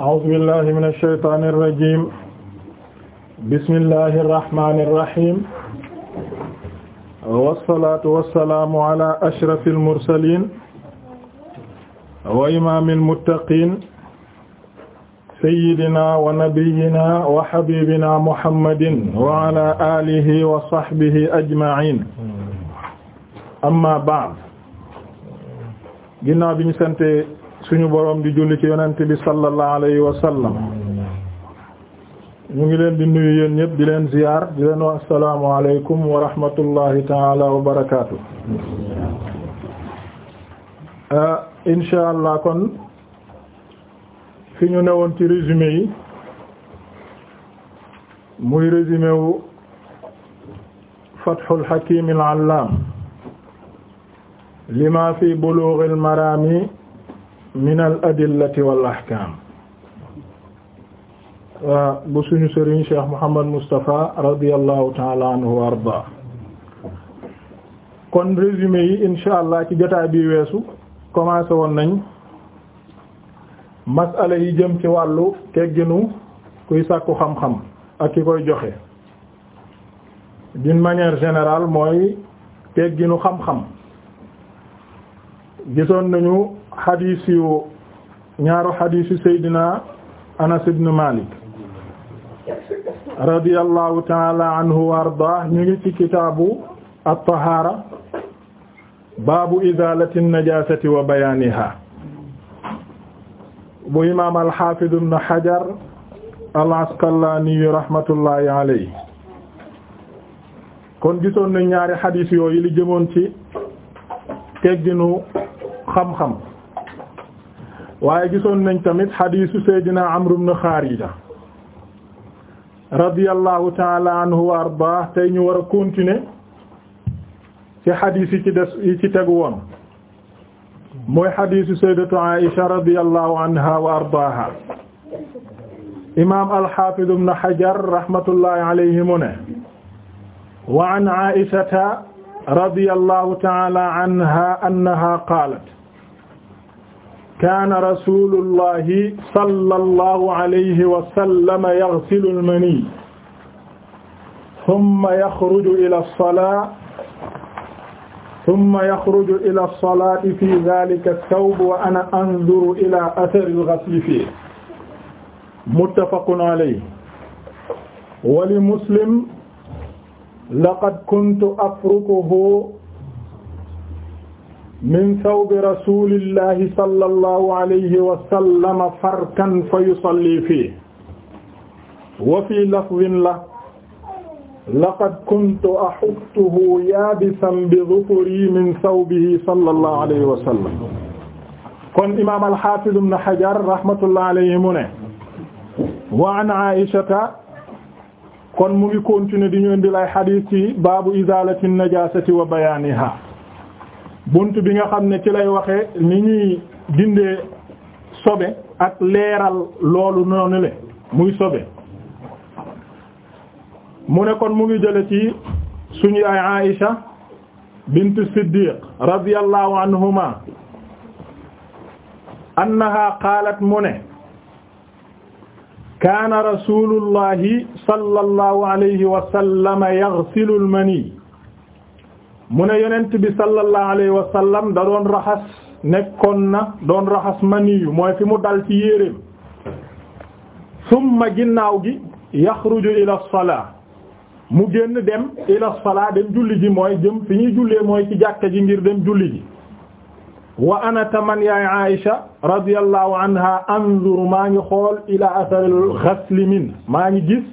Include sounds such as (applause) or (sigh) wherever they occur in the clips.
أعوذ بالله من الشيطان الرجيم بسم الله الرحمن الرحيم والصلاة والسلام على أشرف المرسلين وإمام المتقين سيدنا ونبينا وحبيبنا محمد وعلى آله وصحبه أجمعين أما بعد ginnaaw bi ñu sante suñu boroom di julli ci yonent bi sallallahu alayhi wa ngi leen di nuyu yéen ñëpp di leen ziyaar di leen wax assalaamu alaykum wa rahmatullahi taala ah, insha allah kon fi ñu newoon ci résumé yi muy résumé wu fathul hakim lima fi bulughil marami min al adillati wal ahkaam waa bu suñu sëriñ Cheikh Mouhammad Moustapha radiyallahu taala anhu wa ardaa kon résumé yi insha allah ci jotaay bi weesu commencé woon nañ masala yi jëm ci wàllu tegginu kuy sàkku xam-xam ak ki koy joxe d'une manière général mooy tegginu xam-xam gisoon nañu xadiis yu ñaaru xadiis yu Seydina Anas ibn Malik radiyallahu taala anhu wa ardaah ñu ngi ci kitaabu at-tahaara baabu izaalati an-najaasati wa bayaanihaa bu imaam al-Haafiz ibn Hajar al-Asqalaani rahmatullahi alayhi kon gisoon nañ ñaari xadiis yooyu li jëmoon ci nu xam-xam waaye gisoon nañ tamit xadiisu seydina amru ibn xaarija radiyallahu taala anhu wa ardah tey ñu war a continuer ci xadiis yi ci des yi ci tegu woon mooy xadiisu sayyidatu Aisha radiyallahu anha wa ardaaha imaam al-Haafiz ibn Hajar rahmatullahi alayhi mu ne wa an Aishata radiyallahu taala anha annaha qaalat kaana rasulullahi sallallahu alayhi wa sallam yaghsilu al-mani thumma yakhruju ila as-salaa thumma yakhruju ila as-salaati fi dhaalika ath-thawb wa ana anzuru ila athari al-ghasli fiihi muttafaqun alayhi wa li Muslim laqad kuntu afrukuhu min sawbi rasulillahi sallallahu alayhi wa sallam farkan fa yusalli fiihi wa fii lafdin lahu laqad kuntu ahuttuhu yaabisan bi dhufri min sawbihi sallallahu alayhi wa sallam kon imaam al-Haafiz ibn Hajar rahmatullahi alayhi mu ne wa an Aïshata kon mu ngi continuer di ñu indil ay hadiis ci baabu izaalati najaasati wa bayaanihaa bunt bi nga xam ne ci lay waxe ni ñuy dindee sobe ak leeral loolu noonu le muy sobe mu ne kon mu ngi jële ci suñu ay Aïcha bint Siddiq radiyallahu anhuma annaha qaalat mu ne kaana rasulullahi sallallahu alayhi wa sallam yaghsilu al-mani mu ne yonent bi sallallahu alayhi wa sallam da doon raxas nekkoon na doon raxas maniyu mooy fi mu dal ci yéreem summa ginnaaw gi yaxruju ila salaa mu génn dem ila salaa dem julli ji mooy jëm fi ñuy jullee mooy ci jàkka ji ngir dem julli ji wa ana taman yaay Aïcha radiyallahu anha anzur maa ngi xool ila asaril ghasli min maa ngi gis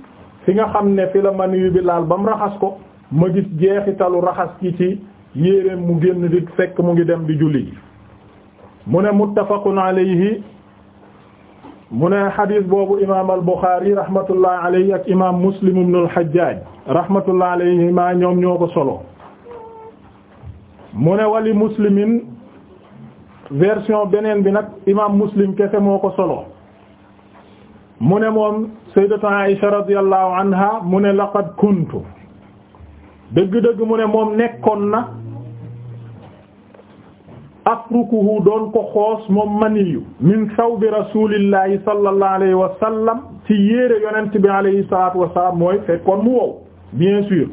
fi nga xam ne fi la maniyu bi laal bam raxas ko ma gis jeexitalu raxas ki ci yéreem mu génn di fekk mu ngi dem di julli ji mu ne muttafaqun alayhi mu ne xadis boobu imaam al Buxaari rahmatullah alayhi ak imaam Muslim ibn al Hajjaj alayhi maa ñoom ñoo ko solo mu ne wali muslimin version beneen bi nag imaam Muslim kese moo ko solo mu ne moom sayyidatu Aisha radiyallahu anha mu ne laqad kuntu dëgg-dëgg mu ne moom nekkoon na afrukuhu doon ko xoos moom maniyu min sawbi rasulillahi sallallahu alayhi wa sallam ci yére yonent bi alayhi salatu wasalam mooy fekkoon mu wow bien sûr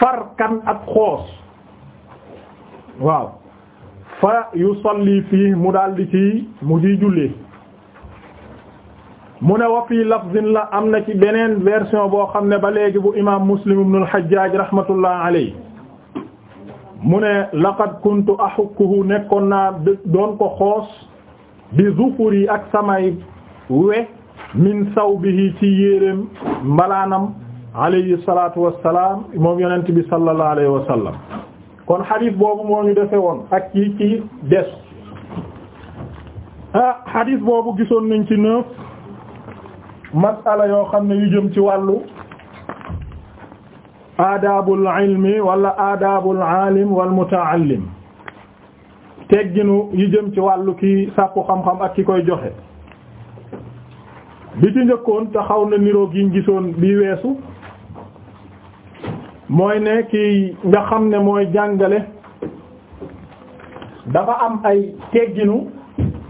farkan ak xoos waaw fa yusalli fii mu daldi ci mu ciy jullee mu ne wa fii lafzin la am na ci beneen version boo xam ne ba léegi bu imaam muslim ibn al-Hajjaj rahmatullah alayhi mu ne laqad kuntu ahukkuhu nekkoon naa doon ko xoos bi zufuri ak samay we min sawbihi ci yéeréem mbalaanam alayhi salaatu wassalaam moom yonent bi sallallahu alayhi wa sallam kon xadiis boobu moo ñu defe woon ak ci ci des ah boobu gisoon nañ ci neuf masala yoo xam ne yu jëm ci wàllu aadaabul ilmi walla aadaabul aalim wal mutaallim tegginu yu jëm ci wàllu ki sàkku xam-xam ak ki koy joxe bi ci njëkkoon te xaw na niroog yiñ gisoon bi weesu mooy ne kii nga xam ne mooy jàngale dafa am ay tegginu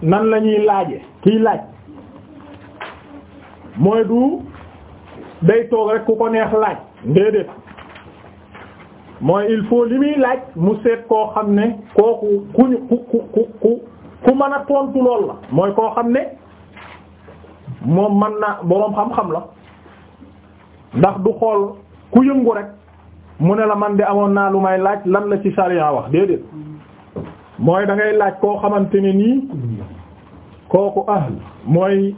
nan lañuy laaje kiy laaj mooy du day toog rek ku ko neex laaj déedéet mooy il faut li muy laaj mu seet koo xam ne kooku ku ku ku ku ku mën a tontu lool la mooy koo xam ne moom man na boroom xam-xam la ndax du xool ku yëngu rek mu ne la man di amoon naa lu may laaj lan la ci sariya wax déedéet mooy da ngay laaj koo xamante ne nii kooku ahl mooy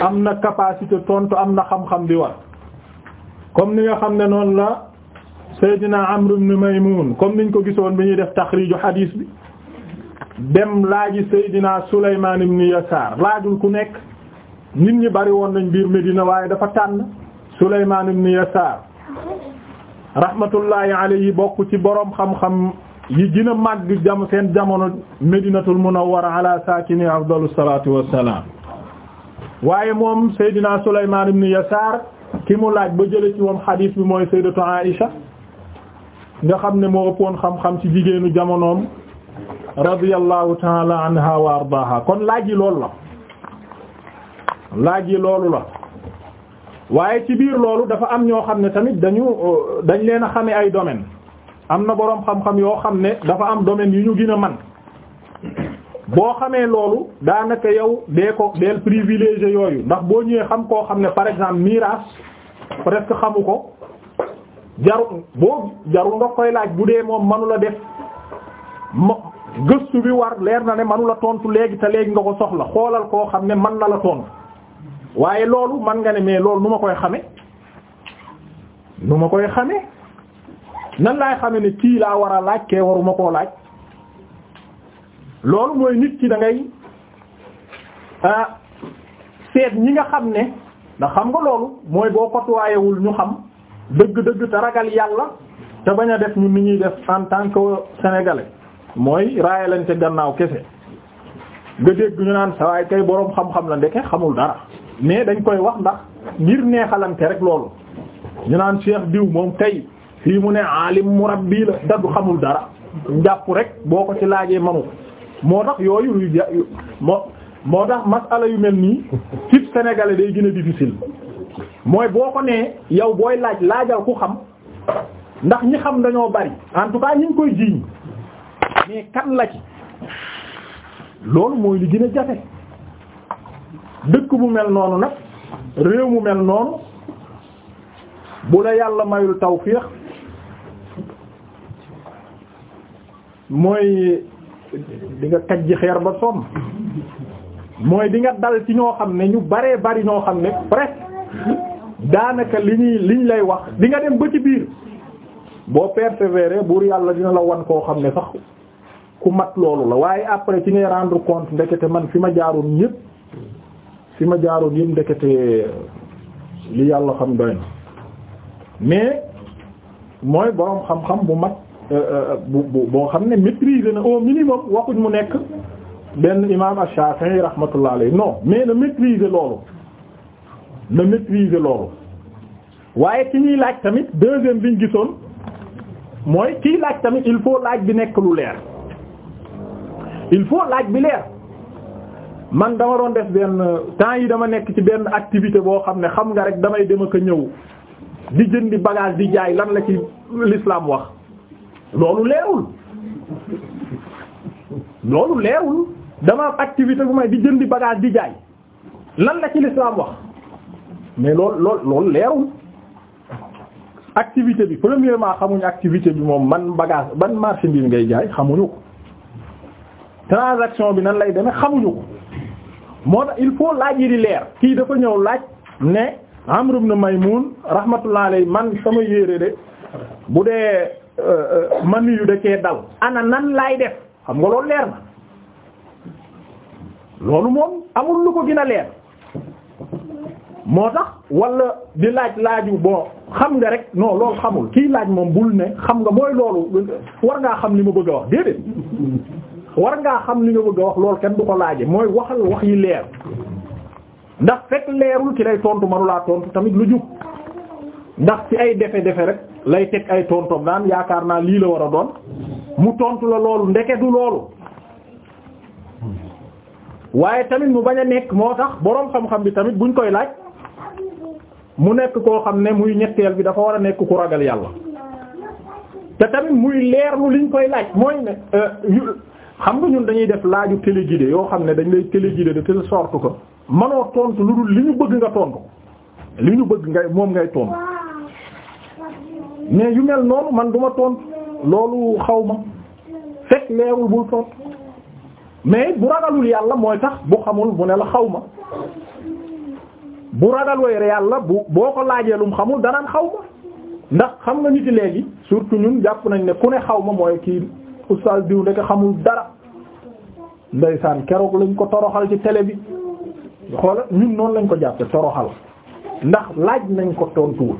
am na capacité tontu am na xam-xam bi war comme ni nga xam ne noon la Seydina Amr ibn Maymun comme niñ ko gisoon bi ñuy def taxriiju xadiis bi dem laaji Seydina Sulaymaan ibn Yasaar laajul ku nekk nit ñi bari woon nañ biir Medina waaye dafa tànn Sulaymaan ibn Yasaar rahmatullahi yi bokk ci boroom xam-xam yi gën a màgg jam seen jamono Medinatul Munawwara ala saakini afdalu salaatu wassalaam waaye moom Seydina Sulaymaan ibn Yasaar ki mu laaj ba jële ci moom xadiis bi mooy Sayyidatu Aïsha nga xam ne moo ëppoon xam-xam ci jigéenu jamonoom radiyallahu taala anha wa ardaha kon laaj yi loolu la laaj yi loolu la waaye ci biir loolu dafa am ñoo xam ne tamit dañu dañ leen a xame ay domaine am na boroom xam-xam yoo xam ne dafa am domaine yu ñu gën a man boo xamee loolu daanaka yow dee ko deel privilégié yooyu ndax boo ñëwee xam koo xam ne par exemple miraas presque xamu ko jarul boo jarul nga koy laaj bu dee moom manu la def mo gëstu bi war leer na ne manu tontu léegi te léegi nga ko soxla xoolal koo xam ne man na la tontu waaye loolu man nga ne mais loolu nu ma koy xame nu ma koy xame nan laay xame ne kii laa war a laaj kee waruma koo laaj loolu mooy nit ci dangay ngay ah, seet ñi nga xam ne ndax xam nga loolu mooy boo kotuwaayewul ñu xam dëgg-dëgg te ragal yàlla te bañ a def ñu ni ñuy def en tant que sénégalais mooy raayalante gannaaw kese nga dégg ñu naan sawaay kay boroom xam-xam la ndeke xamul dara mais dañ koy wax ndax ngir neexalante rek loolu ñu naan Cheikh diw moom tey fii mu ne alim murabbi la dadu xamul dara njàpp rek boo ko ci laajee manu moo tax yooyu luy ja moo moo tax masala yu mel nii ci sénégalais day gën a difficile mooy boo ko nee yow booy laaj laajal ku xam ndax ñi xam dañoo bari en tout cas koy jiiñ mais kan la ci loolu mooy li gën a jafe dëkk bu mel noonu nag réew mu mel noonu bu la yàlla mayul tawfiix mooy di nga ji xeer ba sonn mooy di nga dal ci ñoo xam ne ñu baree bari ñoo xam ne presque daanaka li ñuy liñ lay wax li nga dem ba ci biir boo persévérer buur yàlla dina la wan koo xam ne sax ku mat loolu la waaye après ci ngay rendre compte ndekete man fi ma jaaroon ñépp fi ma jaaroon yépp ndekete li yàlla xam doy mais mooy boroom xam-xam bu mat bu bu boo xam ne maîtriser na au minimum waxuñ mu nekk benn imaam Shafi'i rahmatullah alayhi non mais na maîtriser loolu na maîtriser loolu waaye ki ñuy laaj tamit deuxième bi gisoon mooy kiy laaj tamit il faut laaj bi nekk lu leer il faut laaj bi leer man dama doon def benn temps yi dama nekk ci benn activité boo xam ne xam nga rek damay dem ak a ñëw di jëndi bagage di jaay lan la ci l'islam wax. loolu leerul loolu leerul dama activité bu may di jëndi bagage di jaay lan la ci l'islam wax mais loolu loolu loolu leerul activité bi premièrement xamuñu activité bi moom man bagage ban marchandise ngay jaay xamuñu ko transaction bi nan lay demee xamuñu ko moo tax il faut laaj yi di leer kii dafa ñëw laaj ne Amr na Maymun rahmatullah alayhi man sama yére de bu dee Euh, euh, man yu da cee dal ana nan laay def xam nga loolu leer na loolu moom amul lu ko gin a leer moo tax wala di laaj laaju boo xam nga rek noo loolu xamul kii laaj moom bul ne xam nga mooy loolu war ngaa xam li ma bëgg a wax déedéet war ngaa xam li nga bëgg a wax loolu kenn du ko laaje mooy waxal wax yi leer ndax fekk leerul ci lay tontu manulaa tontu tamit lu jub ndax ci ay defe-defe rek lay teg ay tontom naan yaakaar naa lii la war a doon mu tontu la loolu ndeke du loolu waaye tamit mu bañ a nekk moo tax boroom xam-xam bi tamit buñ koy laaj mu nekk koo xam ne muy ñetteel bi dafa war a nekk ku ragal yàlla te tamit muy leerlu liñ koy laaj mooy ne euh, xam nga ñun dañuy def laaju téléguidé yoo xam ne dañ lay téléguidé de telle sorte ko manoo tontu lu dul li ñu bëgg nga tontu li ñu bëgg ngay moom ngay tontu. mais yu mel noonu man du ma tontu loolu xaw ma fekk leerul bul tontu mais bu ragalul yàlla mooy tax bu xamul bu ne la xaw ma bu ragaloo yàlla bu boo ko laajee lum xamul danaan xaw ma ndax xam nga nit yi léegi surtout ñun jàpp nañ ne ku ne xaw ma mooy kii oustaz diw ndeke xamul dara ndeysaan keroog lañ ko toroxal ci télé bi xoola ñun noonu lañ ko jàppe toroxal ndax laaj nañ ko tontuwul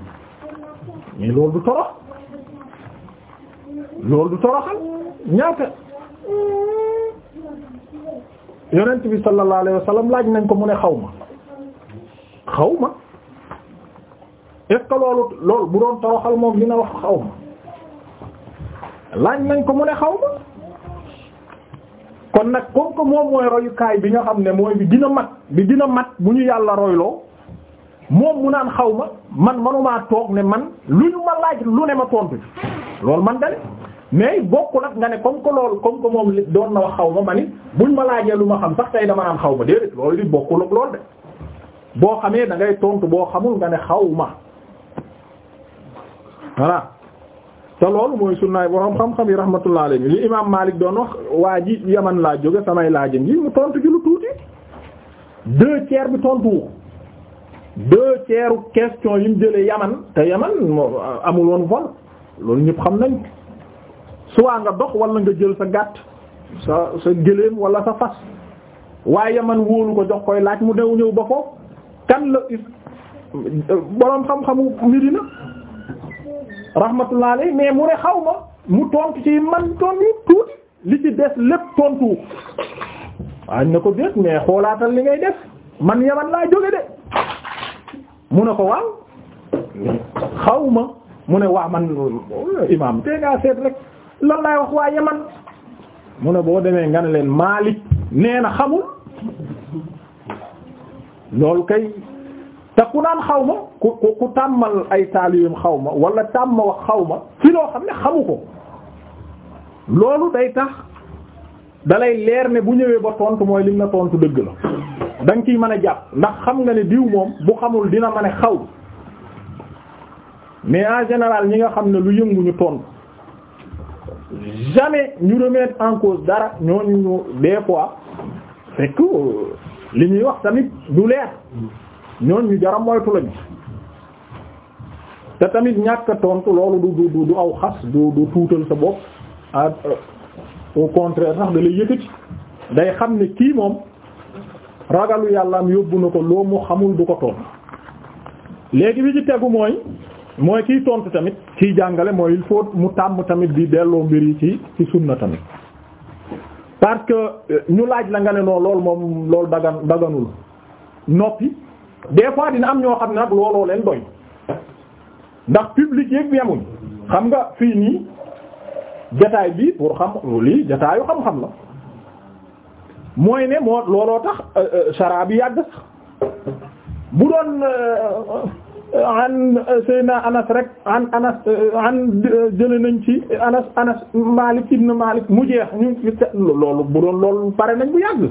mais loolu du torox loolu du toroxal ñaata yonent bi sallallahu alayhi wa laaj nañ ko mu a xaw ma xaw ma est loolu loolu bu doon toroxal moom dina wax xaw ma laaj nañ ko mu a xaw ma kon nag comme que moom mooy royukaay bi nga xam ne mooy bi dina mat bi dina mat bu ñu yàlla royloo moom mu naan xaw ma man manumaa toog ne man lu ñu ma laaj lu ne ma tontu loolu man dale mais bokku nag nga ne comme que loolu comme que doon na wax xaw ma ma ni buñ ma laajee lu ma xam sax tey dama naan xaw ma déedéet loolu di bokku ak lool de boo xamee da ngay tontu boo xamul nga ne xaw ma voilà te loolu mooy sunnaay boroom xam-xam yi rahmatullah alayhi li imaam Maalik doon wax waa ji yaman laa jóge samay laaja ngi mu tontu ci lu tuuti deux tiers bi tontu deux tiers question yi mu jëlee yaman te yaman amul woon vol loolu ñëpp xam nañ suwaa nga dox wala nga jël sa gàtt sa sa gëléem wala sa fas waaye yaman wóolu ko jox koy laaj mu dew ñëw ba foofu kan la boroom xam-xamu Medina rahmatullah alayhi mais mu ne xaw ma mu tontu ci man tontu tuuti li ci des lépp tontu waañ na ko déet mais xoolaatal li ngay def man yaman laa jóge de mu ne ko waaw xaw ma mu ne waa man imaam te ngaa seet rek lan laay wax waa man mu ne boo demee nga ne leen Maalik nee na xamul loolu kay te ku naan xaw ma ku ku ku tàmmal ay taaliyum xaw ma wala tàmma wax xaw ma fi loo xam ne xamu ko loolu day tax dalay leer ne bu ñëwee ba tontu mooy lim na tontu dëgg la da nga ciy mën a jàpp ndax xam nga ne diw moom bu xamul dina mën a xaw mais en général ñi nga xam ne lu yëngu ñu tontu jamais ñu remettre en cause dara ñooñu ñu des fois c'est que euh, li ñuy wax tamit du leer ñooñu ñu jara moytu lañu te tamit ñàkk tontu loolu du du du aw xas du du tuutal sa bopp euh, au contraire sax da lay yëkkati day xam ne kii moom. ragalu yàlla am yóbbu na ko loo mu xamul du ko tontu léegi bi ci tegu mooy mooy kiy tontu tamit kiy jàngale mooy il mu tàmm tamit di delloo mbir yi ci ci sunna tamit parce que euh, ñu laaj la nga ne noonu loolu moom loolu daganul noppi des fois dina am ñoo xam ne nag looloo leen doy ndax public yeeg yemuñ xam nga fii nii jataay bi pour xam lii jataayu xam-xam la mooy ne moo looloo tax euh, euh, shara bi yàgg bu doon euh, an Seyna Anas rek an Anas an jëlee nañ ci Anas Anas Malik ibn Malik mu jeex loolu bu doon loolu pare nañ bu yàgg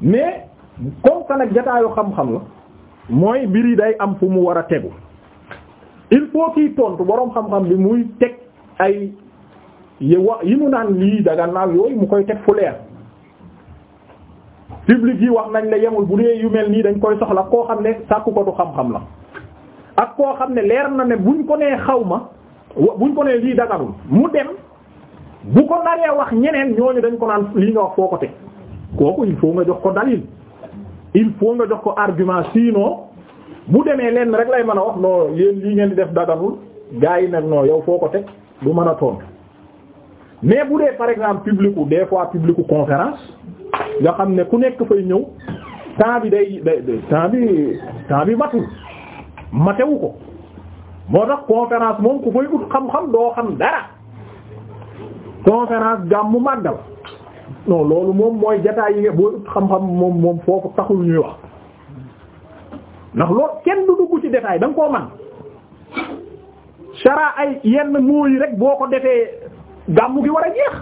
mais comme que nag jataayu xam-xam la mooy biri day am fu mu war a tegu il faut kiy tontu boroom xam-xam bi muy teg ay yi yi mu naan lii daga naaw yooyu mu koy teg fu leer. public yi wax nañ la yemul bu dee yu mel nii dañ koy soxla koo xam ne sàkku ko du xam-xam la ak koo xam ne leer na ne buñ ko nee xaw ma buñ ko nee lii dagarul mu dem bu ko naree wax ñeneen ñooñu dañ ko naan lii nga wax foo ko teg kooku il faut nga jox ko dalil il faut nga jox ko argument sinon bu demee leen rek lay mën a wax non yéen lii ngeen di def dagarul gaa yi nag noo yow foo ko teg bu mën a tontu mais bu dee par exemple public ou des fois public ou conférence nga xam ne ku nekk fay ñëw temps bi day temps bi temps bi matul matewu ko moo tax conférence moom ku fay ut xam-xam doo xam dara conférence gàmmu màggal non loolu moom mooy jataay yi nga boo ut xam-xam moom foofu taxul ñuy wax ndax loolu kenn du dugg ci détail da nga koo man chara ay yenn mooy rek boo ko defee gàmmu gi war a jeex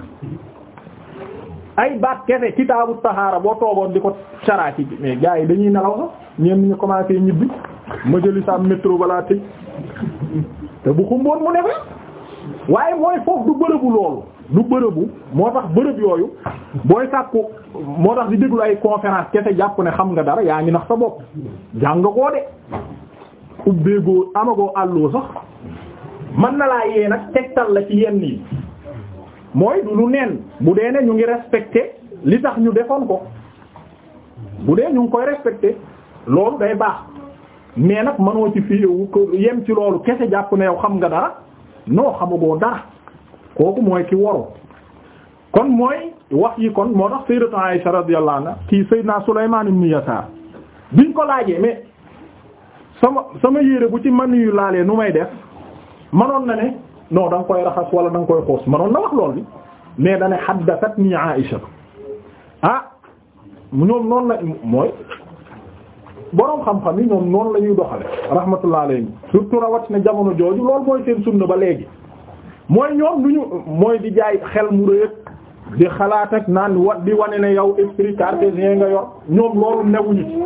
ay baat kese kitaabu tahaara boo toogoon di ko saraa ci mais gars yi dañuy nelaw sax ñeen ñu commencé ñibbi ma jëli sam métro balaa tëj te bu xumboon mu ne fa waaye mooy foofu du bërëbu loolu du bërëbu moo tax bërëb yooyu booy sàkku moo tax di déglu ay conférence kese jàpp ne xam nga dara yaa ngi nax sa bopp jàng koo de ubbeegoo amagoo àlloo sax mën na laa yee nag tegtal la ci yenn yi mooy du lu neen bu dee ne ñu ngi respecté li tax ñu defoon ko bu dee ñu ngi koy respecté loolu day baax mais nag mënoo ci fii ko yem ci loolu kese jàpp na yow xam nga dara noo xamagoo dara kooku mooy ki waru kon mooy wax yi kon moo tax sayyidatu Aisha radiyallahu anha kii sayyidna Sulaymaan ibn Yasaar biñ ko laajee mais sama sama yére bu ci man yu laalee nu may def manoon na ne non da nga koy raxas wala da nga koy xoos manoon na wax lool bi mais dane haddathatni Aisha ah ñoom noonu la mooy boroom xam-xam yi ñoom noonu la ñuy doxale rahmatullah alayhi surtout rawatina jamono jooju loolu mooy seen sunna ba léegi mooy ñoom duñu mooy di jaay xel mu rëy di xalaat ak naan wa di wane ne yow esprit cartésien nga yor ñoom loolu newuñu ci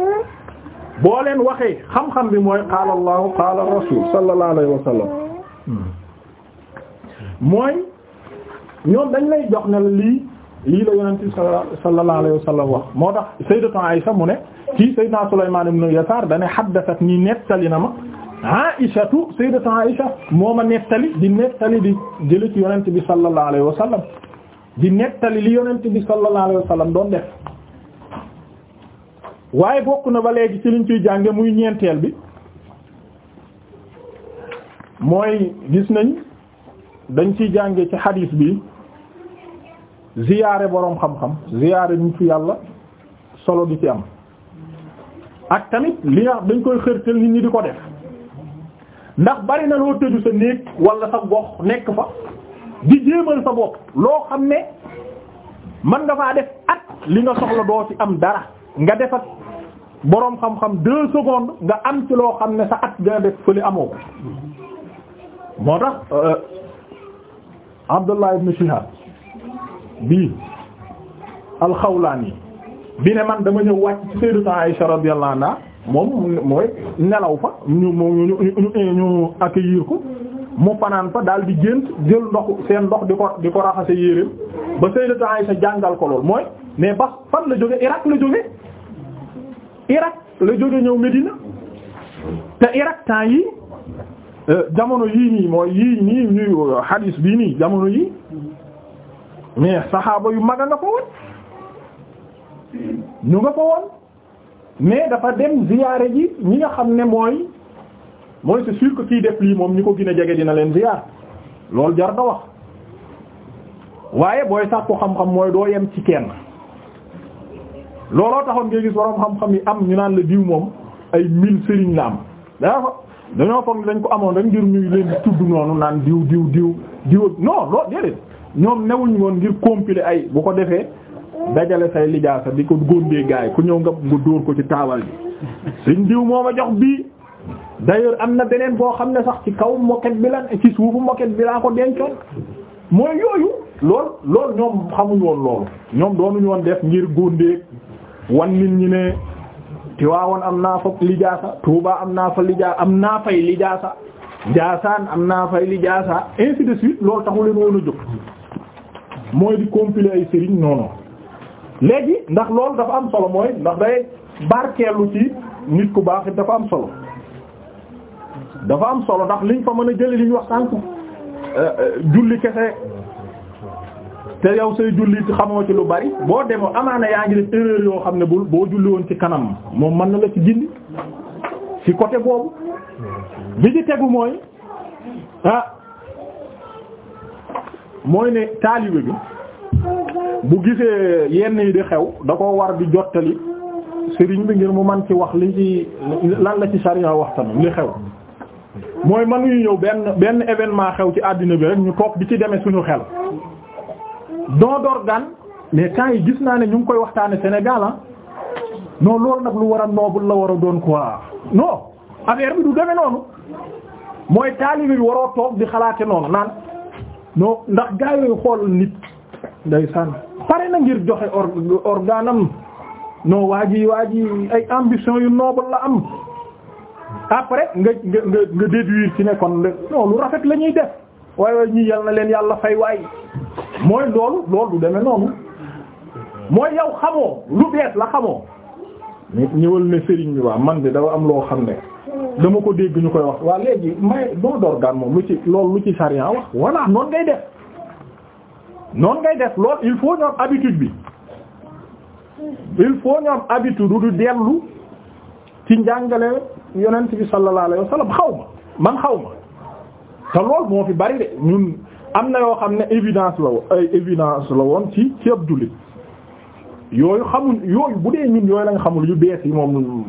boo leen waxee xam-xam bi mooy qaala Allahu qaala rasul sallallahu alayhi wa mooy ñoom dañ lay jox ne la lii lii la yonent bi sallallahu alayhi wa sallam wax moo tax sayyidatu Aisha mu ne kii sayyidna Sulaymaan ibn Yasaar dane haddathat nii nettali na ma Aishatu sayyidatu Aisha moo ma nettali di nettali di jële ci yonent bi sallallahu alayhi wa sallam di nettali li yonent bi sallallahu alayhi wa sallam doon def waaye bokk na ba léegi ci liñ ciy jànge muy ñeenteel bi mooy gis nañ dañ ci jànge ci xadiis bi ziyaare boroom xam-xam ziyaare nitu yàlla solo di ci am ak tamit li nga dañ koy xërtal nit ñi di ko def ndax bari na loo tëju sa néeg wala sa gox nekk fa di jéemal sa bopp loo xam ne man nga faa def at li nga soxla doo ci am dara nga def boroom xam-xam deux secondes nga am ci loo xam ne sa at nga def fële amoo ko moo tax euh, Abdullah ibn Shihab bii alxawlaani bi ne man dama ñëw wàcc ci Sayyidatu Aisha radiyallahu anha moom mooy nelaw fa ñu ñu ñu ñu accueillir ko mu fanaan fa daal di gént jël ndoxu seen ndox di ko di ko raxase yéreem ba Sayyidatu Aisha jàngal ko lool mooy mais ba fan la jóge Irak la jóge Irak la jóge ñëw Medina te Irak temps yi Euh, jamono yii nii mooy yii nii ñuy hadis bii nii jamono yii mais saxaaba yu mag a nga fa woon ñu nga fa woon mais dafa dem ziyaare ji ñi nga xam ne mooy mooy c'est sûr que kiy def lii moom ñi ko gën a jege dina leen ziyaar loolu jar na wax waaye booy sàkku xam-xam mooy doo yem ci kenn looloo taxoon ngay gis borom xam-xam yi am ñu naan la diw moom ay mille sëriñ la am dañoo foog dañ ko amoon rek ngir ñuy leen di tudd noonu naan diw diw diw diw non loolu déedéet ñoom newuñu woon ngir compiler ay bu ko defee dajale say lijaasa di ko góondee gaay ku ñëw nga nga dóor ko ci taabal bi suñ diw moo ma jox bii am na beneen boo xam ne sax ci kaw moquette bi la ci suufu moquette bi laa ko dencoon mooy yooyu lool lool ñoom xamuñ woon loolu ñoom doonuñu woon def ngir góondee wan nit ñi ne Tiwaawoon am naa fa lijaasa Touba am naa fa lijaasa am naa fay lijaasa Ndiassane am naa fay lijaasa ainsi de suite loolu taxu leen woon a jóg mooy di compiler ay sëriñ non léegi ndax loolu dafa am solo mooy ndax day barkeelu ci nit ku baax dafa am solo dafa am solo ndax liñ fa mën a jëli liñ wax sànk euh, euh, julli kese te yow say julli ci xamoo ci lu bari boo demoo amaana yaa ngi def erreur yoo xam ne bu boo julli woon ci kanam moom mën na la ci gindi ci côté boobu bi ci tegu mooy ah, mooy ne taalibe bi bu gisee yenn yi di xew da ko war di jottali sëriñ bi ngir mu man ci wax li ci lan la ci sariya wax tamit li xew mooy man mënuñu ñëw benn benn événement xew ci àddina bi rek ñu toog di ci demee suñu xel don d'organe mais temps yi gis naa ne ñu ngi koy waxtaane Sénégal ah loolu nag lu war a noobul la war a doon quoi non affaire bi du demee noonu mooy taalibe bi waroo toog di xalaate noonu naan non ndax gaa yooyu xool nit day sànn pare na ngir joxe organe am non waa ji waa ji ay ambition yu noobul la am après nga nga nga déduire ci nekkoon kon lu rafet la ñuy def waay waay ñii yal na leen yàlla fay waay mooy loolu loolu du noonu mooy yow xamoo lu bees la xamoo nit ñëwal ne sëriñ bi waa man bi dafa am loo xam ne dama ko dégg ñu koy wax waa léegi may doo door gaan moom lu ci loolu lu ci sariya wax voilà noonu ngay def noonu ngay def lool il faut ñoom habitude bi il faut ñoom habitude du dellu ci njàngale yonent bi sallallahu alayhi xaw ma man xaw ma te lool moo fi bari de ñun am na yoo xam ne évidence la woon ay évidence la woon ci ci ab jullit yooyu xamul yooyu bu dee ñun yooyu la xamul yu bees yi moom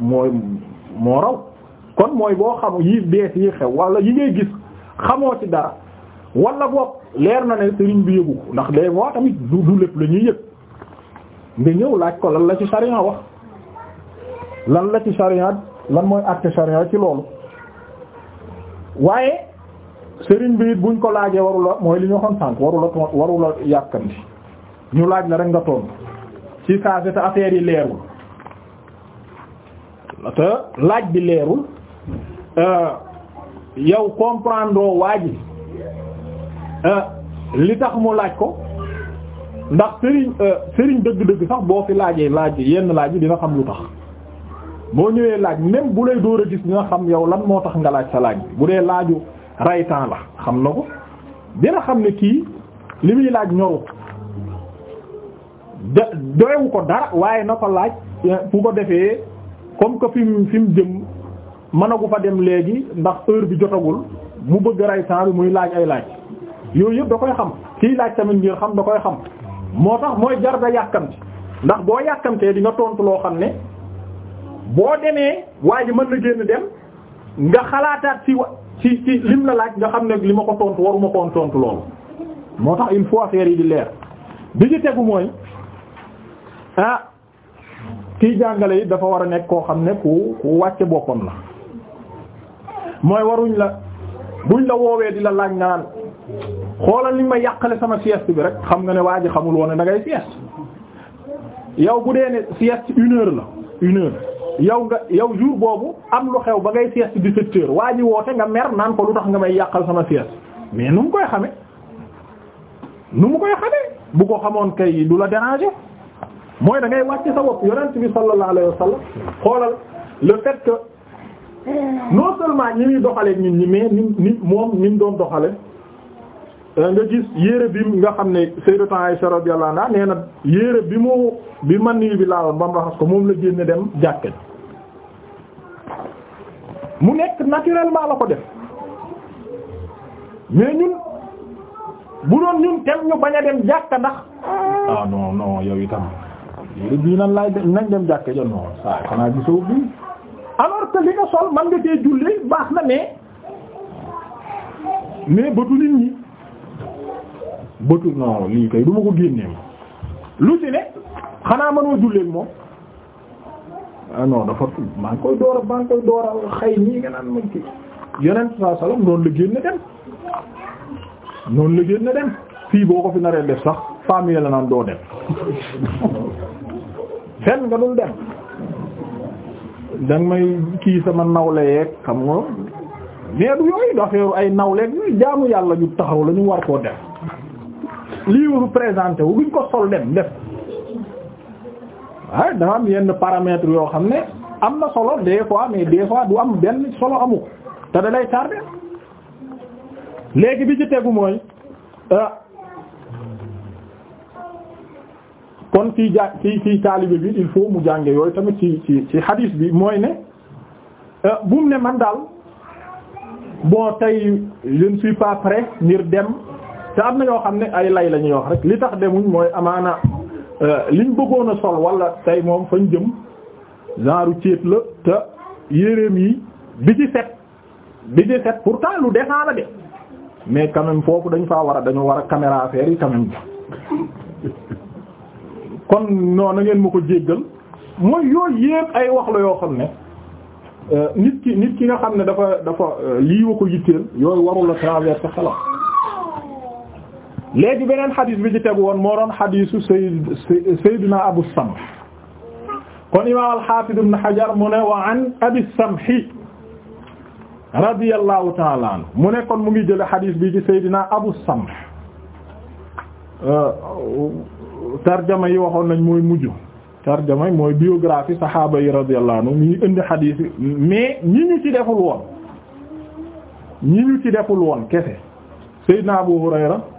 mooy moo raw kon mooy boo xamul yi bees yi xew wala yi ngay gis xamoo ci dara wala boog leer na ne sëriñ bi yëgu ndax day waa tamit du du lépp la ñuy yëg nga ñëw laaj ko lan la ci sariya wax lan la ci sariya lan mooy àtte ci loolu waaye sëriñ bi it buñ ko laajee warula mooy li ñu waxoon sànq warula warula yàkkanti ñu laaj la rek nga tontu ci saa si te affaire yi leerul te laaj bi leerul euh, yow comprendre waa ji euh, li tax mu laaj ko ndax sëriñ euh, sëriñ dëgg-dëgg sax boo fi laajee laaj yenn laaj bi dina xam lu tax boo ñëwee laaj même bu lay door a gis nga xam yow lan moo tax nga laaj sa laaj bi bu dee laaju raytaan la xam na ko dina xam ne kii li muy laaj ñoru de doyewu ko dara waaye na ko laaj bu ko defee comme que fi fi mu jëm mënagu fa dem léegi ndax heure bi jotagul mu bëgg raytaan bi muy laaj ay laaj yooyu yëpp da koy xam kiy laaj tamit ngir xam da koy xam moo tax mooy jar da yàkkamti ndax boo yàkkamtee di nga tontu loo xam ne boo demee waa ji mën na génn dem nga xalaataat ci wa ci ci lim la laaj nga xam ne li ma ko tontu waruma koon tontu loolu moo tax il fois affaire yi di leer bi ci tegu mooy ah kiy jàngale yi dafa war a nekk koo xam ne ku ku wàcce boppam la mooy waruñ la buñ la woowee di la laaj nga naan xoolal ni ma yàqale sama sieste bi rek xam nga ne waa ji xamul woon ne dangay ngay yow bu dee ne sieste une heure la une yow nga yow jour boobu am lu xew ba ngay sieste dix-sept heures waa ji woote nga mer naan ko lu tax nga may yàqal sama sieste mais nu mu koy xame nu mu koy xamee bu ko xamoon kay du la déranger mooy da ngay wàcc sa bopp yonent bi sallallahu alayhi wa xoolal le fait que non seulement ñi muy doxale nit ñi mais ni ni moom ni doon doxale Euh, nga gis yére bi nga xam ne Sayyidatu Aisha radiyallahu anha nee na yére bi mu bi man nii bi laaloon ba ko moom la génne dem jàkka mu nekk naturellement la ko def mais ñun bu doon ñun tem ñu bañ a dem jàkka ndax ah non non yow itam yére bii nan laay dem nañ dem jàkka ja non saa xanaa gisoo bi alors que li nga sol man nga cee julli baax na mais mais bëtu nit ñi bëtu non lii kay du ma ko génnee moom lu ci ne xanaa mënoo jullee moom ah maa ngi koy door maa ngi koy door xay nii nga naan ma ci yeneen saa salaam noonu la génn dem noonu la génn dem fii boo ko fi naree def sax famille la naan doo dem (laughs) fenn nga dul dem danga may kii sama nawle yeeg xam nga mais du yooyu dafeeru ay nawleeg jaamu yàlla ñu taxaw la ñu war koo def livre présenté wu duñ ko sol dem def waaye dafa am yenn paramètre yoo xam ne am na solo des mais des du am benn solo amu te da lay tardé léegi bi ci tegu mooy euh, kon ci ja ci ci taalibe bi il faut mu jànge yooyu tamit ci ci ci hadis bi mooy ne euh, bu ne man daal bon tey je ne suis pas prêt ngir dem te am na yoo xam ne ay lay la ñuy wax rek li tax demuñ mooy amaana euh, liñ bëggoon a sol wala tey moom fañ jëm genre ceeb la te yéreem yi bi ci set bi ci set pourtant lu defaa la de mais quand foofu dañ faa war a dañu war a caméra affaire yi quand (laughs) kon non na ngeen ma ko jéggal mooy yooyu yépp ay wax la yoo xam ne euh, nit ki nit ki nga xam ne dafa dafa euh, lii wa ko yitteel yooyu warul la traverser xelam léegi beneen xadis bi ci tegu woon moo doon xadisu sayd sayduna abu samh kon imam al-hafiz ibn hajar mu ne wa an abi samhi radiyallahu ta'ala anhu mu ne kon mu ngi jële xadis bi ci sayduna abu samh euh, tarjama yi waxoon nañ mooy mujj tarjama mooy biographie sahaaba yi radiyallahu anhu ñu indi xadis yi mais ñi ñu ci deful woon ñi ñu ci deful woon kese sayduna abu hurayra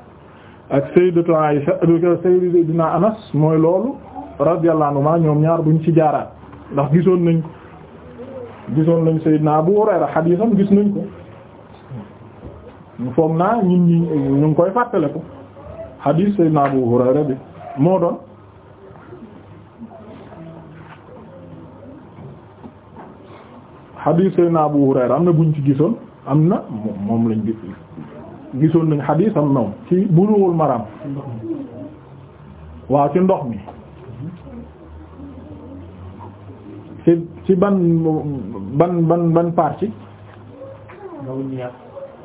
ak sayyidatu Aisha sayyidina Anas mooy loolu radiyallahu anhu ñoom ñaar buñ ci jaaraat ndax gisoon nañ ko gisoon nañ sayyidina Abu Hurayra xadiisam gis nañ ko foog naa ñun ñi ñu koy fàttale ko xadiis sayyidina Abu Hurayra bi moo doon xadiis sayyidina Abu Hurayra am na buñ ci gisoon am na moom lañ gis gisoon nañ xadiisam moom ci Bulughul Maram waaw ci ndox mi ci ci ban ban ban ban partie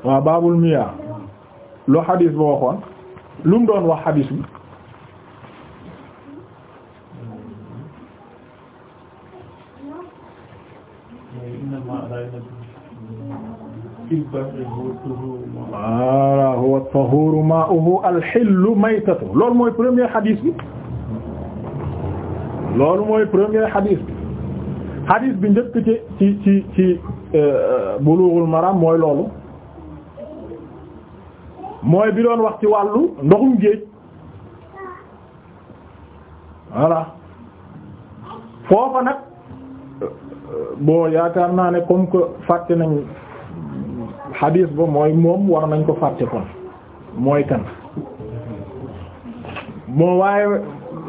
waaw baabul miyaa lu xadiis ba waxoon lu mu doon wax xadiis bi wala huwa at-tahuru ma'uhu al-hillu maytatu loolu mooy premier hadith bi mooy premier hadith bi hadith bi njëkk ci ci ci ci euh, Bulughul mooy loolu mooy bi doon wax ci wàllu ndoxum géej voilà foofa nag bon yaakaar naa ne comme que xadiis ba mooy moom war nañ ko fàtte kon mooy kan waaye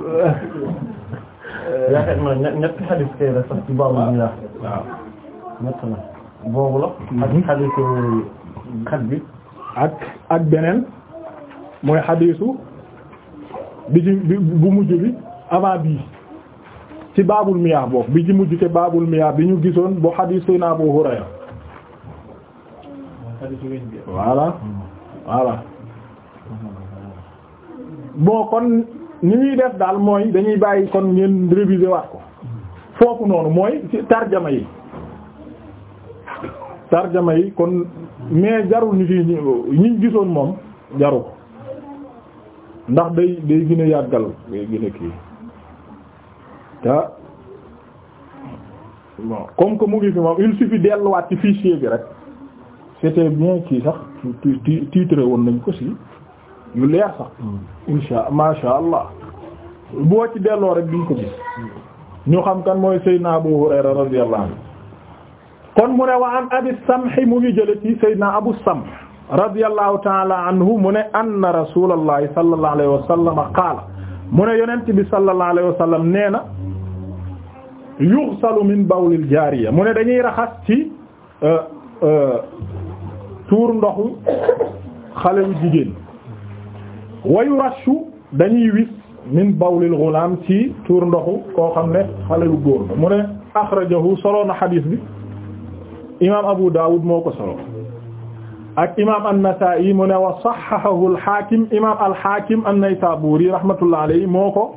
(laughs) yaakaar naa boobu la mhm. ak xadiisu xat bi ak ak beneen mooy xadiisu bi ci bu mujj bi avant bii ci baabul miyaa boobu bi ci mujj ci baabul miyaa bi ñu gisoon bu xadiis Abu Hurayra voilà voilà bon kon ni ñuy def daal mooy dañuy bàyyi kon ngeen réviser waat ko foofu noonu mooy ci tarjama yi tarjama yi kon mais jarul ñu fi ñi gisoon moom jaru ko ndax day day gën a yàggal day gën a kii te bon comme que mu ngi fi moom il suffit delluwaat ci fichier bi rek c'était bien kii sax titre woon nañ ko si yu leer sax hmm. insha masha allah boo ci delloo rek duñ ko gis ñu xam kan mooy Seydina Abu Hurayra radiyallahu anhu kon mu ne wa an Abi Samh mu ngi jële ci Seydina Abu Samh radiyallahu ta'ala anhu mu ne anna rasulallahi sallallahu alayhi wa sallam mu ne yonent bi sallallahu alayhi wa sallam nee na yughsalu min bawlil jaariya mu ne dañuy raxas ci euh, euh, tuur ndoxu xale yu jigéen wayu rashu dañuy wis min bawlil ghulam ci tuur ndoxu koo xam ne xale yu góor mu ne akhrajahu solo na xadiis bi imaam Abu Dawud moo ko solo ak imaam an-Nasa'i mu ne wa sahhahahu al-Hakim imaam al-Hakim an-Naysaburi rahmatullah alayhi moo ko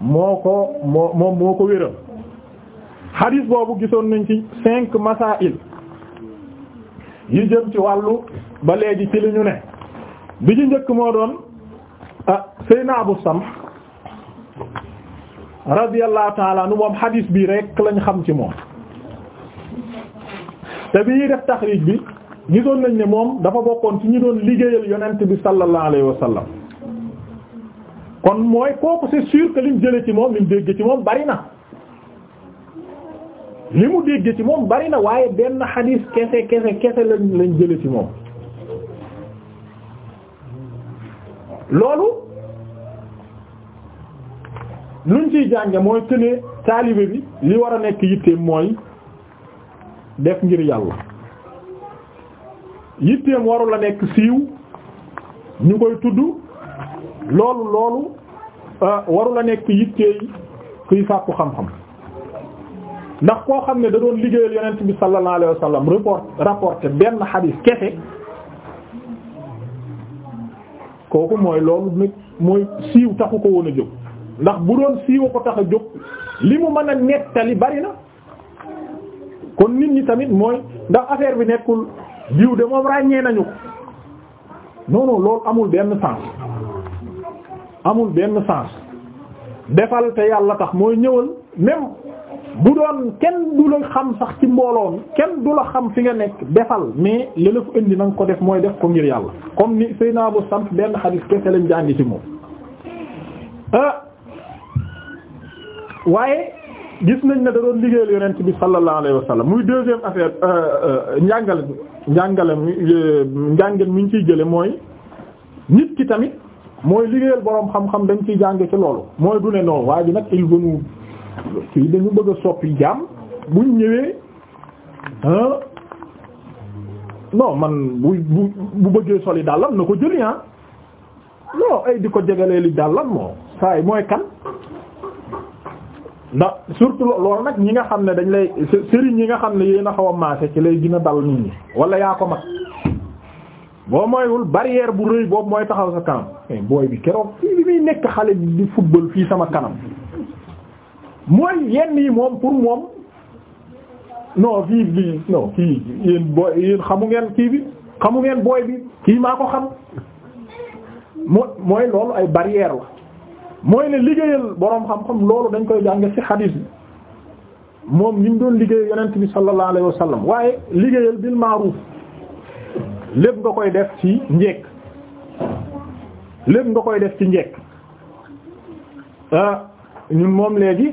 moo ko moo moom boobu gisoon nañ ci cinq masail yi jëm ci wàllu ba léegi ci li ñu ne bi ñu njëkk moo doon a ah, Seyna Abu Samh radiyallahu taala moom xadiis bi rek lañ xam ci moom te bi ñuy def taxriij bi gisoon nañ ne moom dafa bokkoon ci ñu doon liggéeyal yonent bi sallallahu alayhi wa sallam kon mooy kooku c'est sûr que liñ jële ci moom liñ dégg ci moom bari na li mu dégg ci moom bari na waaye benn xadiis kese kese kese lañ lañ jële ci moom loolu luñ ciy jànge mooy tënee taalibe bi li war a nekk yitteem mooy def ngir yàlla yitteem warul a nekk siiw ñu koy tudd loolu loolu euh, warul a nekk yitteey kuy sàkku xam-xam ndax koo xam ne da doon liggéeyal yonent bi sallallahu alayhi wa sallam report benn xadis kese kooku mooy loolu nag mooy siiw taxu ko woon a jóg ndax bu doon siiw ko tax a jóg li mu man a nettali bari na kon nit ñi tamit mooy ndax affaire bi nekkul diw de moom ràññee nañu ko non non loolu amul benn sens amul benn sens defal te yàlla tax mooy ñëwal même. bu doon kenn du la xam sax ci mbooloo mi kenn du la xam fi nga nekk defal mais li indi na ko def mooy def ko ngir yàlla comme ni naa Abu Samt benn xadiis kese lañ jàngi ci moom. Ah, waaye gis nañ ne da doon liggéeyal yonent bi sallallahu alayhi wa sallam muy deuxième affaire euh, euh, njàngale njàngale euh, njàngale mi ñu ciy jële mooy nit ki tamit mooy liggéeyal boroom xam-xam dañ ciy jàng ci loolu mooy du ne noonu waaye bi nag il veut kii dañu bëgg a soppi jaam buñ ñëwee ah man bu bu bu bëggee soli dàllam na ko jëli ah non di ko jegalee li dàllam moo saay mooy kan ndax surtout lool nag ñi nga xam ne dañ lay sëriñ ñi nga xam ne yéen a xaw a maase ci lay dina dal nit ñi wala yaa ko mag boo moywul barrière bu rëy boobu mooy taxaw sa kanam eh, booy bi keroog fii bi muy nekk xale bi di football fii sama kanam mooy yenn yi moom pour moom non fii bi non kii yéen booy yéen xamu ngeen kii bi xamu ngeen booy bi kii maa ko xam moo mooy loolu ay barrière la mooy ne liggéeyal boroom xam-xam loolu dañ koy jànge ci xadiis bi moom ni doon liggéey yonent bi sallallahu alayhi wa waaye liggéeyal bil ma'ruf lépp nga koy def ci njekk lép nga koy def ci njekk ah ñun moom léegi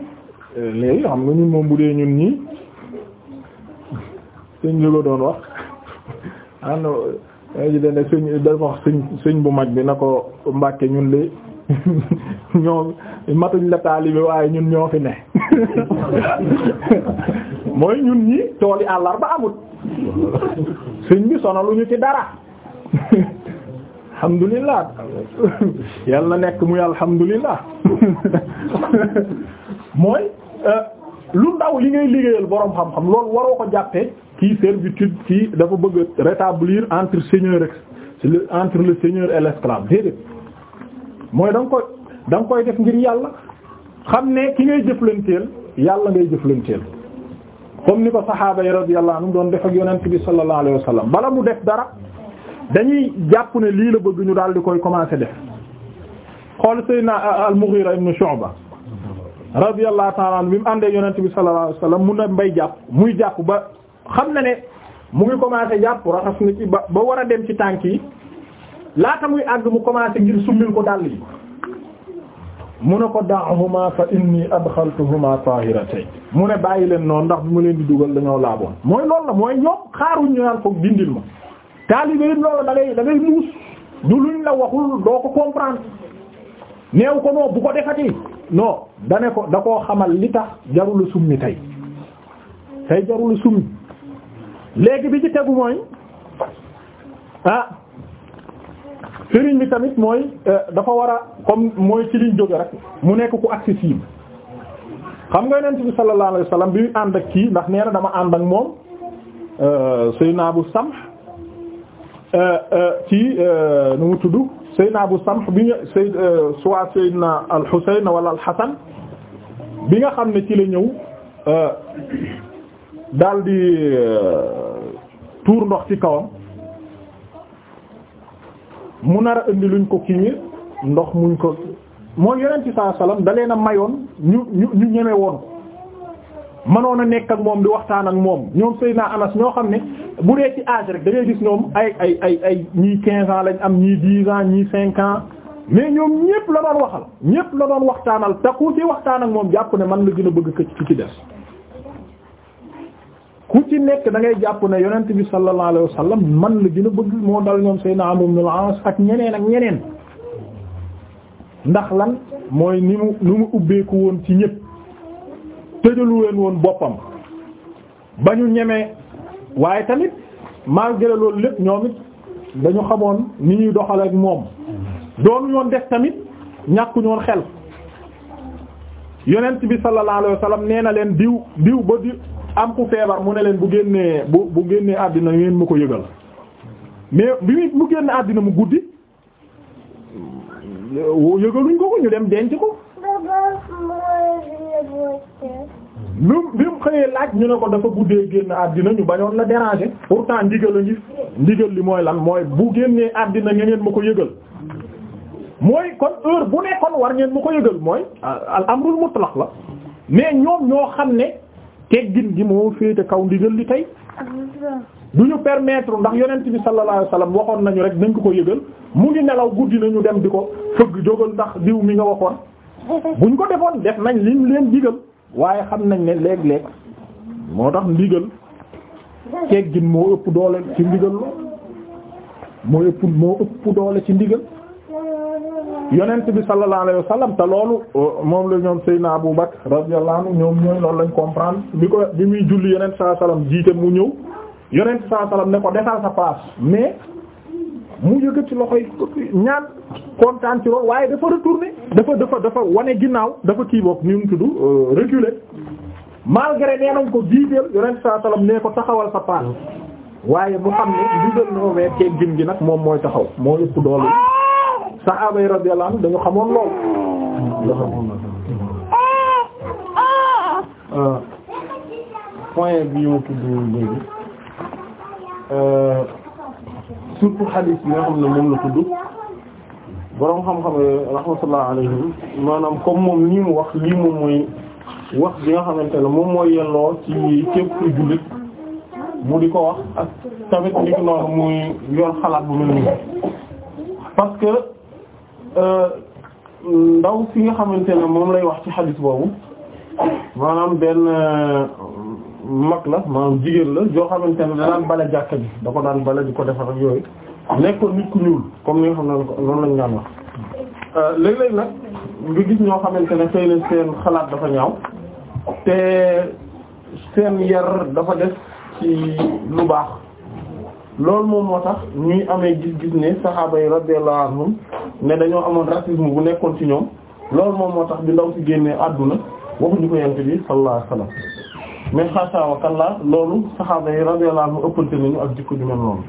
léegi xam nga ñun moom bu dee ñun ñii sëñ bi ko doon wax ah non dañuy dem rek sëñ dafa wax sëñ sëñ bu mag bi na ko Mbàkke ñun de (laughs) ñoo matuñ la taalibe waaye ñun ñoo fi ne (laughs) mooy ñun ñi tooli àllarba amut sëñ bi sonaluñu ci dara alhamdulillah yàlla nekk muy alhamdulillah (laughs) mooy Euh, lu ndaw li ngay liggéeyal borom xam-xam loolu waroo ko jàppee kii servitude kii dafa bëgg rétablir entre seigneur et entre le seigneur et l'esclave mooy da nga koy da koy def ngir yàlla xam ne ki ngay leen jëflanteel yàlla ngay jëflanteel comme ni ko saxaaba yi radiyallahu anhum doon def ak yonent bi sallallahu alayhi wa sallam bala mu def dara dañuy jàpp ne lii la bëgg ñu daal di koy commencer def xool Seydina al-Mughira ibn Shu'ba radiyallahu ta'ala anhu bi mu àndee yonent bi sallallahu alayhi wasallam mun na mbay jàpp muy jàpp ba xam na ne mu ngi commencé jàpp raxas na ci ba ba war a dem ci tànk yi laata muy àgg mu commencé ngir summil ko dàll yi mu ne ko da'huma fa inni adxaltuhuma tahiratayn mu ne bàyyi leen noonu ndax mu leen di dugal dañoo laaboon mooy loolu la mooy ñoom xaaruñ ñu naan foog dindil ma taalibe loolu da ngay da ngay muus du la waxul doo ko comprendre neew ko noo non dane ko da koo xamal li tax jarul summi tey tey jarul summi léegi bi ci tegu mooy ah sëriñ bi tamit mooy eh, dafa war a comme mooy ci liñ jóge rek mu nekk ku accessible xam nga yonent bi sallallahu alayhi wasallam bi ànd ak kii ndax nee na dama ànd ak moom eh, Seydina Abu Samh eh, ci nu mu tudd Seydina Abu Samh bi nga Seyd euh, soit Seydina al-Husayn wala al-Hasan bi nga xam ne ci la ñëw euh, daldi di euh, tuur ndox ci kawam mu nar a indi luñ ko kii ndox muñ ko mooy yeneen ci saa salaam dalee na mayoon ñu ñu ñu ñeme woon mënoon a nekk ak moom di waxtaan ak moom ñoom Seydina Anas ñoo xam ne bu dee ci âge rek da gis ñoom ay ay ay ay ñii 15 ans lañ am ñii 10 ans ñii cinq ans mais ñoom ñépp la doon waxal ñépp la doon waxtaanal te ku ci waxtaan ak moom jàpp ne man la gën a bëgg këcc ci des. ku ci nekk da ngay jàpp ne yonent bi sallallahu alayhi wa man la gën a bëgg moo dal ñoom Seydina Amr ibn al-As ak ñeneen ak ñeneen ndax lan mooy ni mu ni mu ubbeeku woon ci ñépp. tëjalu leen woon boppam ba ñu ñemee waaye tamit malgré loolu lépp ñoom dañu xamoon ni ñuy doxal ak moom doonu ñoon def tamit ñàkku ñoon xel yonent bi sallallahu alayhi wa sallam na leen diw diw ba diw am feebar mu ne leen bu génnee bu génnee àddina ngeen ma ko yëgal mais bi mu génn àddina mu guddi yëgaluñ ko ko ñu dem denc ko lu bi mu xëyee laaj ñu ne ko dafa guddee génn àddina ñu bañoon la déranger pourtant ndigal a ngi ndigal li mooy lan mooy bu génnee àddina nga ngeen ma ko yëgal mooy kon heure bu ne kon war ngeen ma ko yëgal mooy al amrul lax la mais ñoom ñoo xam ne teggin gi moo féete kaw ndigal li tey du ñu permettre ndax yonent bi sallallahu alayhi wasallam waxoon nañu rek nañ ko ko yëgal mu ngi nelaw guddi nañu dem di ko fëgg jógal ndax diw mi nga waxoon buñ ko defoon def nañ liñ leen digal waaye xam nañ ne léeg-léeg moo tax ndigal teggin moo ëpp doole ci ndigal lo moo ëpp moo ëpp doole ci ndigal yonent bi sallallahu alayhi wa sallam te loolu euh, moom la ñoom Seydina Abu Bakr radiyallahu anhu ñoom ñooy loolu lañ comprendre bi ko bi muy julli yonent sallallahu alayhi wa mu ñëw yonent sallallahu alayhi ne ko defal sa place mais mu yëkkati loxo yi ñaan kontaan ci loolu waaye dafa retourné dafa dafa dafa wane ginnaaw dafa kii boog ni mu tudd euh, reculé malgré nee nañ ko jiiteel yonent saa salaam nee ko taxawal sa paas waaye bu xam ne ndigal na ko weer teggin gi nag moom mooy taxaw moo ëpp doole saxaaba yi radiyallahu anhu dañu xamoon lool. Euh, point bi ñu tudd léegi. Euh, surtout xadiis bi nga xam ne moom la tudd boroom xam-xam rahmatullah alayhim maanaam comme moom nii mu wax lii moom mooy wax bi nga xamante ne moom mooy yelloo ci képp jullit mu di ko wax ak tamit li ko noonu muy xalaat bu mel nii parce que euh, ndaw fi nga xamante ne moom lay wax ci xadiis boobu maanaam benn mag la maanaam jigéen la joo xamante ne da daan bale jàkka ji da ko daan bale di ko defar ak yooyu nekkoon nit ñuul comme ni nga xam ne noonu lañ daan wax. Euh, léeg-léeg nga gis ñoo xamante ne xëy na seen xalaat dafa ñaaw te seen yar dafa lu baax loolu moom moo tax ñuy amee gis-gis ne saxaaba yi radiyallahu anhum ne dañoo amoon racisme bu nekkoon ci ñoom loolu moom moo tax bi ndaw si génnee àdduna waxuñu ko yent bi sallallahu mais xaasa wa kalla loolu saxaaba yi radiyallahu anhum ëppante nañu ak jikko ju mel noonu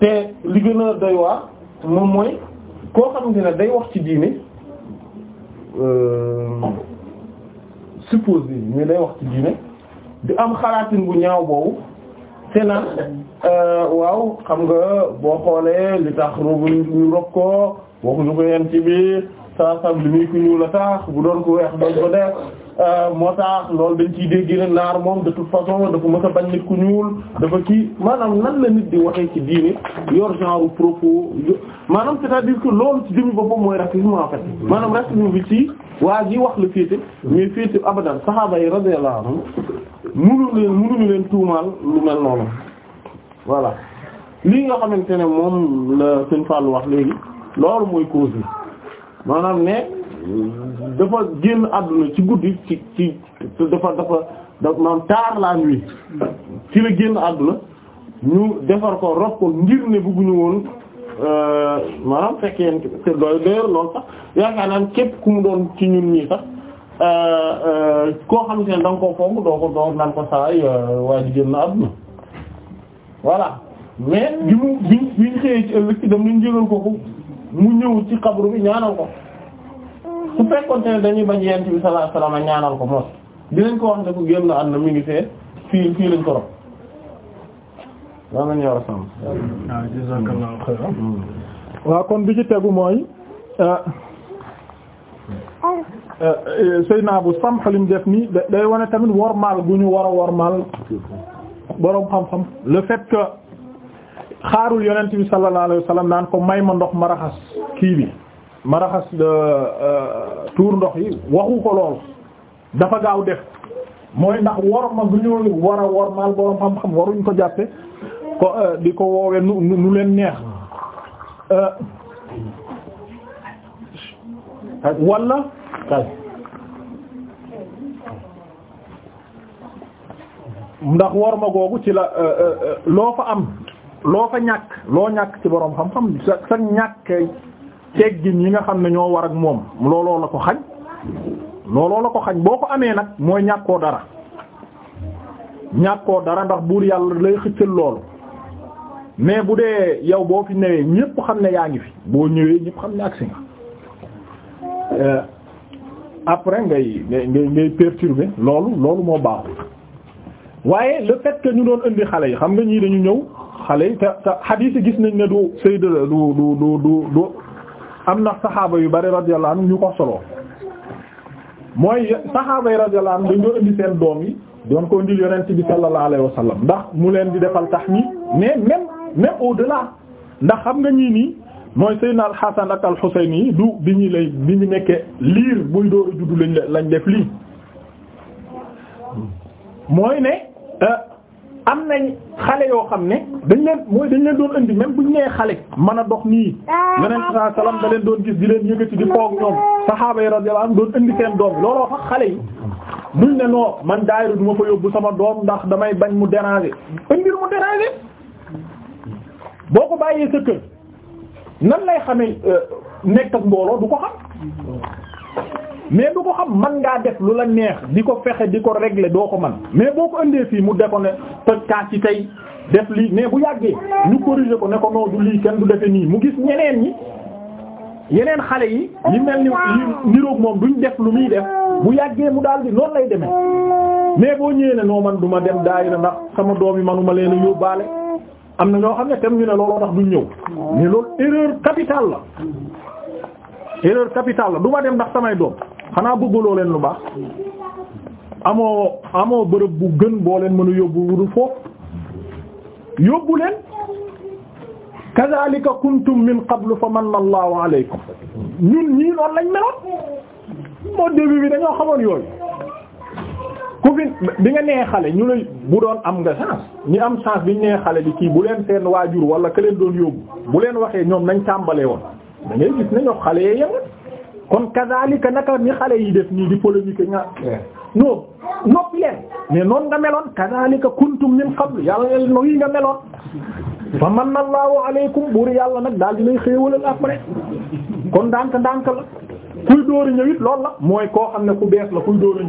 te li gën a doy waar moom mooy koo xamante ne day wax ci diine euh, suppose yi ñu day wax ci diine di am xalaatin bu ñaaw boobu te naan euh, waaw xam nga boo xoolee li tax robu ñu rog ko waxuñu ko yeen ci biir saa saam li ku ñuul a bu doon ku weex doon ko def euh, moo tax loolu dañ ciy dégg naar moom de toute façon dafa mës a bañ nit ku ñuul dafa kii maanaam nan la nit di waxee ci diini yor genre propos maanaam c'est-à-dire que loolu ci jëmmi boppam mooy racisme en fait maanaam racisme bi ci waa gi wax la féete mais féete abadan saxaaba yi radiyallahu anhum mënuñu leen mënuñu leen tuumaal lu mel noonu voilà lii nga xamante ne moom la sëñ Fall wax léegi loolu mooy cause maanaam ne dafa génn àdduna ci guddi ci ci dafa dafa maanaam tard la nuit ci la génn àdduna ñu defar ko rob ko ngir ne bëgguñu woon euh, maanaam fekkeen te doy doyar loolu sax yaakaar naan képp ku mu doon ci ñun ñii sax euh, euh, koo xam te ne da nga ko foog doo ko doo naan ko saay waa ji génn àdduna voilà mais bi mu bi ñu xëyee ci ëllëg ci dem nañ jégal ko ko mu ñëw ci xabru bi ñaanal ko su fekkoon ne dañuy bañ yent bi sallallahu alayhi a ñaanal ko moom dinañ ko wax ne ko génn ànd na mi ngi fee fii fii lañ ko rob daa nañ a sàmm ah, hmm. waaw jazakallahu kon bi ci tegu mooy euh, ah. euh, euh, Seydina Abu Samh li mu def nii day wane tamit wormaal gu ñu war a wormaal boroom xam-xam le fait que xaarul yonent bi sallallahu alayhi wa naan ko may ma ndox ma raxas kii bi ma raxas euh, euh, tuur ndox yi waxu ko lool dafa gaaw def mooy ndax wor ma waruñ ko jàppe euh, di ko woowe nu nu leen neex walla ndax wor ma googu ci la loo fa am loo fa ñàkk loo ñàkk ci boroom xam-xam sa sa ñàkk teggin yi nga xam ne ñoo war ak moom looloo la ko xañ looloo la ko xañ boo ko amee nag mooy ñàkkoo dara ñàkkoo dara ndax buur yàlla lay xëccal loolu mais bu dee yow boo fi newee ñépp xam ne yaa ngi fi boo ñëwee ñépp xam ne si nga euh, après ngay ngay ngay perturber loolu loolu moo baaxul waaye le fait ñu doon indi xale yi xam nga ñii dañu ñëw xale yi te te xadiis gis nañ ne du sayda du du du du du am na saxaaba yu bari radiyallahu anhu ñu ko solo mooy saxaaba yi radiyallahu anhu dañ doon indi seen doom yi doon ko indil yonent bi sallallahu alayhi wa sallam ndax mu leen di defal tax ñi mais même même au delà ndax xam nga ñii nii mooy Seydina Al Hasan ak Al yi du bi ñu lay bi ñu nekkee liir buy door a juddu lañ lañ def lii mooy ne. Euh, am nañ xale yoo xam ne dañ leen mooy dañ leen doon indi même buñ nee xale man a dox nii yeneen sa salaam da leen doon gis di leen yëkkati di foog ñoom saxaaba yi radiyallahu anhum doon indi seen doom looloo tax xale yi duñ ne noo man daayira du ma fa yóbbu sama doom ndax damay bañ mu déranger indil mu déranger boo ko bàyyee sa kër nan lay xamee euh, nekk ak mbooloo du ko xam mais du ko xam man ngaa def lu la neex di ko fexe di ko régler doo ko man mais boo ko indee fii mu de ko ne tojkaas ci tey def lii mais bu yàggee ñu corriger ko ne ko non du lii kenn du defe nii mu gis ñeneen ñi yeneen xale yi yi mel ni niroog moom duñ def lu muy def bu yàggee mu daal di noonu lay demee mais boo ñëwee ne noo man du ma dem daayira ndax sama doom yi manuma leen a yóbbaale am na ñoo xam ne tam ñu ne looloo tax duñ ñëw mais loolu erreur capitale la erreur capitale la du ma dem ndax samay doom xanaa bëggaloo leen lu baax amoo amoo bërëb bu gën boo leen mën a yóbbu wudu foofu yóbbu leen kazalika kuntum min qablu fa manna allahu alaykum ñun ñii noonu lañ meloon moo début bi dañoo xamoon yooyu ku bi nga nee xale ñu ne bu doon am nga chance ñi am chance bi ñu nee xale di kii bu leen seen waajur wala ka leen doon yóbbu bu leen waxee ñoom nañ tàmbalee woon da ngay gis ne xale yee yemoon kon kazaalika naka ni xale yi def nii di polémique nga eh. non noppi leen mais noon nga meloon kazaalika kuntum min qablu yàlla noonu nga meloon man na laa alaykum buur yàlla nag daal di lay xéewalal après kon ndànk ndànk la kuy door a ñëw la mooy koo xam ne ku bees la kuy door a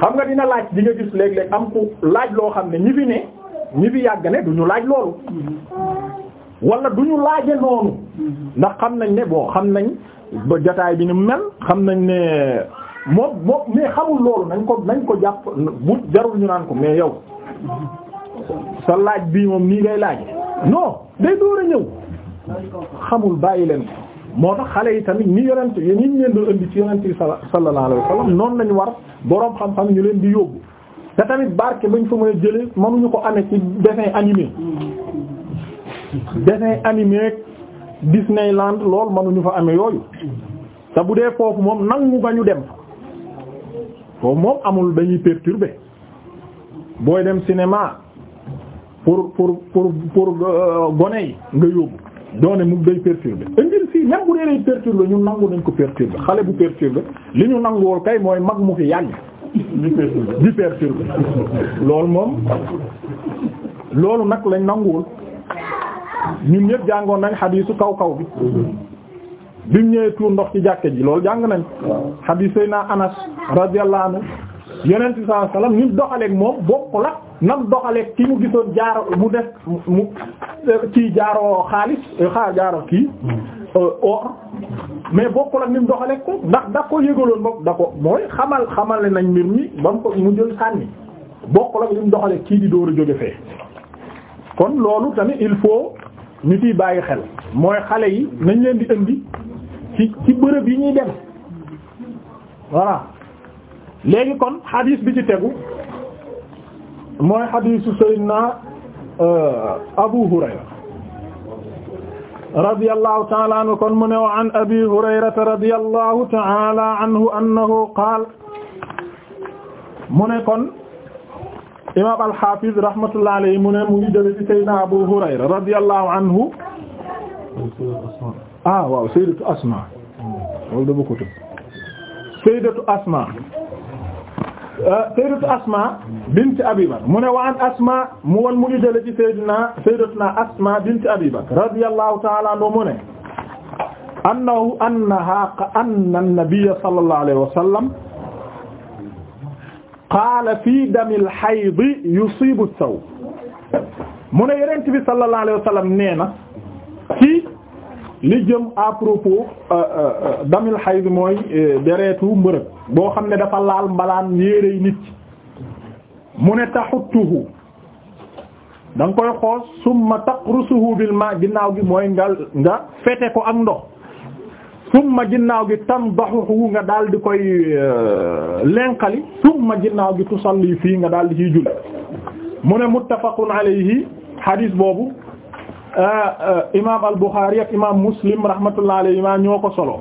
xam nga dina laaj di nga gis léeg-léeg am ku laaj loo xam ne ñi ne ñi fi yàgg ne du ñu laaj loolu wala du ñu laaje noonu ndax xam nañ ne boo xam nañ. ba jataay bi ni mel xam nañ ne moo moo mais xamul loolu nañ ko nañ ko jàpp bu jarul ñu naan ko mais yow sa laaj bii moom nii ngay laaj non day door a ñëw xamul bàyyi leen ko moo tax xale yi tamit ñi yonent yi ñi ñu leen doon indi ci yonent yi sallallahu alayhi wa sallam noonu war boroom xam-xam ñu leen di yóbbu te tamit barke bañ fa mën a jële ñu ko amee ci dessin animé dessin animé Disneyland lool ñu fa amee yooyu te bu dee foofu moom nangu nga ñu dem foofu moom amul dañuy perturber booy dem cinéma pour pour pour pour euh, gone yi nga yóbbu doone mu day perturber ngir fii même bu dee day perturber ñun nangu nañ ko perturber xale bu perturber li ñu nanguwul kay mooy mag mu fi yàgg di perturber loolu moom loolu nag lañ nanguwul ñun ñëpp jàngoon nañ xadiisu kaw kaw bi bi mu ñëwee tuur ndox ci jàkke ji loolu jàng nañ xadiis sayna Anas radiyallahu anhu yeneen ci saa salaam ni moom bokk la nam doxaleeg ki mu gisoon jaaro mu def mu kii jaaroo xaalis xaar jaaro kii euh, or mais bokkul ak ni mu doxaleeg ko ndax da ko yëgaloon moom da mooy xamal xamale nañ mbir mi ba mu ko mu jël sànni bokkul ak li mu doxaleeg kii di door a jóge fee kon loolu tamit il faut ñu ciy bàyyi xel mooy xale yi nañ leen di indi ci ci bërëb yi ñuy dem voilà léegi kon xadiis bi ci tegu mooy xadiisu sayyidina euh, Abu Hurayra radiyallahu ta'ala anhu kon mu ne wa an Abi Hurayrata radiyallahu ta'ala anhu annahu qaala mu ne kon imaam al-Hafiz rahmatullah alayhi mu ne mu ngi jële ci Seydina Abu Hurayra radiyallahu anhu ah waaw Sayyidatu Asma loolu dama ko tëb Sayyidatu Asma euh, Sayyidatu Asma bint Abi Bakr mu ne wa an Asma mu won mu ngi jële ci Seydina Sayyidatuna Asma bint Abi Bakr radiyallahu ta'ala anha mu ne annahu annaha anna an-nabiyya sallallahu alayhi wa sallam qaala fii damil xaydi yusibu saw mu ne yonent bi sallallahu alayhi wa sallam nee na ci li jëm à propos euh, euh, damil xaydi mooy euh, deretu mbërëg boo xam ne dafa laal mbalaan yéerey nit mu ne taxuttuhu da nga koy xoos summa taqrusuhu bil ma ginnaaw gi mooy nga nga fete ko ak ndox summa ginnaaw gi tandaxuhu nga daal di koy euh, lenqali summa ginnaaw gi tusalli fii nga daal di ciy julli mu ne muttafaqun alayhi hadis boobu euh, euh, imaam al-Bukhari ak imaam Muslim rahmatullahi alayhi ma ñoo ko solo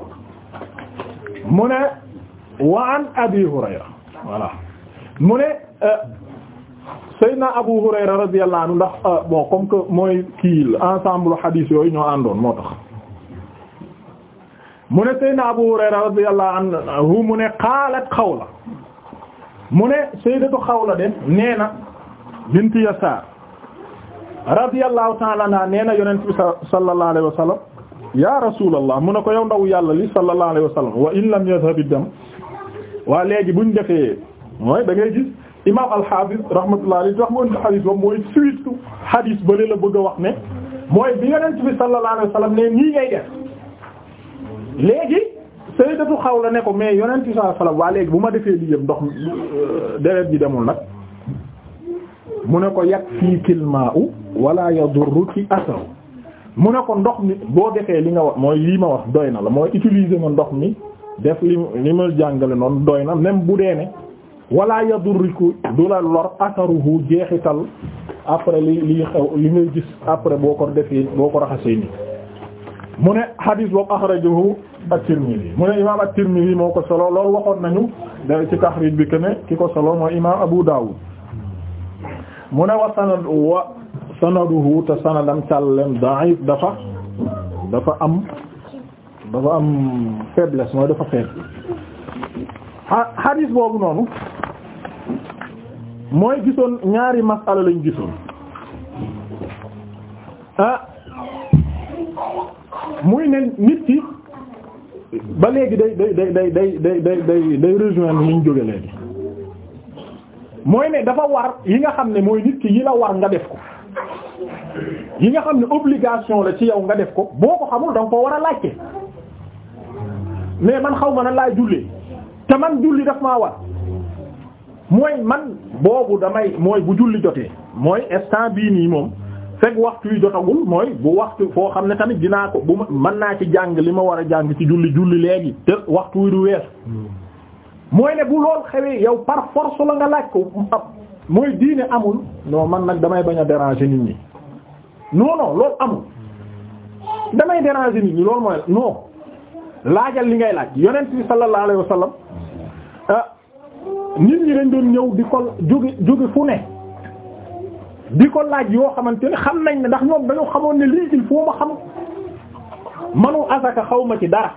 mu ne wa an Abi Hurayra voilà mu ne Seydina Abu Hurayra radiyallahu anhu ndax bon comme que mooy kii ensemble hadis yooyu ñoo àndoon moo tax mu ne Seydina Abu Hurayra radiyallahu anhu mu ne qaalat Xawla mu ne Sayyidatu Xawla de nee na bint Yasaar radiyallahu ta'ala anha nee na Yonent bi sallallahu alayhi wa sallam ya Rasulallah mu ne ko yow ndaw yàlla li sallallahu alayhi wa sallam wa in lam yadhhab ad-dam waa léegi buñ defee mooy da ngay gis imaam al-Hafiz rahmatullahi alayhi wax moon xadis ba mooy surtout xadis ba la bëgg a wax ne mooy bi Yonent bi sallallahu alayhi wa sallam ne nii ngay def léegi xaw la ne ko mais yonent bi sallallahu waa léegi bu ma defee li yëpp ndox euh, deret yi demul nag mu ne ko fii yakfikil ma'u wala yadurruki asaw mu ne ko ndox mi boo defee li nga wax mooy lii ma wax doy na la mooy utiliser ma ndox mi def li li ma jàngale noonu doy na même bu dee ne wala yadurruki du la lor asaruhu jeexital après li lii xew li ngay gis après boo ko defee boo ko raxasee nii mu ne hadis boobu akhrajahu at-Tirmidhi mu ne imaam at-Tirmidhi moo ko solo loolu waxoon nañu da ci taxrij bi que ne ki ko solo mooy imaam Abu Dawud mu ne wa sanad wa sanaduhu te sanadam càllem da'if dafa dafa am dafa am faiblesse mooy dafa faible hadis boobu noonu mooy gisoon ñaari masala lañ gisoon ah, muy ne nit ki ba léegi day day day day day day day day day rejoindre li ñu jóge léegi mooy ne dafa war yi nga xam ne mooy nit ki yi la war nga def ko yi nga xam ne obligation la ci yow nga def ko boo ko xamul danga koo war a laajte mais man xaw ma na laa jullee te man julli daf maa war mooy man boobu damay mooy bu julli jotee mooy instant bii nii moom fekk waxtu yi jotagul mooy bu waxtu foo xam ne tamit dinaa ko bu mën naa ci jàng li ma war a jàng ci julli julli léegi te waxtu wi du weesu mooy ne bu lool xewee yow par force la nga laaj ko mooy diine amul non man nag damay bañ a déranger nit ñi non non loolu amul damay déranger nit ñi loolu mooy non laajal li ngay laaj yonent bi sallallahu alayhi wa sallam ah, nit ñi dañ doon ñëw di ko jóge jóge fu ne. di ko laaj yoo xamante ne xam nañ ne ndax ñoom dañoo xamoon ne lii il faut ma xam manu asaka xaw ci dara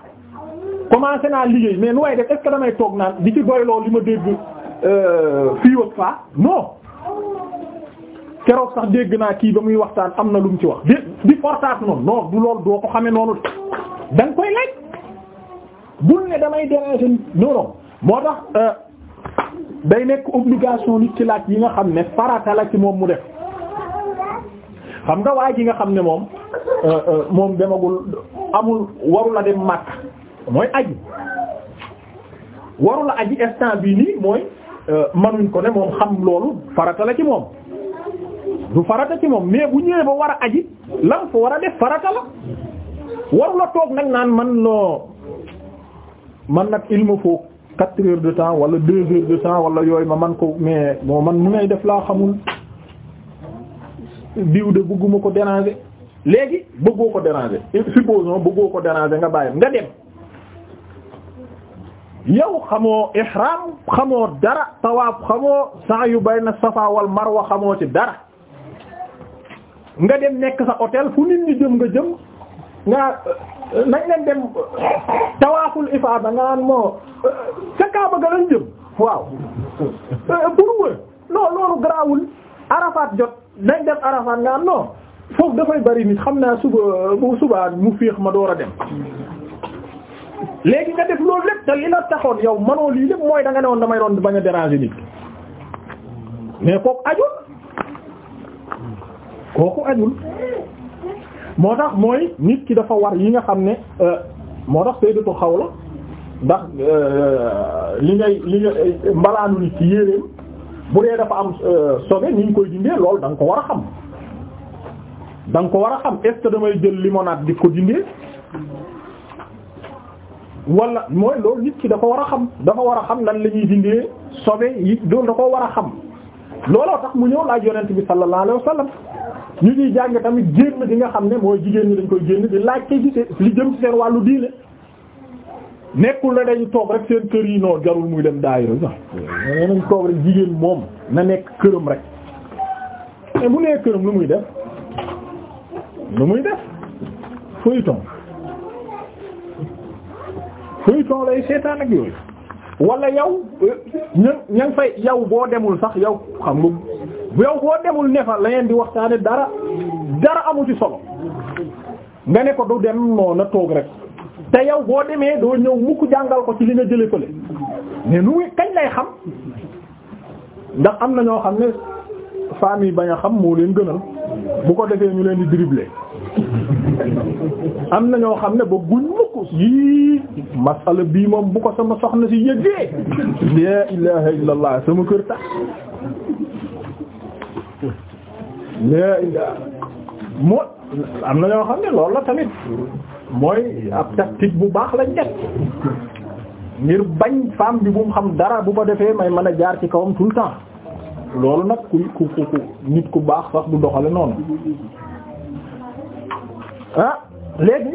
commencé naa liggéey mais nu waaye def est ce damay toog naan di ci doy li ma dégg euh, fii ak faa non keroog sax dégg naa kii ba muy waxtaan am na lu mu ci wax di di fortaat noonu non du loolu doo ko xame noonu da nga koy laaj bul ne damay déranger non moo tax euh, day nekk obligation nit ci laaj yi nga xam ne farata ci moom mu def xam nga waa ji nga xam ne moom euh, euh, moom demagul amul waru la dem Makka mooy aji waru la aji instant bii nii mooy euh, manuñ ko ne moom xam loolu farata la ci moom du farata ci moom mais bu ñëwee ba war a aji lan fa war a def farata la waru toog nag naan man loo man nag il me faut quatre heures de temps wala deux heures de temps wala yooyu ma man ko mais moo man mu ngay def laa xamul diw de bëgguma ko déranger léegi bëggoo ko déranger supposons bëggoo ko déranger nga bàyyi nga dem yow xamoo ihram xamoo dara tawaaf xamoo saa yu bayna safa wal marwa xamoo ci dara nga dem nekk sa hôtel fu nit ñi jëm nga jëm nga euh, nañ leen dem euh, tawaaful ifaada nga naan moo euh, ca Kaaba ga jëm waaw pour non loolu garaawul Arafat jot nañ dem arafan nga am non foofu dafay bari nit xam naa suba bu subaa mu féex ma door a dem léegi nga def loolu lépp te li la taxoon yow manoo lii lépp mooy da nga ne woon damay doon bañ a déranger nit mais kooku ajul kooku ajul moo tax mooy nit ki dafa war yi nga xam ne euh, moo tax sayyidatu Xawla ndax euh, li ngay li nga mbalaanu nit ci yéreem bu dee dafa am euh, sobe ni ñu koy dindee loolu danga ko war a xam da ko war a xam est-ce que damay jël limonade di ko dindee wala mooy loolu nit ki dafa war a xam dafa war a xam lan la ñuy dindee sobe yi doon da war a xam looloo tax mu ñëw laaj yonent bi sallallahu alayhi wasallam ñu ñuy jàng tamit génn di nga xam ne mooy jigéen ñi dañ koy génn di laaj ci li jëm ci seen wàllu diine nekkul na dañu toog rek seen kër yi noo jarul muy dem daayira sax nee nañ toog rek jigéen moom na nekk këram rek mu ne nee këram lu muy def lu muy def feuilleton feuilleton lay seetaan ak yooyu wala yow euh, ña ña fay yow boo demul sax yow xam nga yow boo demul ne fa la ngeen di waxtaane dara dara amu ci solo nga ne ko du dem noo na toog rek. te yow boo demee doo ñëw mukk jàngal ko ci li nga jëlee fële mais nu muy kañ lay xam ndax am na ñoo xam ne famille bañ a xam moo leen gënal bu ko defee ñu leen di dribbler am na ñoo xam ne ba guñ mukk yii masala bii moom bu ko sama soxna si yëggee laa ilaha illallah sama kër tax laa ilaha moo am na ñoo xam ne loolu la tamit mooy ab tactique bu baax lañ def ngir bañ femme bi bu mu xam dara bu ko defee may mën a jaar ci kawam tout le loolu nag ku ku ku nit ku baax sax du doxale noonu ah léegi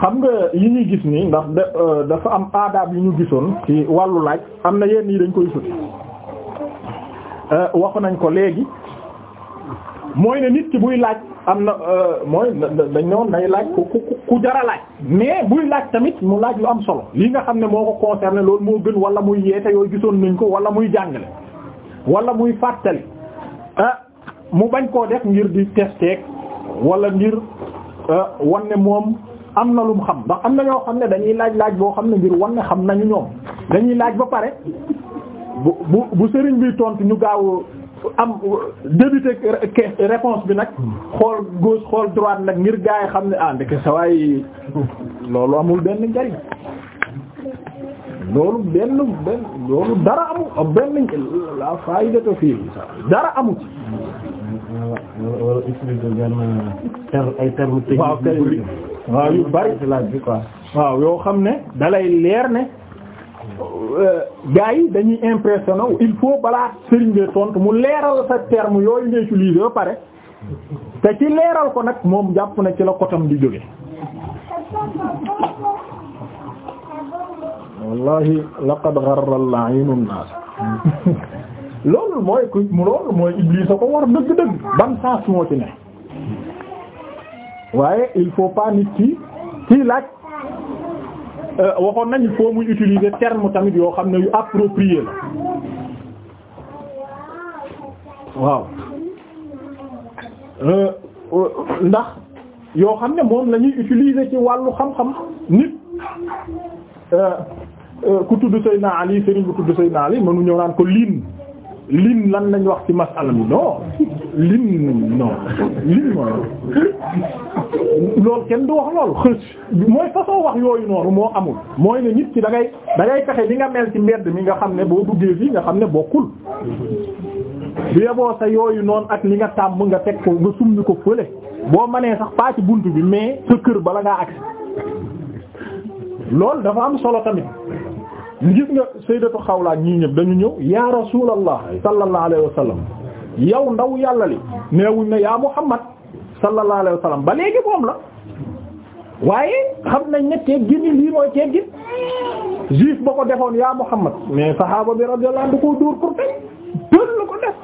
xam nga yi ñuy gis nii ndax euh, dafa am aadaab yi ñu gisoon ci wàllu laaj am na yenn yi dañ koy suti euh, wax nañ ko léegi mooy ne nit ki buy laaj am na euh, mooy dañ ne woon nay laaj ku ku ku jara laaj mais buy laaj tamit mu laaj lu am solo li nga xam ne moo ko concerné loolu moo gën wala muy yeete yooyu gisoon nañ ko wala muy jàngale wala muy fàttali ah mu bañ koo def ngir di testeek wala ngir euh, wan ne moom am na lum xam ndax am na ñoo xam ne dañuy laaj laaj boo xam ne ngir wan ne xam nañu ñoom dañuy laaj ba pare bu bu sëriñ bi tontu ñu gaaw am débuté réponse bi nag xool gauche xool droite nag ngir gaa xam ne ah ndeke sa waay loolu amul benn njariñ loolu benn benn loolu dara amul benn la faayidatu fii dara amul. waaw yu bari. waaw yoo xam ne dalay leer ne. gars yi dañuy impressionné wu il faut balaa sëriñ bee tontu mu leeral sa terme yooyu ngay utiliser ba pare te ci leeral ko nag moom jàpp na ci la kotam di jóge wallahi laqad gharra al-la'inu an loolu mooy ku loolu mooy Iblis ko war dëgg-dëgg ban sens moo ci ne waaye il faut pas nit ki ci laaj Euh, waxoon nañ foo muy utiliser terme tamit yoo xam ne yu approprié la waaw euh, euh, ndax yoo xam ne moom la ñuy utiliser ci wàllu xam-xam nit ku tudd Seydina Ali Serigne bu tudd Seydina Ali mënu ñëw naan ko liin lin lan lañ wax ci masala mi non lin non lin non kenn du wax lool xëc mooy façon wax yooyu noonu moo amul mooy ne nit ci da ngay da ngay fexe di nga mel ci mbedd mi nga xam ne boo duggee fii nga xam ne bokkul bu yeboo sa yooyu noonu ak li nga tàmm nga teg ko nga summi ko fële boo manee sax pas ci bunt bi mais sa kër bala ngaa agsi loolu dafa am solo tamit gis nga sayyidatu Xawla ñii ñëpp dañu ñëw yaa rasulallah sallallahu alayhi wa sallam yow ndaw yàlla li neewuñ ne yaa Muhammad sallallahu alayhi wa sallam ba léegi moom la waaye xam nañ ne teggin lii mooy teggin juif ba ko defoon yaa Muhammad mais saxaaba bi radiyallahu anhu ko dóor pour tey dóor la ko def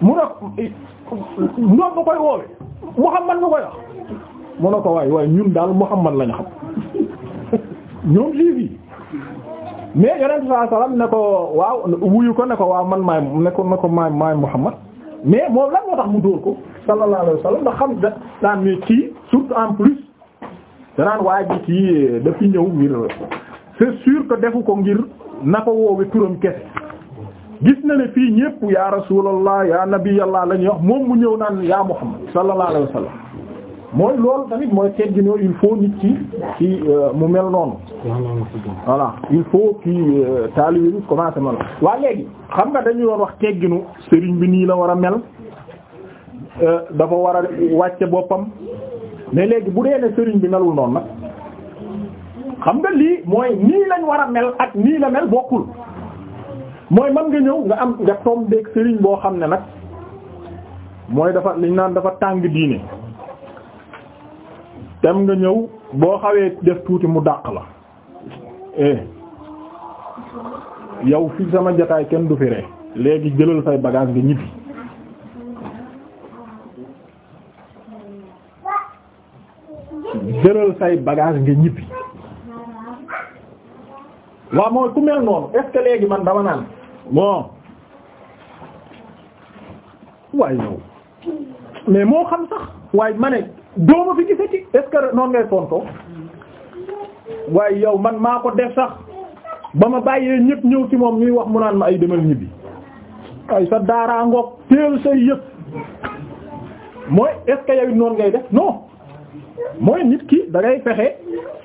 mu ne ñoom ba koy woowe Muhammad mu koy wax mu ne ko waaye waaye ñun daal Muhammad lañu xam (laughs) ñoom juif yi mais yonent saa salaam ne ko waaw wuyu ko ne ko waaw man maay ne ko ne ko maay maay Muhammad mais moom lan moo tax mu dóor ko sallallahu alayhi wa sallam ndax xam da daan ne kii surtout en plus danaan waa ji kii dafi ñëw ngir c'est sûr que defu ko ngir na ko woowe turam kese gis na ne fii ñépp ya rasulallah ya nabiyallah la ñuy wax moom mu ñëw naan ya Muhammad sallallahu alayhi mooy loolu tamit mooy tegginoo il faut nit ki ci euh, mu mel noonu voilà il faut ki euh, taalibe bi commencé mel waa léegi xam nga dañu wax tegginu sëriñ bi nii la war a mel euh, dafa war a wàcce boppam mais léegi bu dee ne sëriñ bi melul noonu nag xam nga lii mooy nii lañ war a mel ak nii la mel bokkul mooy mën nga ñëw nga am nga tombeek sëriñ boo xam ne nag mooy dafa liñ naan dafa tàng diine dem nga ñëw boo xawee def tuuti mu dàq la eh. yow fi sama jataay kenn du fi léegi jëlal say bagaas nga ñibbi jëlal say bagaas nga ñibbi waaw mooy ku mel noonu est léegi man dama naan bon waaye yow mais moo xam sax waaye ma dooma fi gisati est-ce que noonu ngay tontoo waaye yow man maa ko def sax ba ma bàyyee ñëpp ñëw ci moom ñuy wax mu naan ma ay demal ñibbi ay sa daaraa ngoog teel say yëpp mooy est-ce que ngay def non mooy nit ki dangay ngay fexe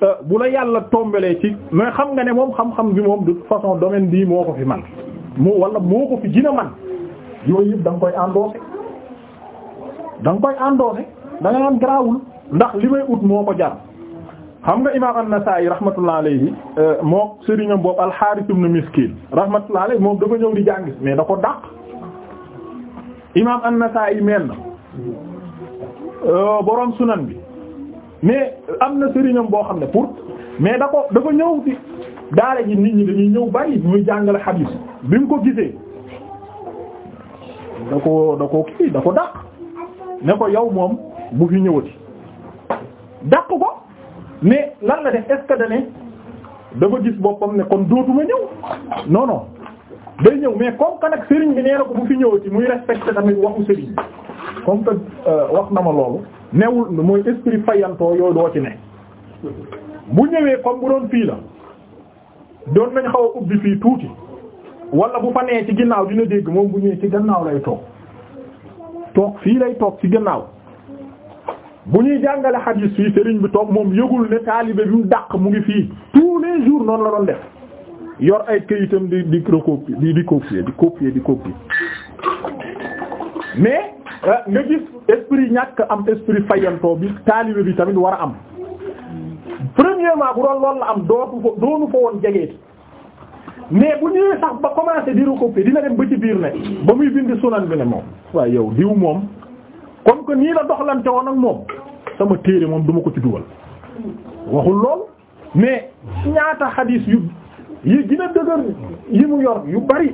euh, bu la yàlla tombalee ci mais xam nga ne moom xam-xam bi moom de toute façon domaine bii moo ko fi man moo wala moo ko fi gën man yooyu yëpp da koy endossé da nga koy endossé da nga naan garaawul ndax li may ut moo ko jar xam nga imaam an-Nasaa'i rahmatullah alayhi euh, moo sëriñam boobu al-Haaris ibn Miskiin rahmatullah moom dafa ñëw di jàngis mais da ko dàq imaam an-Nasaa'i mel na euh, borom sunan bi mais am na sëriñam boo xam ne pour mais da ko dafa ñëw daale daara ji nit ñi dañuy ñëw bari muy jàngale xadiis bi mu ko gisee da ko da ko kii da ko dàq ne ko yow moom bu fi ñëwati dàq ko mais lan la de est-ce que dane dafa gis boppam ne kon dootuma ñëw non non day ñëw mais comme ka nag sëriñ bi nee na ko bu fi ñëwati muy respecté tamit waxu sëriñ bi comme euh, wax na ma loolu newul mooy esprit fayantoo yooyu doo ci ne bu ñëwee comme bu doon fii la doon nañ xaw a ubbi fii tuuti wala bu fa nee ci ginaaw dina dégg moom bu ñëwee ci gannaaw lay toog toog fii lay toog ci gannaaw bu ñuy jàngale xadiis fii sëriñ bi toog moom yëgul ne taalibe bi mu mu ngi fii tous les jours noonu la doon def yor ay kayitam di di recopier di di di copier di copier mais euh, nga gis esprit ñàkk am esprit fayantoo bi taalibe bi tamit war a am premièrement bu doon loolu la am dootu fa doonu fa woon jegeeti mais bu ñëwee sax ba commencer di recopier dina dem ba ci biir ne ba muy bind sunan bi ne moom waaye yow diw moom comme que nii la doxalante woon ak moom sama téere moom duma ko ci dugal waxul lool mais ñaata xadiis yu yi gën dëgër yi mu yor yu bari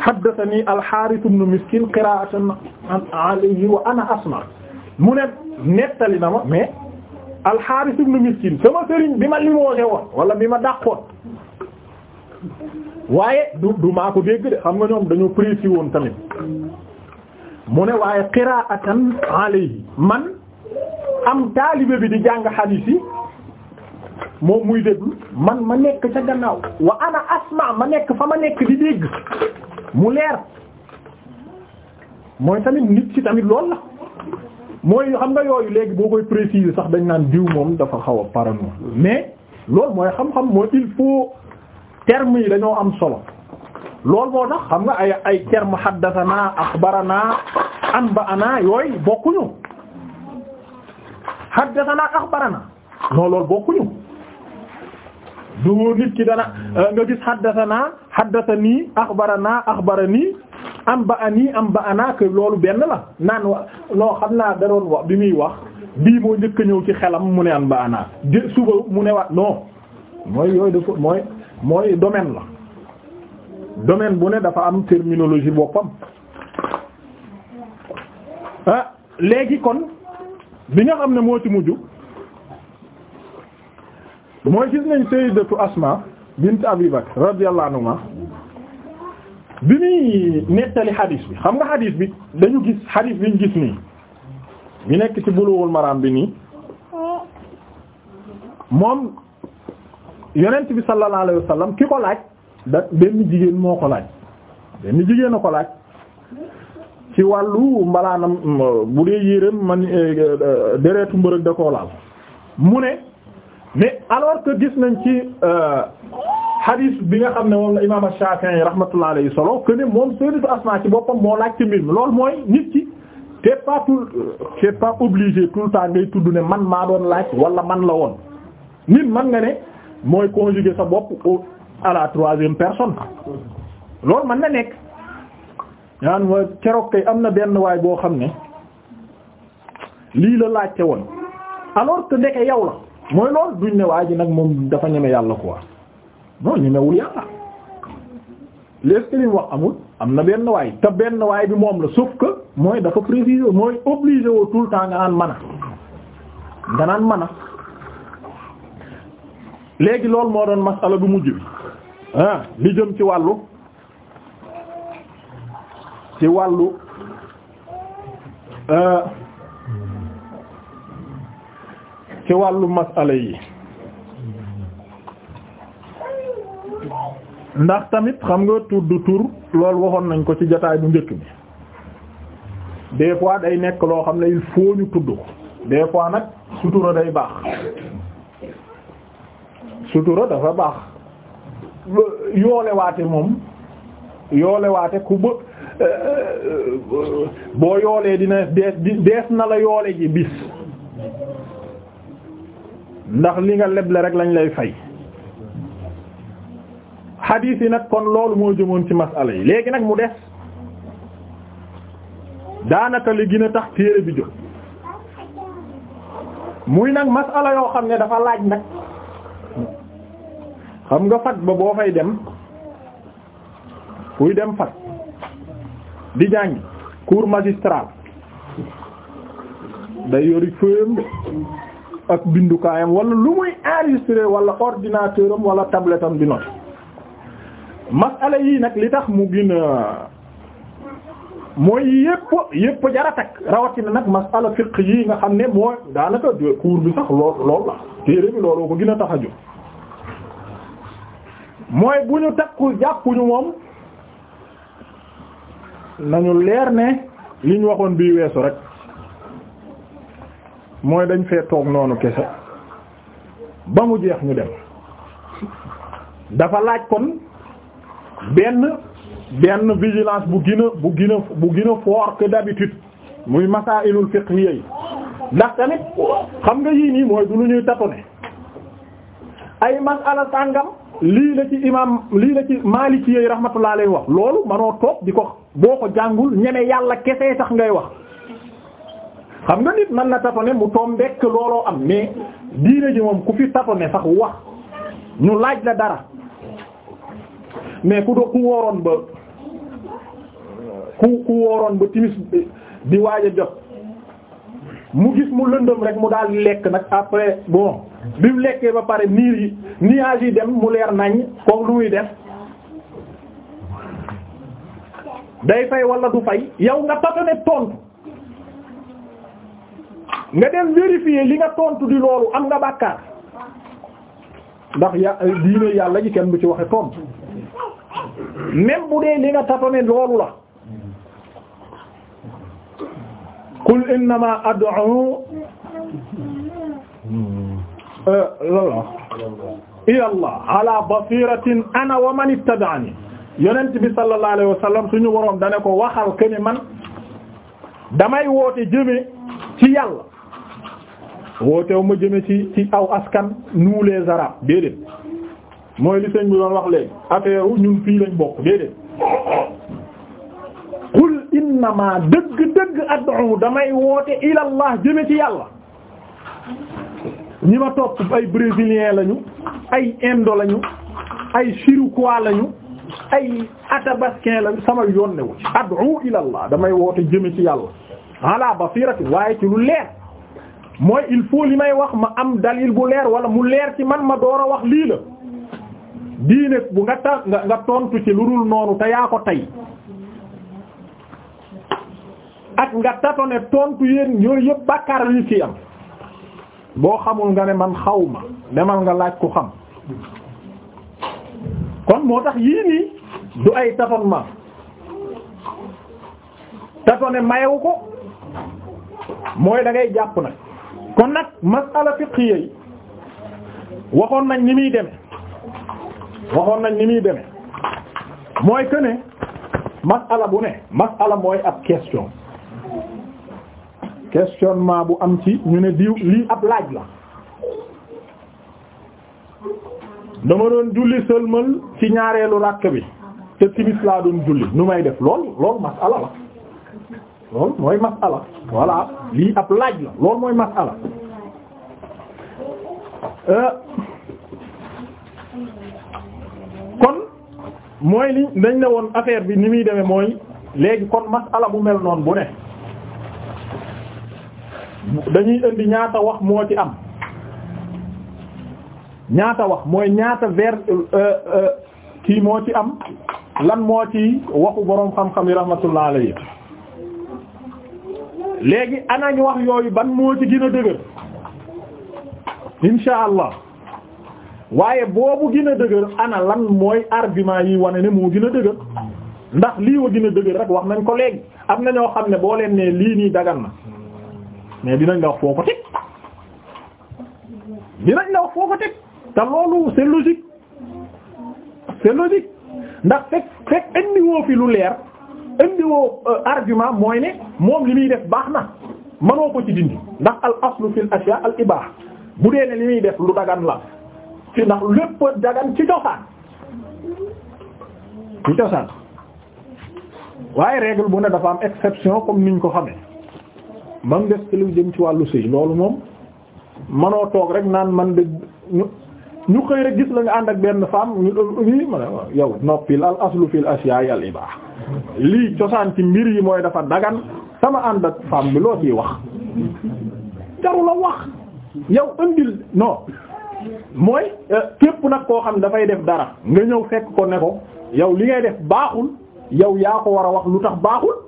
haddathani al-Harith ibn Miskin qira'atan an alayhi ana asma mu ne nettali na ma mais al-Harith ibn Miskin sama sëriñ bi ma limogé woon wala bi ma dàqoon waaye du du maa ko dégg de xam nga ñoom dañoo précis woon tamit mu ne waaye qiraatan alayhi man am taalibe bi di jàng hadith yi moom muy déglu man ma nekk ca gannaaw wa ana asma ma nekk fa ma nekk di dégg mu leer mooy tamit nit ci tamit lool la mooy xam nga yooyu léegi boo koy préciser sax dañ naan diw moom dafa xaw a parano mais loolu mooy xam-xam mooy il faut termes yi dañoo am solo lool moo tax xam nga ay ay terme haddathana akhbarana anba'ana yooyu bokkuñu haddathana akhbarana non loolu bokkuñu du nit ki dana euh, nga gis haddathana haddathani akhbarana akhbarani anba'ani anba'ana que loolu benn la naan wa non xam naa da bi muy wax bii moo njëkk a ñëw ci xelam mu ne anba'ana suba mu ne waat non mooy yooyu dafa mooy mooy domaine la. domaine bu ne dafa am terminologie boppam ah léegi kon bi nga xam ne moo ci mujj mooy gis nañ sayyidatu Asma bint Abi Bakr radiyallahu anha bi muy nettali xadiis bi xam nga xadiis bi dañu gis xadiis bi gis nii bi nekk ci Bulughul Maram bi nii moom yonent bi sallallahu alayhi ki ko laaj da benn jigéen moo ko laaj benn jigéen a ko laaj ci wàllu mbalaanam bu dee yéreem man eh, eh, deretu mbërëg da koo laal mu ne mais alors que gis nañ ci euh, hadith bi nga xam ne moom la imaam Shafi'i rahmatullah alayhi solo que ne moom sayyidatu Asma ci boppam moo laaj ci mbir mi loolu mooy nit ki c'est pas tout c'est pas obligé tout le temps ngay tudd ne man maa doon laaj wala man la woon nit man nga ne mooy conjuguer sa bopp à la troisième personne loolu na nekk ñaan ma keroog kay am na benn waay boo xam ne lii la laajte woon alors que ndeke yow la mooy loolu duñ ne waa ji nag moom dafa ñeme yàlla quoi non ñemewul yàlla léegi que wax amul am na benn waay te benn waay bi moom la sauf que mooy dafa précisé mooy obligé woo tout le temps nga naan mën a nga naan mën léegi loolu moo doon masala bu mujj bi ah li jëm ci wàllu ci wàllu euh, ci wàllu masala yi ndax tamit xam nga tudd tur loolu waxoon nañ ko ci jotaay bu njëkk bi des fois day nekk loo xam ne il faut ñu tudd ko des fois nag sutura day baax sutura dafa baax yoolewaate moom yoolewaate ku bë euh, euh, boo yoolee dina dees dees na la yoole ji bis ndax li nga leble rek lañ lay fay xadiis yi nag kon loolu moo jëmoon ci masala yi léegi nag mu des daanaka li gën a tax téere bi jóg muy nag masala yoo xam ne dafa laaj nag xam nga fag ba boo fay dem kuy dem fag di jàngi cours magistral day yori feuille ak bindukaayam wala lu muy enregistré wala ordinateur am wala di noter masala yii nag li tax mu gën a mooy yépp yépp jara takk rawatina nag masala fiqh yi nga xam ne mooy daanaka cours bi sax lool lool la téere bi looloo ko gën a mooy bu ñu takku jàppuñu moom nañu leer ne li ñu waxoon bii weesu rek mooy dañ fee toog noonu kese ba mu jeex ñu dem dafa laaj kon benn benn vigilance bu gina bu gën bu gina a que d'habitude muy masaa'ilul fiqhiyya yi ndax xam nga yii nii mooy du lu ñuy tâtonner ay masala sàngam lii la ci imam lii la ci Maliki yi raxmatulaa alayhi wax loolu manoo toog di ko boo ko jàngul ñeme yàlla kese tax ngay wax xam nga nit mën na tatone mu toom bekk looloo am mais diine ji moom ku fi tatone sax wax ñu laaj la dara mais ku do ku wooroon ba ku ku wooroon ba timis di waaj jot mu gis mu lëndam rek mu daal lekk nag après bon bi mu lekkee ba pare niir yi nuages yi dem mu leer nañ comme lu muy def day fay wala du fay yow nga tatane tontu nga dem vérifier li nga tontu di loolu am nga bàkkaar ndax ya diine yàlla ji kenn bu ci waxe tontu même bu dee li nga tatane loolu la qul innama ad'u hmm. eh, lala ila allah ala basiratin ana wa man ittaba'ani yonent bi sallallahu alayhi wa sallam suñu boroom dane ko waxal ke ni man damay woote jëme ci yàlla wootew ma jëme ci ci aw askan nous les arabes déedéet mooy li sëñ doon wax léegi affaire ñun fii lañ bokk déedéet qul innama dëgg-dëgg ad'u damay woote ilallah jëme ci yàlla ñi ma topp ay brésilien lañu ay indo lañu ay chiricoi lañu ay atabaskin lañu sama yoon ne damay woote jëme ci yàlla ala basirati waaye ci lu leer mooy il faut li may wax ma am dalil bu leer wala mu leer ci man ma door a wax lii la diine bu nga ta nga tontu ci lu dul noonu te yaa ko tey ak nga tatone tontu yéen yooyu yëpp bàkkaar la ñu ci am boo xamul nga ne man xaw ma demal nga laaj ku xam kon moo tax yii nii du ay tâtonnement tâtonner mayewu ko mooy da ngay jàpp nag kon nag masala fiqhiyya yi waxoon nañ ni muy deme waxoon nañ ni muy deme mooy que ne masala bu ne masala mooy ab question questionnement bu am ci ñu ne diw lii ab laaj la dama doon julli sëlmal ci ñaareelu ràkk bi te timis laa doon julli nu may def lool lool masala la lool mooy masala voilà lii ab laaj la lool mooy masala euh, kon mooy li dañ ne woon affaire bi ni muy deme mooy léegi kon masala bu mel noonu bu ne dañuy indi ñaata wax moo ci am ñaata wax mooy ñaata vers euh, euh, kii moo ci am lan moo ci waxu boroom xam-xam yi rahmatullah alayhi léegi anañ wax yooyu ban moo ci gën a dëgër insha allah waaye boobu gën a dëgër ana lan mooy argument yi wane ne moo gën a dëgër ndax lii wa gën a dëgër rek wax nañ ko léegi am na ñoo xam ne boo leen ne lii nii dagan na mais dinañ la wax foo ko teg dinañ la wax foo ko teg te loolu c'est logique c'est logique ndax fekk fekk indiwoo fi lu leer indiwoo euh, argument mooy ne moom li muy def baax na mënoo ko ci dindi ndax al aslu fil ashya al ibah bu dee ne li muy def lu dagan la ci ndax lépp dagan ci cosaan ci cosaan waaye règle bu na dafa am exception comme niñ ko xamee ba mu des ci lu jëm ci wàllu sëy loolu moom manoo toog rek naan man de ñu ñu xëy rek gis la ànd ak benn femme ñu ii ma ne yow noppil al aslu fil asya'i al ibah lii cosaan ci mbir yi mooy dafa dagan sama ànd ak femme bi loo ciy wax jarul a wax yow indil non mooy euh, képp nag koo xam dafay def dara nga ñëw fekk ko ne ko yow li ngay def baaxul yow yaa ko war a wax lu tax baaxul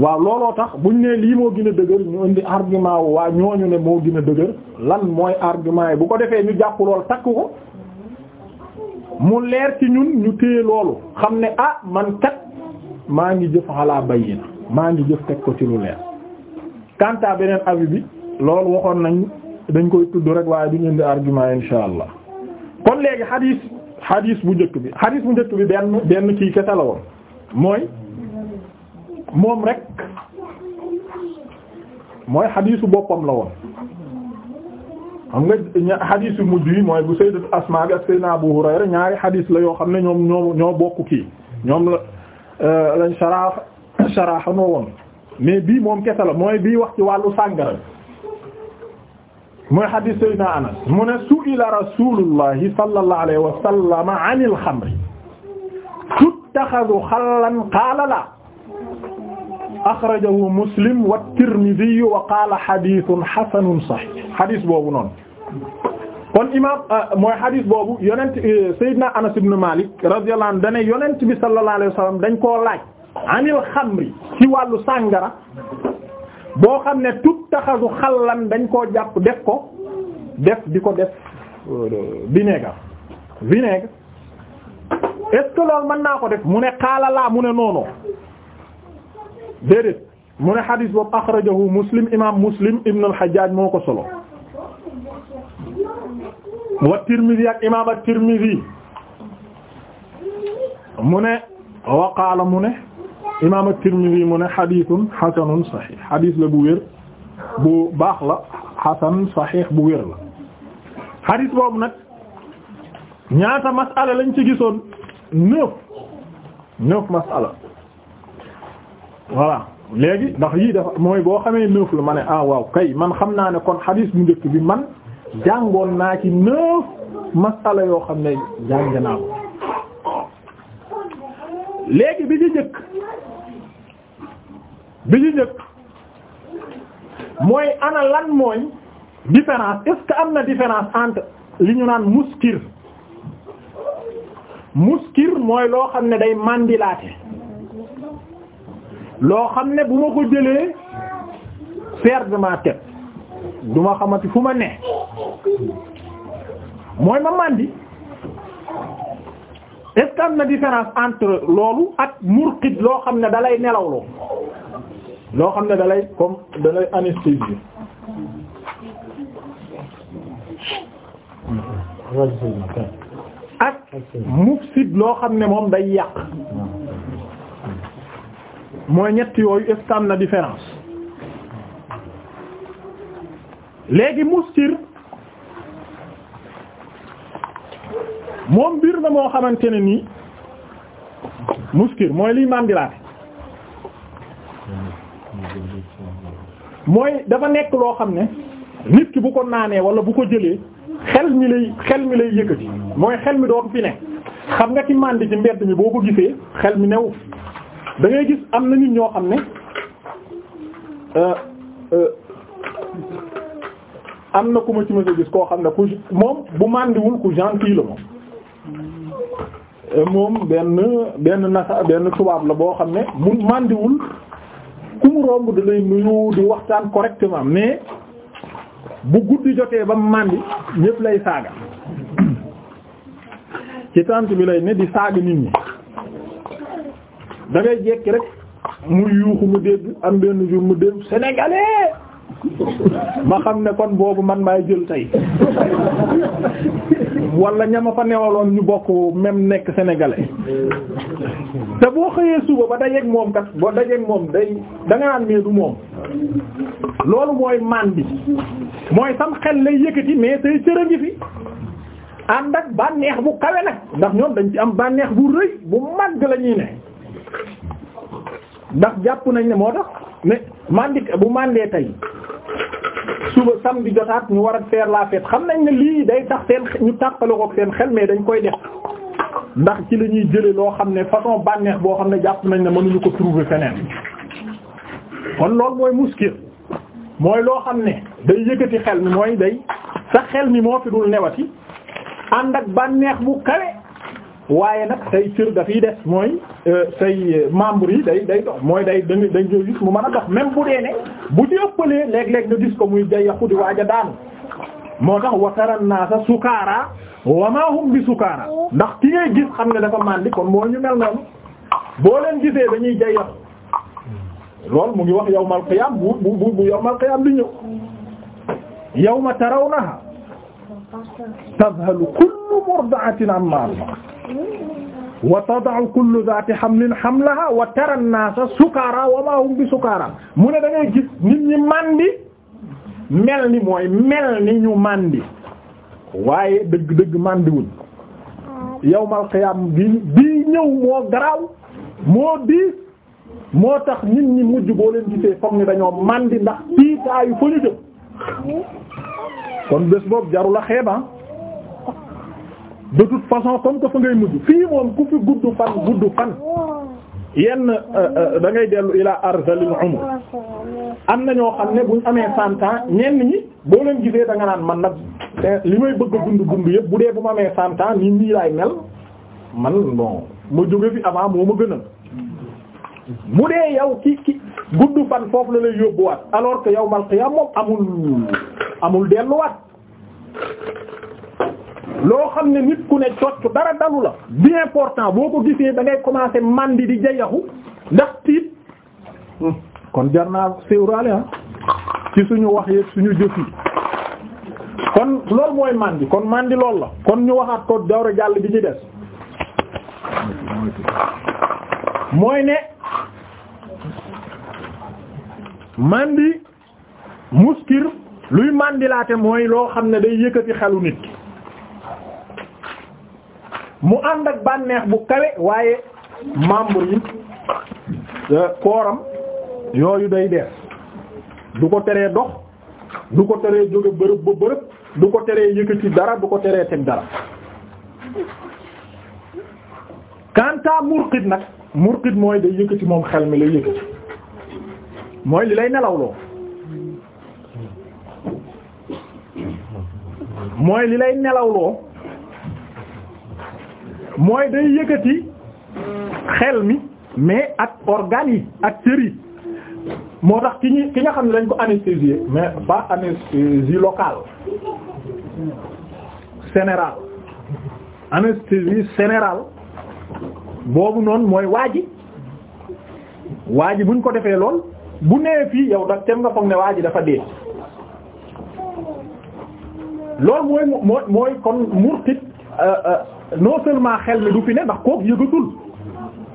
waaw looloo tax bu ñu ne lii moo gin a dëgër ñu indi argument wu waa ñooñu ne moo gin a dëgër lan mooy argument yi bu ko defee ñu jàpp lool takk ko mu leer ci ñun ñu téye loolu xam ne ah man kat maa ngi jëf xalaa bayyina maa ngi jëf teg ko ci lu leer quant beneen avis bi loolu waxoon nañ dañ koy tudd rek waaye duñ indi argument insha allah kon léegi xadiis xadiis bu njëkk bi xadiis bu njëkk bi benn benn kii kese la woon mooy moom rek mooy xadiisu boppam la woon xam nga xadiis yu mujj yi mooy bu sayyidat Asmaa bi ak sayyidina Abu Hurayra ñaari xadiis la yoo xam ne ñoom ñoo ñoo bokk kii ñoom la euh, lañ saraax saraaxanoo woon mais bii moom kese la mooy bii wax ci wàllu sàngara mooy xadiis sayyidina Anas mu ne su'ila rasuulullahi sallallahu alayhi wa sallam anil xamri tuttaxazu xallan qaala laa axrajahu muslim wa tirmidhi wa qaala xadiisun xasanun saxiix xadis boobu noonu. kon imaam euh, mooy xadis boobu yonent euh, Seydina Anas ibn Malik radiyallahu anhu dane yonent bi sallallahu alayhi dañ koo laaj. anil xamri ci wàllu sàngara boo xam ne tuttaxasu xallan dañ koo jàpp def ko def di ko def euh, vinaigre vinaigre est ce mën naa ko def mu ne xaala laa mu ne noonu. déedéet mu ne xadis boobu axrajahu muslim imaam muslim ibn al-Hajjaj moo ko solo wa Tirmidhi ak imaam at-Tirmidhi mu ne wa qaala mu ne imaam at-Tirmidhi mu ne xadisun xasanun saxiix xadis la bu wér bu baax la xasan saxiix bu wér la xadis boobu nag ñaata masala lañ ci gisoon neuf neuf masala voilà léegi ndax yii dafa mooy boo xamee neuf la ma ne ah waaw kay man xam naa ne kon xadiis mu njëkk bi man jàngoon naa ci neuf masala yoo xam ne jàng naa ko léegi bi ñu njëkk bi ñu njëkk mooy ana lan mooy différence est que am na différence entre li ñu naan muskir muskir mooy loo xam ne day mandilaate loo xam ne bu ma ko jëlee perte ma tête du ma xamati fu ma ne mooy ma màndi est am na différence entre loolu ak murqit loo xam ne dalay nelawloo loo xam ne dalay comme dalay anesthésie ak mufsid loo xam ne moom day yàq mooy ñett yooyu est-ce que am na différence léegi muskir moom mbir na moo xamante ne nii muskir mooy liy màndilaate mooy dafa nekk loo xam ne nit ki bu ko naanee wala bu ko jëlee xel mi lay xel mi lay yëkkati mooy xel mi dootu fi ne xam nga ci màndi ci mbedd mi boo ko gisee xel mi new da gis am na nit ñoo xam ne euh, euh, am na ku ma ci mës a gis koo xam ne moom bu màndiwul ku gentil la moom euh, moom benn benn nasa benn tubaab la boo xam ne mu màndiwul ku mu romb da lay nuyu di waxtaan correctement mais bu guddi jotee ba màndi ñépp lay saaga ci tànt bi lay ne di saaga nit ñi dangay ngay jekki rek mu yuuxu mu dégg am benn jour mu dégg sénégalais ma xam ne kon boobu man maay jël tey wala ñama fa newaloon ñu bokk même nekk sénégalais te boo xëyee suba ba dajeeg moom kat boo dajeeg moom day da nga naan mais du moom loolu mooy man bi mooy sam xel lay yëkkati mais say cër a ngi fi ànd ak bànneex bu kawe nag ndax ñoom dañ ci am bànneex bu rëy bu màgg la ne ndax jàpp nañ ne moo tax mais mandik bu mandee tey suba samedi jotaat ñu war a faire la fête xam nañ ne lii day tax seen ñu tàqale ko seen xel mais dañ koy def ndax ci la ñuy jële loo xam ne façon bànneex boo xam ne jàpp nañ ne mënuñu ko trouver feneen kon loolu mooy muskil mooy loo xam ne day yëkkati xel mi mooy day sa xel mi moo fi dul newati ànd ak bànneex bu kawe waaye nag say cër dafiy des mooy euh, say membre yi day day dox mooy day dañ dañ koy gis mu mën a dox même bu dee ne bu ci ëppalee léeg-léeg nga gis ko muy day yàqu di waaj a daanu moo tax wataran naa sa sukaara wamaahum bi sukaara ndax ki ngay gis xam ne dafa màndi kon moo ñu mel noonu boo leen gisee dañuy day yàqu loolu mu ngi wax yawmal qiyaam bu bu bu yawmal qiyaam di ñëw yawma tarawnaha tadhalu kullu murdi'atin amma ardaat wa tada'u kullu dhaati hamlin hamlaha wa tara an-naasa sukaara wa maa hum bi sukaara mu ne da ngay gis nit ñi màndi mel ni mooy mel ni ñu màndi waaye dëgg dëgg màndiwuñ yawmal qiyaam bi bii moo garaaw moo diis moo tax nit ñi mujj boo leen gisee foog ni dañoo màndi ndax tiitaayu fa ñu kon bés boobu jarul a xeeba de toute façon comme que fa ngay mujj fii moom ku fi gudd fan gudd fan yenn euh, euh, da ngay dellu ila arzalil umr am na ñoo xam ne buñ amee cent ans ñenn ñi boo leen gisee da nga naan man nag li may bëgg gund dund dund yëpp bu dee bu ma amee cent ans nii nii laay mel man bon ma jóge fi avant moo ma gënal mu dee yow ki ki gudd fan foofu la lay yóbbuwaat alors que yawmal qiyaam moom amul amul delluwaat loo xam ne nit ku ne cocc dara dalu la bien important boo ko gisee dangay ngay commencer mandi di jayaxu ndax tiit kon jar naa séwraale ah ci suñu wax yeeg suñu jëf yi kon loolu mooy mandi kon màndi loolu la kon ñu waxaat ko dawra jàll bi ci des mooy ne mandi muskir luy màndilaate mooy loo xam ne day yëkkati xelu nit ki mu ànd ak bànneex bu kawe waaye membre yi euh, kooram yooyu day dees du ko teree dox du ko teree jóge bërëb ba bërëb du ko teree yëkkati dara du ko teree teg dara kanta murqit nag murqit mooy day yëkkati moom xel mi lay yëkkati mooy li lay nelawloo mooy li lay nelaw loo mooy day yëkkati xel mi mais ak organes ak cër moo tax ki ñu ki nga xam ne dañ ko anesthésier mais pas anesthésie locale sénéral anesthésie sénéral boobu noonu mooy waa ji waa ji buñ ko defee lool bu nee fii yow da tem nga foog ne waa ji dafa dee loolu mooy mooy mooy kon murtid euh, euh, non seulement xel mi du fi ne ndax kooku yëgatul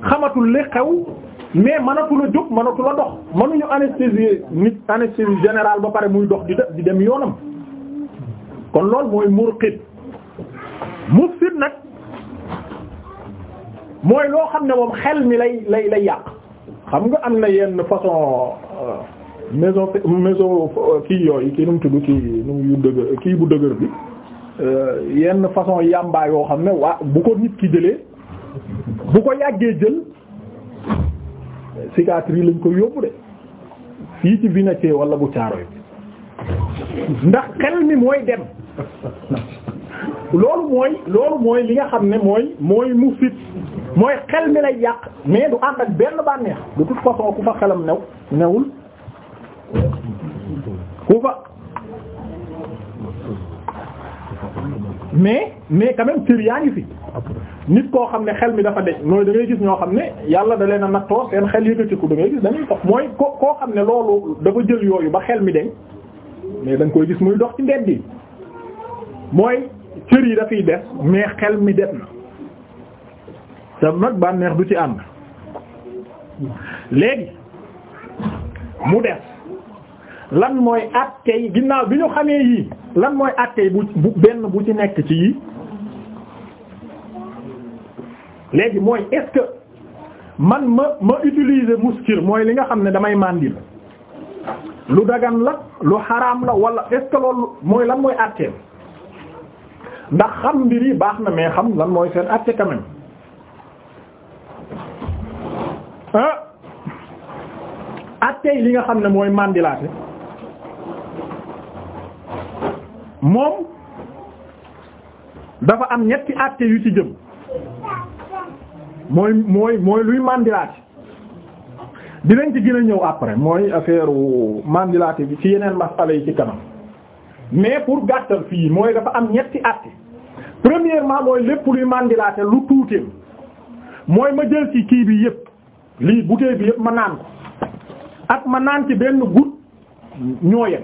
xamatul li xew mais mënatul a jóg mënatul a dox mënuñu anesthésie nit anesthésie générale ba pare muy dox di dem yoonam kon loolu mooy murqit mufsid nag mooy loo xam ne moom xel mi lay lay lay yàq xam nga am na yenn façon euh, maison maison kii yooyu ki nu mu tudd kii dëgër kii bu dëgër bi euh, yenn façon yàmbaa yoo xam ne waa bu ko nit ki jëlee bu ko yàggee jël cicatrice lañ ko yóbbu de fii ci vinacé wala bu caaro yi ndax xel mi mooy dem loolu mooy loolu mooy li nga xam ne mooy mooy mu fit mooy xel mi lay yàq mais du ànd ak benn bànneex de toute façon ku fa xelam new newul ku fa mais mais quand même cër yaa ngi fi nit koo xam ne xel mi dafa dej mooy da gis ñoo xam ne yàlla da leen a nattoo seen xel yëkkatiku da ngay gis dañuy mooy ko koo xam ne loolu dafa jël yooyu ba xel mi deñ mais da nga koy gis muy dox ci ndend yi mooy cër yi dafay des mais xel mi def na te nag bànneex du ci ànd léegi mu des lan mooy àtte ginnaaw bi ñu xamee yii lan mooy àtte bu benn bu ci nekk ci yii léegi mooy est man ma ma utiliser muskir mooy li nga xam ne damay màndil lu dagan la lu xaraam la wala est loolu mooy lan mooy àtteem ndax xam mbir yi baax na mais xam lan mooy seen àtte quand même ah àtte li nga xam ne mooy mandilaate moom dafa am ñetti àtte yu ci jëm mooy mooy mooy luy mandilaate dinañ ci gën a ñëw après mooy affaire mandilaate bi ci yeneen masala yi ci kanam mais pour gàttal fii mooy dafa am ñetti àtte premièrement mooy lépp luy mandilaate lu tuuteem mooy ma jël ci kii bi yépp lii bouteille bi yépp ma naan ko ak ma naan ci benn goutte ñoo yem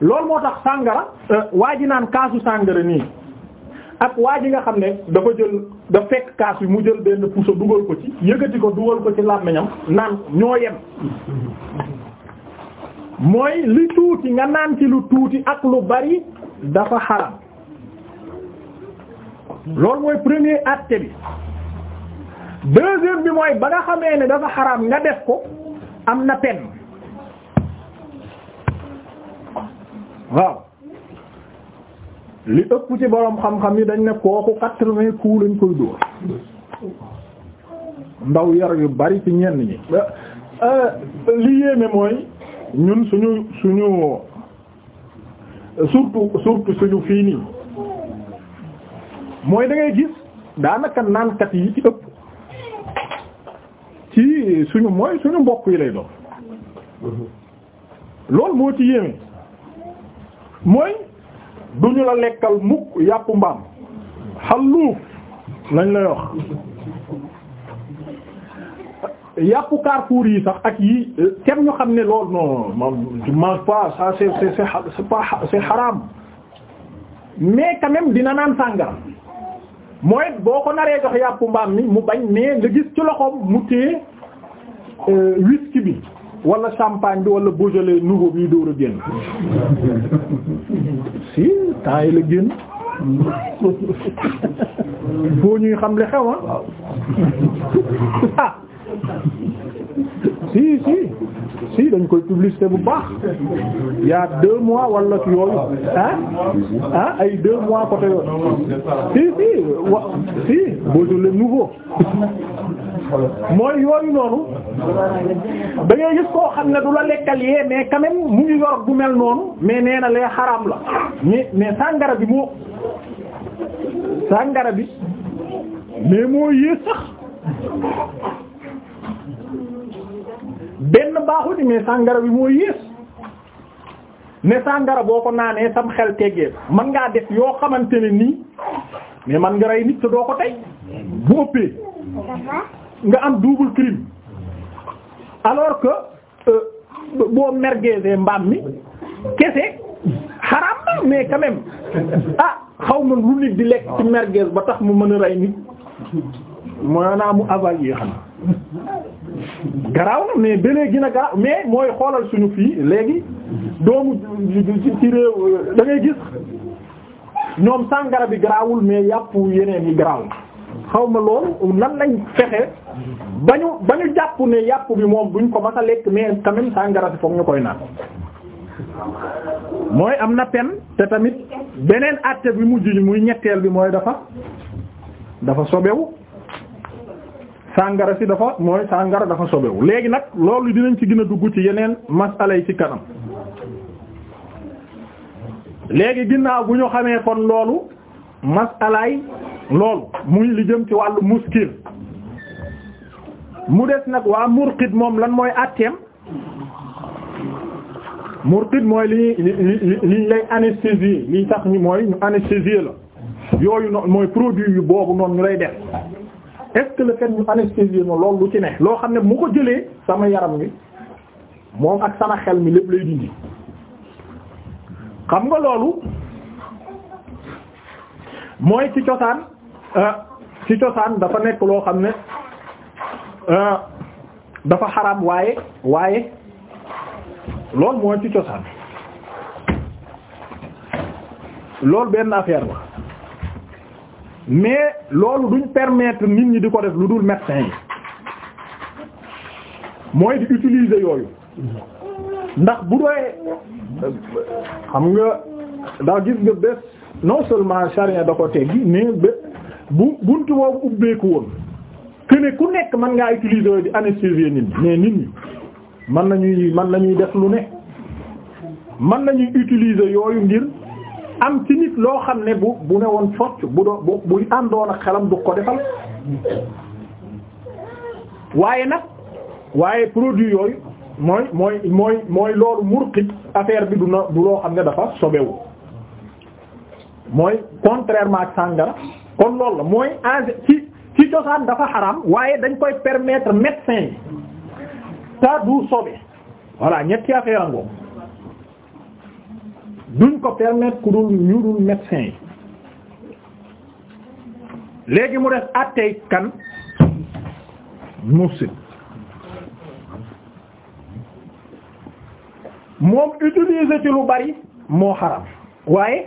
loolu moo tax sàngara euh, waa ji naan kaasu sàngara nii ak waa ji nga xam ne dafa jël da fekk kaas bi mu jël benn puso dugal ko ci yëkkati ko dugal ko ci làmmiñam naan ñoo yem mooy li tuuti nga naan ci lu tuuti ak lu bari dafa xaram loolu mooy premier acte bi deuxième bi mooy ba nga xamee ne dafa xaraam nga def ko am na peine waaw li ëpp ci boroom xam-xam yi dañ ne kooku quatre-vingts coups lañ koy dóor ndaw yar yu bari ci ñenn ñi euh, li yéeme mooy ñun suñu suñu surtout surtout suñu fii nii mooy dangay ngay gis daanaka naankat yi ci ëpp ci suñu mooy suñu mbokk yi lay doon loolu moo ci yéeme mooy ñu la lekkal mukk yàppu mbaam xalluuf lañ lay wax yàppu Carrefour yi sax ak yi kenn ñu xam ne loolu non je mange pas ça c'est c'est c'est pas c'est haram mais quand dina naan sàngara mooy boo ko naree jox yàpp mbaam mi mu bañ mais nga gis ci loxoom mu téye euh, whisky bi wala champagne bi wala beaujolais nouveau bi dóor a génn (laughs) si temps yi la génn boo (laughs) ñuy xam le xew ah. (laughs) ah si si si dañ koy publicité bu baax y'a deux mois wala ci yooyu ah ah ay deux mois côté yooyu si si wa si Beaujolais nouveau mooy yooyu noonu da gis koo xam ne du la lekkal yee mais quand mu ngi yor bu mel noonu mais nee na lee xaraam la mais mais sàngara bi moo sàngara bi mais moo yées sax benn baaxu ni mais sàngara bi moo yées ne sàngara boo ko naanee sam xel teggee man ngaa def yoo xamante ne nii mais man nga rey nit te doo ko tey bu ëppee nga am double crime alors que euh, boo merguezee mbaam mi kese xaraam na mais quand ah xaw ma lu nit di lekk ci merguez ba tax mu mën a rey nit naa mu avalier xam garaaw na mais ba léegi na mais mooy xoolal suñu fii léegi doomu ci réew da ngay gis ñoom sàngara bi garaawul mais yàpp yeneen yi garaaw xaw ma loolu nan lañ fexe ba ñu ba ñu jàpp ne yàpp bi moom duñ ko mas a lekk mais quand même sàngara si foog ñu koy naan mooy am na pen te tamit beneen àtte bi mujj muy ñetteel bi mooy dafa dafa sobewu sàngara si dafa mooy sàngara dafa sobewu léegi nag loolu dinañ ci gën a dugg ci yeneen masala yi ci kanam léegi ginnaaw bu ñu xamee kon loolu masalaay loolu muy li jëm ci wàllu muskil mu des nag waa murqid moom lan mooy atteem murqid mooy li li liñ lay anesthésie li tax ñu mooy ñu anesthésie la yooyu noonu mooy produit yu boobu noonu ñu lay def est-ce que le fait ñu anesthésier ma lu ci ne loo xam ne mu ko jëlee sama yaram wi moom ak sama xel mi lépp lay dindi xam nga loolu mooy ci cosaan euh, ci cosaan dafa nekk loo xam ne euh, dafa xaram waaye waaye loolu mooy ci cosaan loolu benn affaire la mais loolu duñ permettre nit ñi di ko def lu dul médecin yi mooy di utiliser yooyu ndax bu doyee xam nga daa gis nga bés non seulement charia da ko teggi mais ba bu buntu boobu ubbeeku woon que ku nekk mën ngaa utiliser yooyu di anesthésier nit mais nit ñi mën nañuy mën nañuy def lu ne mën nañuy utiliser yooyu ngir am ci nit loo xam ne bu bu ne woon cocc bu doo bu buy àndoon ak xelam du ko defal waaye nag waaye produit yooyu mooy mooy mooy mooy loolu murqit affaire bi du na du loo xam ne dafa sobewu mooy contrairement ak sàngara kon loolu la mooy eng ci ci cosaan dafa xaraam waaye dañ koy permettre médecin yi ta du sobe voilà ñetti affaire duñ ko permettre ku dul ñu dul médecin yi léegi mu def àttey kan mufsid moom utiliser ci lu bari moo xaram waaye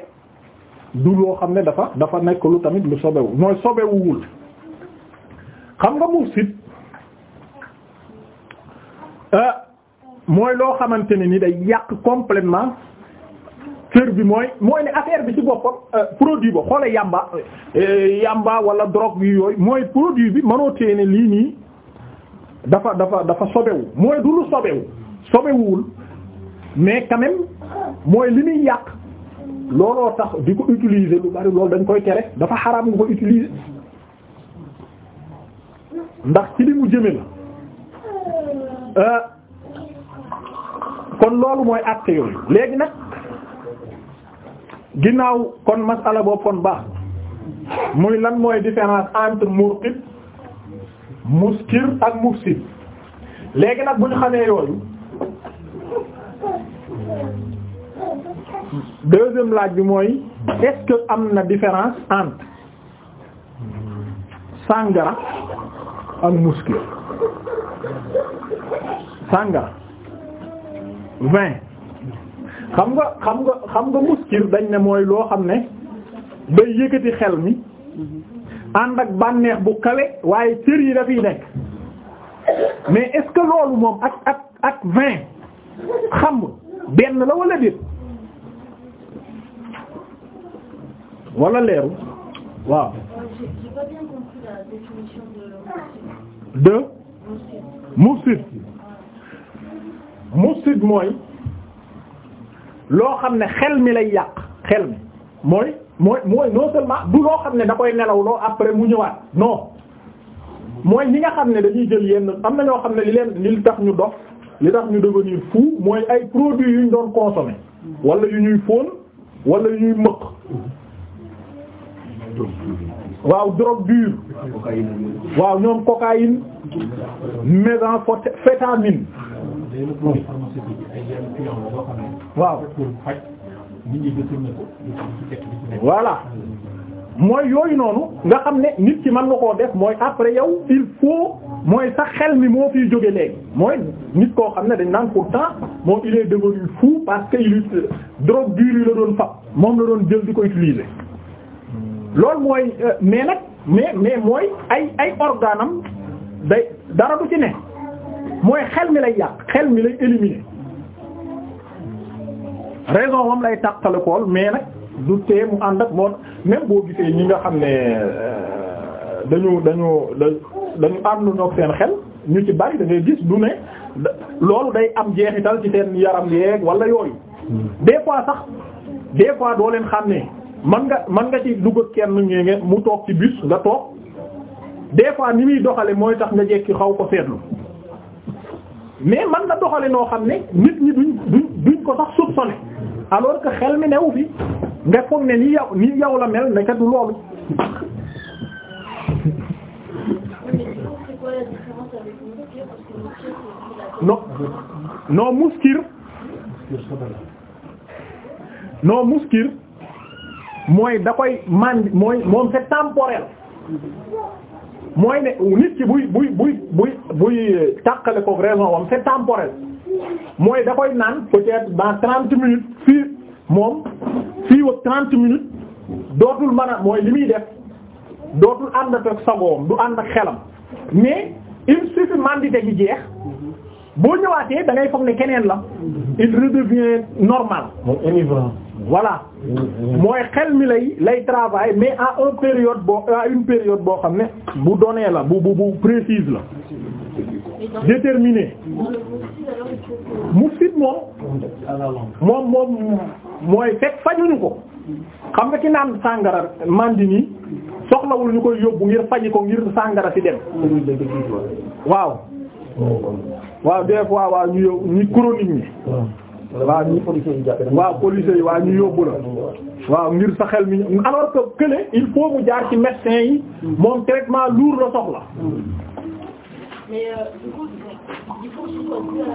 du loo xam ne dafa dafa nekk lu tamit lu sobewu mooy sobewuwul xam nga mufsid euh, mooy loo xamante ne ni day yàq complètement cër bi mooy mooy ne affaire bi ci boppam euh, produit ba xoola yamba euh, yamba wala drogue bi yooyu mooy produit bi mënoo téye lii nii dafa dafa dafa sobewu mooy du lu sobewu sobewuwul mais quand mooy li muy yàq looloo tax di ko utiliser lu bari loolu dañ koy tere dafa xaraam nga ko utiliser ndax ci li mu jëme la euh, kon loolu mooy acte yooyu léegi nag ginnaaw kon masala boobu kon baax muy lan mooy différence entre murqit muskir ak mufsid léegi nag bu ñu xamee yooyu deuxième laaj bi mooy est que am na différence entre sangara ak muskir sangara vin xam nga xam nga xam nga muskil dañ ne mooy loo xam ne day yëkkati xel mi ànd ak bànneex bu kale waaye cër yi dafay nekk mais est-ce que loolu moom ak ak ak vin xam benn la wala déet wala leeru waaw. de mufsid mufsid mooy. loo xam ne xel mi lay yàq xel mi mooy mooy mooy non seulement du loo xam ne da koy nelaw loo après mu ñëwaat non mooy li nga xam ne dañuy jël yenn am na ñoo xam ne li leen li tax ñu dof li tax ñu devenir fou mooy ay produit yu ñu doon consommer wala yu ñuy fóon wala yu ñuy mëq waaw drogue dure waaw ñoom cocaïne méthamphétamine waaw voilà mooy yooyu noonu nga xam ne nit ki mën nga koo def mooy après yow il faut mooy sa xel mi moo fiy jóge léegi mooy nit koo xam ne dañ naan pourtant moom il est devenu fou parce que il drogue dure yi la doon fab moom la doon jël di ko utiliser loolu mooy euh, mais nag mais mais mooy ay ay organam day dara du ci ne mooy xel mi lay yàq xel mi lay éliminer raison moom lay tàqale kool mais nag du teemu ànd ak moom même boo gisee ñi nga xam ne euh, dañu dañu dañu ànd ñoo seen xel ñu ci bari da gis du ne loolu day am jeexital ci seen yaram yeeg wala yooyu. Hmm. des fois sax des fois doo leen xam ne man nga man nga ci dugg kenn ngeen mu toog ci bus nga toog des fois ni muy doxale mooy tax nga jekki xaw ko seetlu. mais man na doxale noo xam ne nit ñi duñ duñ duñ ko sax soupçonné alors que xel mi new fi nga foog ne ni yow ni yow la mel nekka du loolu non non muskir non muskir mooy da koy mandi mooy moom c'est temporel mooy ne nit ki buy buy buy buy buy tàqale ko raison wam c'est temporel mooy da naan peut-être dans trente minutes fii moom fii wa trente minutes dootul mën a mooy li muy def dootul ànd ak sagoom du ànd ak xelam mais il suffit mandité gi jeex boo ñëwaatee da ngay foog keneen la il redevient normal. mooy voilà mooy xel mi lay lay travail mais à une période boo à une période boo xam ne bu donnée la bu bu bu précise la déterminée mu fit moom moom moom mooy fekk fajuñu ko xam nga ki naan sàngara mandi nii soxlawul ñu koy yóbbu ngir faji ko ngir sàngara si dem waaw waaw des waaw ñu chronique ñi waaw ñi policiers yi jàpp waaw policiers yi waaw ñu yóbbu la waaw ngir sa xel alors que kële il faut mu jaar ci médecin yi moom traitement lourd la soxla mais euh, du coup il faut la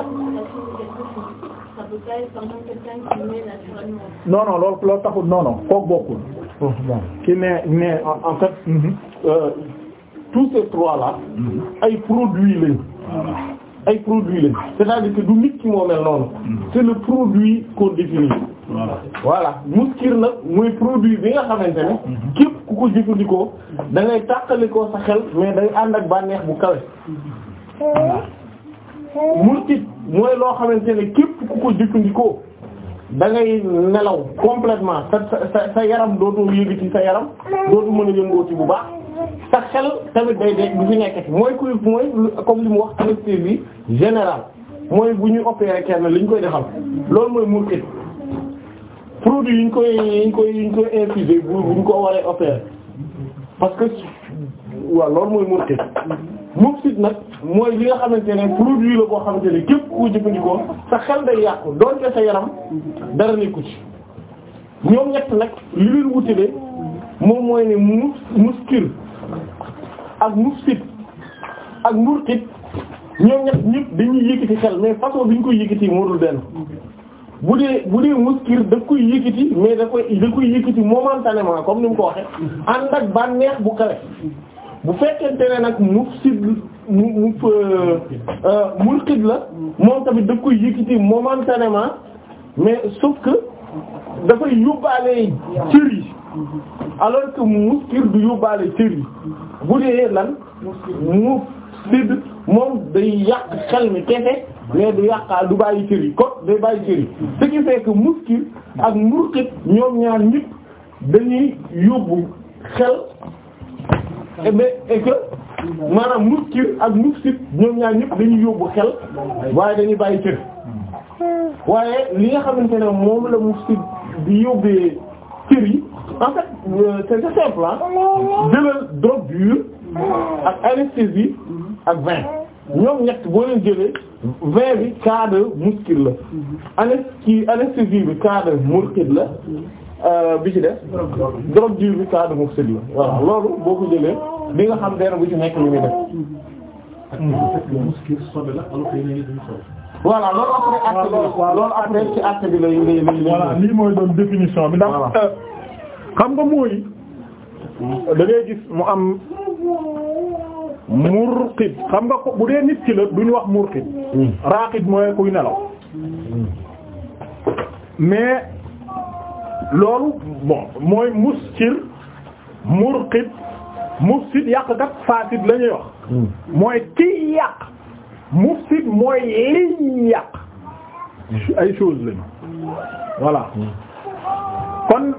non non loolu loolu taxul non non kooku bokkul ki ne ne en fait mhm. euh, tous ces trois là mhm. ay produits lañ ay produit lañ c'est-à-dire que du nit ki moo mel noonu hmm. c'est le produit qu'on définit voilà muskir nag mooy produit bi nga xamante ne hmm. képp ku ko jëfandikoo dangay ngay sa xel mais day ànd ak bànneex bu kawe hmm. muskir mooy loo xamante ne képp ku ko jëfandikoo da ngay nelaw complètement sa sa sa yaram dootoo yëgati sa yaram dootu mën a yëngooti bu baax sa xel tamit day day du fi nekkati mooy kuy mooy comme li mu wax anesthésie bi général mooy bu ñu opérer kenn li ñu koy defal loolu mooy murkit produit yi ñu koy yi ñu koy yi ñu koy infusé bu bu ñu ko waree opérer parce que waaw loolu mooy murkit murkit nag mooy li nga xamante ne produit la boo xamante ne képp ku jëfandikoo sa xel day yàqu doonte sa yaram dara nekku ci ñoom ñett nag li leen wutale moom mooy ne mu muskil ak musfit ak murtid ñoom ñett ñëpp dañuy yëkkati xel mais façon bi ñu koy yëkkati moo dul benn bu dee bu dee muskir da koy yëkkati mais da koy da koy yëkkati momentanément comme ni mu ko waxee ànd ak bànneex bu kawe bu fekkente ne nag mu mu euh, euh, la moom tamit da koy yëkkati momentanément mais sauf que dafay yóbbaale cër yi Mm-hmm. alors que muskir du yóbbaale cër yi bu dee lan mu moom day yàq xel mi kese mais du yàqaal du bàyyi cër yi kon day bàyyi cër yi ce qui fait muskir ak murqit ñoom dañuy yóbbu xel mais eh et que muskir ak mufsid ñoom ñaar ñëpp dañuy yóbbu xel waaye dañuy bàyyi cër waaye li nga xamante ne moom la mufsid di yóbbee cër yi en fait euh, c'est simple jëlal drogue dure ak anesthésie ak vin ñoom ñett boo leen jële vin bi cas de muscle la anesthésie anesthésie bi cas de morkid la euh, bi ci def drogue dure bi cas de morkid la waaw loolu boo ko jëlee li nga xam benn bu ci nekk li muy def voilà loolu après acte bi la loolu après ci bi lay lay lii mooy doon définition bi. ndax euh, xam nga mooy. da gis mu am murqid xam nga ko bu dee nit ki la duñ wax murqid. Hmm. raaqid mooy kuy nelaw. mais loolu bon mooy muskir murqid mufsid yàqkat fasid la ñuy wax. Hmm. mooy kiy yàq. mufsid mooy liñ yàq ay choses lañu voilà kon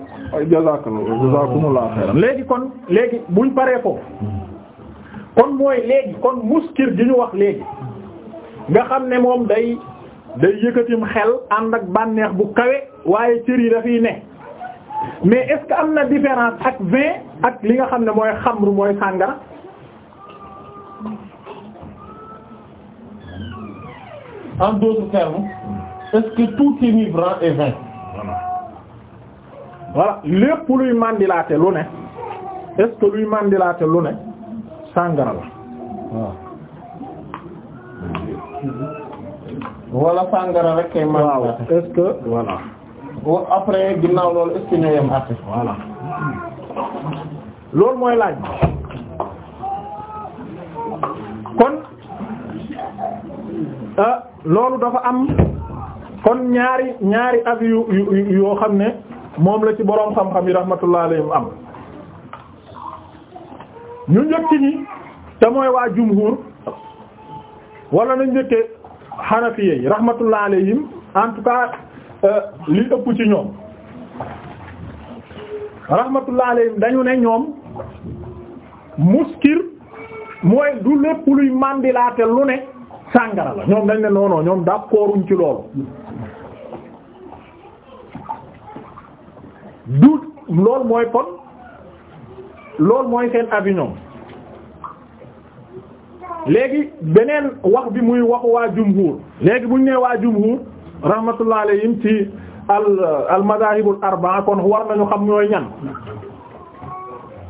jazakallahu jazakumullahu khairan léegi kon léegi buñ paree foofu kon mooy léegi kon muskir gi ñu wax léegi nga xam ne moom day day yëkkatim xel ànd ak bànneex bu kawe waaye cër yi dafiy ne mais est-ce que am na différence ak vin ak li nga xam ne mooy xamru mooy sàngara en d'autres termes est-ce que tout est vivant est vain lépp luy mandilaate lu ne est luy mandilaate lu ne sàngara la waaw wala sàngara rek kay mandilaate wax après ginnaaw loolu est-ce que ñoo yem àtte voilà loolu mooy laaj kon Ah, loolu dafa am kon ñaari ñaari avis yu yu yoo xam ne moom la ci boroom xam-xam yi rahmatullah alayhim am ñu njëkk ñi te mooy waa jumhur wala na njëkkee xanafiye yi rahmatullah alayhim en tout cas euh, ëpp ci ñoom rahmatullah alayhim dañu ne ñoom muskir mooy du lépp luy mandilaate lu ne sàngara la ñoom dañ ne noonoo ñoom d'accorduñ ci loolu du lool mooy kon loolu mooy seen avis léegi beneen wax bi muy waxu waa jumhur léegi buñ nee waa jumhur rahmatullah alayhim ci al al madahibul arba'a kon war nañu xam ñooy ñan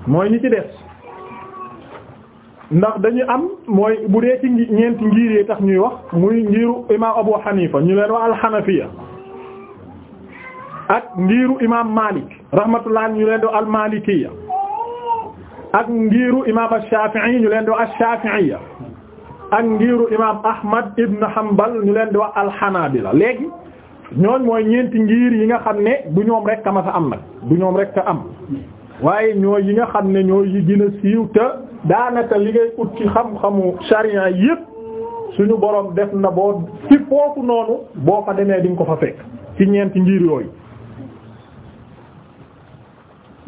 mooy ñi ci des ndax dañuy am mooy bu dee ci ñeenti ngir yi tax ñuy wax muy ngiru imaam Abu Hanifa ñu leen wax alxanafiya ak ngiru imaam Malik rahmatullah ñu leen di almalikiya ak ngiru imaam Ash-Shafi'i ñu leen di wax Ash-Shafi'iyya ak ngiru imaam Ahmad ibn Hanbal ñu leen di wax alxanaabila léegi ñooñ mooy ñeenti ngir yi nga xam ne du ñoom rek a mas a am nag du ñoom rek a am waaye ñooy yi nga xam ne ñooy yi gën a siiw te daanaka li ngay ut ci xam-xamu sharia yépp suñu borom def na boo ci foofu noonu boo fa demee di nga ko fa fekk ci ñeenti ngir yooyu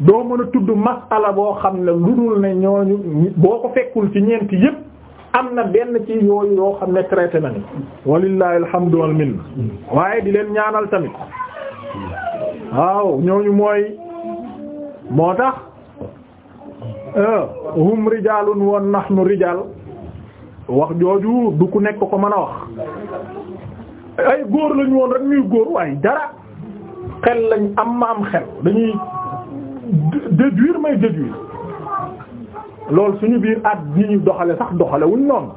doo mën a tudd masala boo xam ne lu dul ne ñooñu boo ko fekkul ci ñeenti yépp am na benn ci yooyu yoo xam ne traité na ni walillahi alhamdu wal waaye di leen ñaanal tamit waaw ñooñu mooy moo tax Eh, hum woon nax nahnu rijaal wax jooju du ku nekk ko mën a wax ay góor lañu woon rek ñuy góor waaye dara xel lañ am ma am xel dañuy déduire may déduire loolu suñu biir at ñi ñu doxale sax doxale wuñ noonu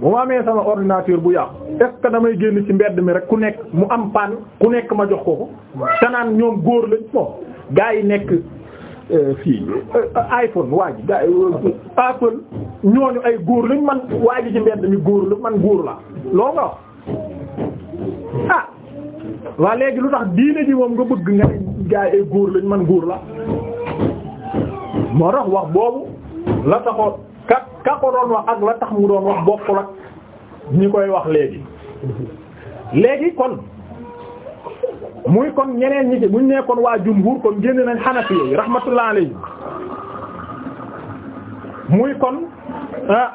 bu ma amee sama ordinateur bu yàqu est-ce que damay génn ci mbedd mi rek ku nekk mu am panne ku nekk ma jox ko ko te naan ñoom góor lañ moom gaa yi nekk Euh, fii euh, iPhone waa ji gaa euh, Apple ñooñu ay góor lañ man waa ji ci mbedd mi góor la man góor la loo nga ah waa léegi lu tax diine ji moom nga bëgg nga ne ay góor lañ man góor la moo tax wax boobu la taxoon ka ka doon wax ak la tax mu doon wax bokkul ak ñi koy wax léegi léegi kon muy kon ñeneen ñi buñ ne kon waa jumhur kon génn nañ xanafi yi rahmatullah muy kon ah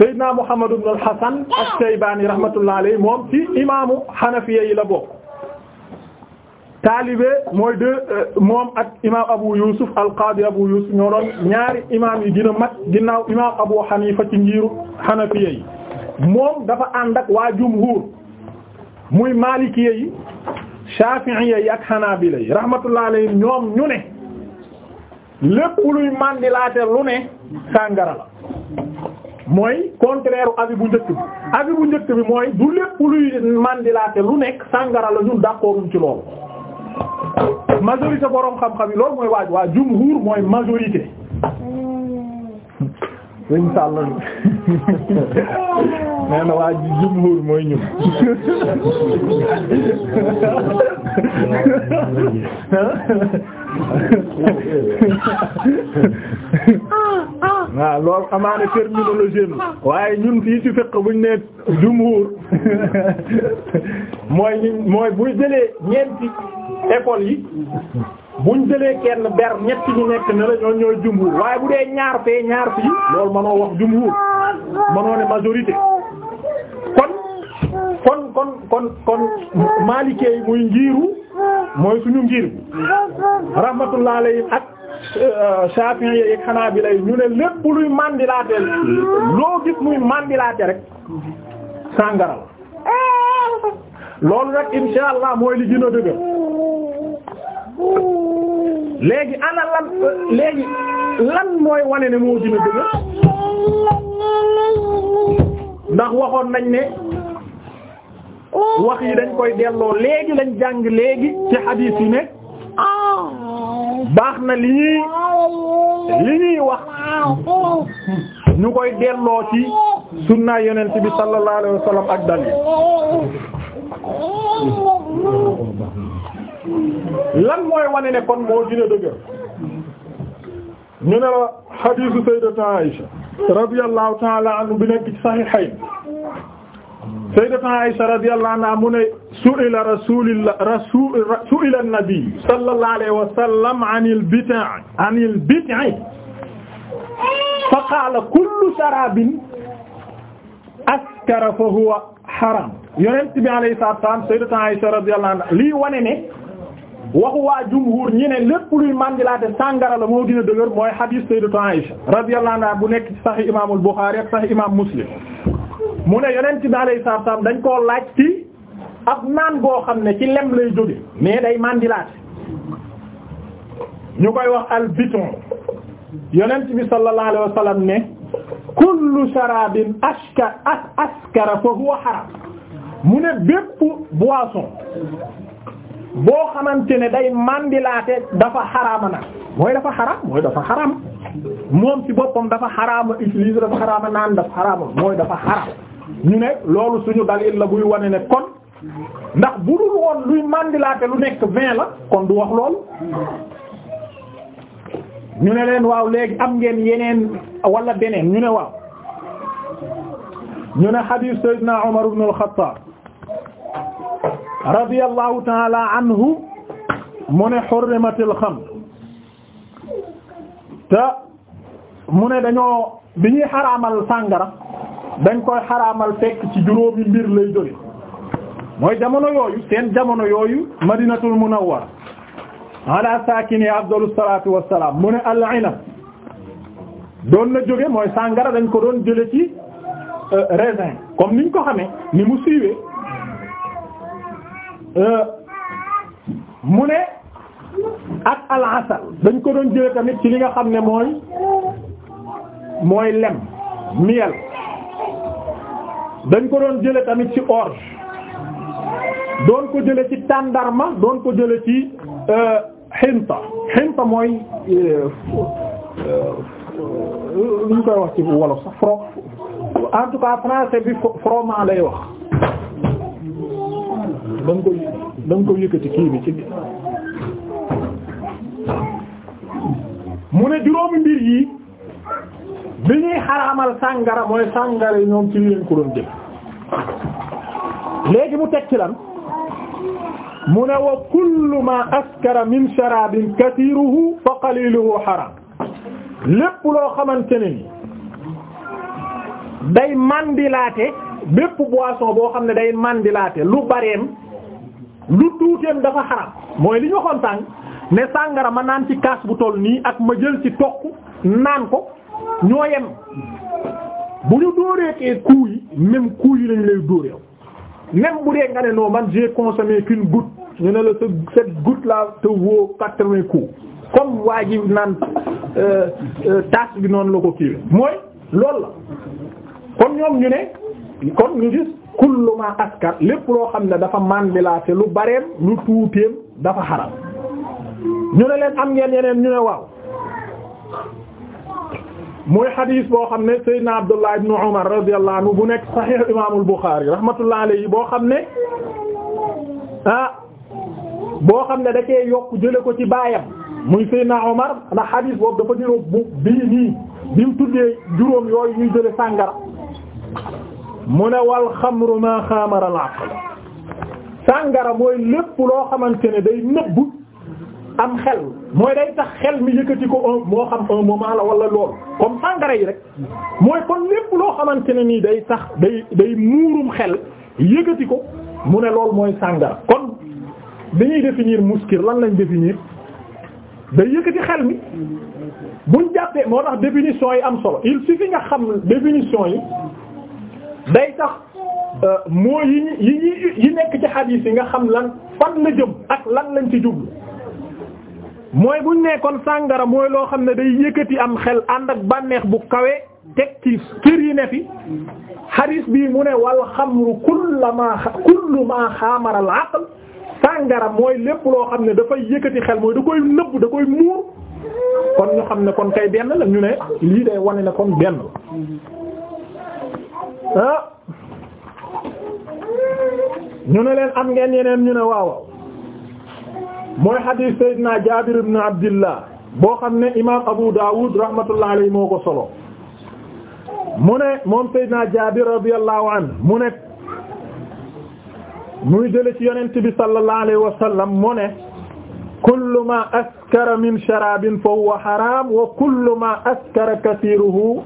Seydina Muhammad ibn al-Hasan as-Shaybani rahmatullah alayhi moom ci imaamu xanafi yi la bokk. taalibe mooy de euh, moom ak imaam Abu Yusuf al-Qadi Abu Yusuf ñoo doon ñaari imaam yi gën a mag ginnaaw imaam Abu Hanifa ci ngiru moom dafa ànd waa jumhur muy maalikiya yi shafi'iya yi ak hanabila yi rahmatullah alayhim ñoom ñu ne lépp luy mandilaate lu ne mooy contraire u avis bu njëkk bi avis bu njëkk bi mooy du lépp mandilaate lu nekk sàngara la ñun d'accorduñ ci loolu majorité boroom xam-xam yi loolu mooy waaj waa jumhur mooy majorité suñ sàll (laughs) nee na waa jumhur mooy ñun (laughs) waaw loolu amaane terminologie la waaye ñun fii ci fekk buñ ne jumhur mooy mooy bu jëlee ñeenti école yi buñ jëlee kenn ber ñett ñu nekk ne la ñoo ñooy jumhur waaye bu dee ñaar fee ñaar fii loolu mënoo wax jumhur mënoo ne majorité kon kon kon kon kon maalikee yi muy ngiiru mooy suñu ngir rahmatullah alayhi ak euh, Shafi'i yi ak Hanabila yi ñu ne lépp luy mandilaate loo gis muy mandilaate rek sàngara loolu nag insha allah mooy li gën a dëgër léegi ana lan léegi lan mooy wane ne moo dina dëgg ndax waxoon nañ ne wax yi dañ koy delloo léegi lañ jàng léegi ci hadith yi ne baax na li ñuy li ñuy wax ñu koy delloo ci sunna yonent bi sallallahu alayhi ak dal yi lan mooy wane ne kon moo dina dëgër ñu ne la xadiisu sayyidatu Aïsha radiyallahu ta'ala anhu bi nekk ci sahihayn sayyidatu Aïsha radiyallahu anha mu ne su'ila rasulillah rasul su'ila an-nabi sallallahu alayhi wa sallam 'anil bid'a 'anil bid'i fa qaala kullu sharabin askara fa huwa haram yonent bi alayhi salaam sayyidatu Aïsha radiyallahu anha lii wane ne waxu waa jumhur ñi ne lépp luy màndilaate sàngara la moo gën a dëgër mooy hadith sayyidatu Aisha radiyallahu anha bu nekk ci sahih imaamul Bukhari ak sahih imaam Muslim mu ne yonent bi alayhi salaatu salaam dañ koo laaj ci ab naan boo xam ne ci lem lay jóge mais day màndilaate ñu koy wax al biton yonent bi sallallahu alayhi wa sallam ne kullu sharabin ashkar askara fa huwa haram mu ne bépp boisson boo xamante ne day màndilaate dafa xaraama nag mooy dafa xaraam mooy dafa xaraam moom ci boppam dafa xaraama utiliser dafa xaraama naan dafa xaraama mooy dafa xaraam ñu ne loolu suñu dalil la buy wane ne kon ndax bu lu woon luy mandilaate lu nekk vingt la kon du wax loolu ñu ne leen waaw léegi am ngeen yeneen wala beneen ñu ne waaw ñu ne hadith sayyidina Umar ibn al radiyallahu taala anhu mu ne hurrimatil xamr te mu ne dañoo bi ñuy xaraamal sàngara dañ koy xaraamal fekk ci juróomi mbir lay jóge mooy jamono yooyu seen jamono yooyu madinatul munawwara ala saakini afdalu salaatu wassalaam mu ne al-inab doon na jóge mooy sàngara dañ ko doon jële ci euh, raisin comme niñ ko xamee ni mu siiwee Euh, mu ne ak al asal dañ ko doon jële tamit ci li nga xam ne mooy mooy lem miel dañ ko doon jële tamit ci orge doon ko jële ci tàndarma doon ko jële ci euh, xinta xinta mooy lu euh, ñu koy wax ci wolof sax fro en tout cas français bi froment lay wax da nga koy da nga koy yëkkati kii bi ci mu ne juróomi mbir yi bi ñuy xaraamal sàngara mooy sàngara yi ñoom ci leen ko doon jël léegi mu teg ci lan mu ne wa kullu ma askara min sharabin kathiruhu fa qaliluhu haram lépp loo xamante ne ni day màndilaate bépp boisson boo xam ne day mandilaate lu bareem lu tuuteem dafa xaram mooy li ñu waxoon tàng ne sàngara ma naan ci kaas bu toll nii ak ma jël ci toq naan ko ñoo yem bu ñu dóoreekee coup yi même coup yi lañ lay dóoreew même bu dee nga ne non man j'ai consommé qu'une goutte ñu ne la sa cette goutte là te woo quatre-vingts coups comme waa ji naan euh, euh, tasse bi noonu la ko kii mooy loolu la kon ñoom ñu ne kon ñu gis kullu ma askar lépp loo xam ne dafa mandilaate lu bareem lu tuuteem dafa xaram ñu ne leen am ngeen yeneen ñu ne waaw muy xadiis boo xam ne Seydina Abdullah ibn Umar radiyallahu anhu bu nekk saxiix imaamul Buxaari rahmatullah alayhi boo xam ne ah boo xam ne da yokk jële ko ci baayam muy Seydina Umar ndax xadiis boobu dafa niroo bu nii bi mu tuddee juróom yooyu ñuy jële sàngara mu ne wal xamru ma xamara al aql sàngara mooy lépp loo xamante ne day nëbb am xel mooy day tax xel mi yëkkati ko moo xam un moment la wala lool comme sàngara yi rek mooy kon lépp loo xamante ne nii day tax day day muurum xel yëkkati ko mu ne lool mooy sàngara kon dañuy définir muskir lan lañ définir day yëkkati xel mi buñ jàppee moo tax définition yi am solo il suffit nga xam définition yi day tax euh, moo yi yi yi nekk ci xadiis yi nga xam lan fan la jëm ak lan lañ ci jublu mooy buñ nekkoon sàngara mooy loo xam ne day yëkkati am xel ànd ak bànneex bu kawe teg ci kër yi ne fi xadiis bii mu ne wal xamru kullama kulluma xaamara al aql sàngara mooy lépp loo xam ne dafay yëkkati xel mooy da koy nëbb da koy muur kon ñu xam ne kon kay benn la ñu ne lii day wane ne kon benn ah ñu ne leen am ngeen yeneen ñu ne waaw mooy hadith Seydina Jaabir ibn Abdillah boo xam ne imaam Abu Dawud rahmatullah alayhi moo ko solo mu ne moom Seydina Jaabir radiyallahu anhu mu ne muy jële ci yonent bi sallallahu alayhi wa sallam mu ne kullu ma askara min sharabin fa huwa haram wa kullu ma askara kathiruhu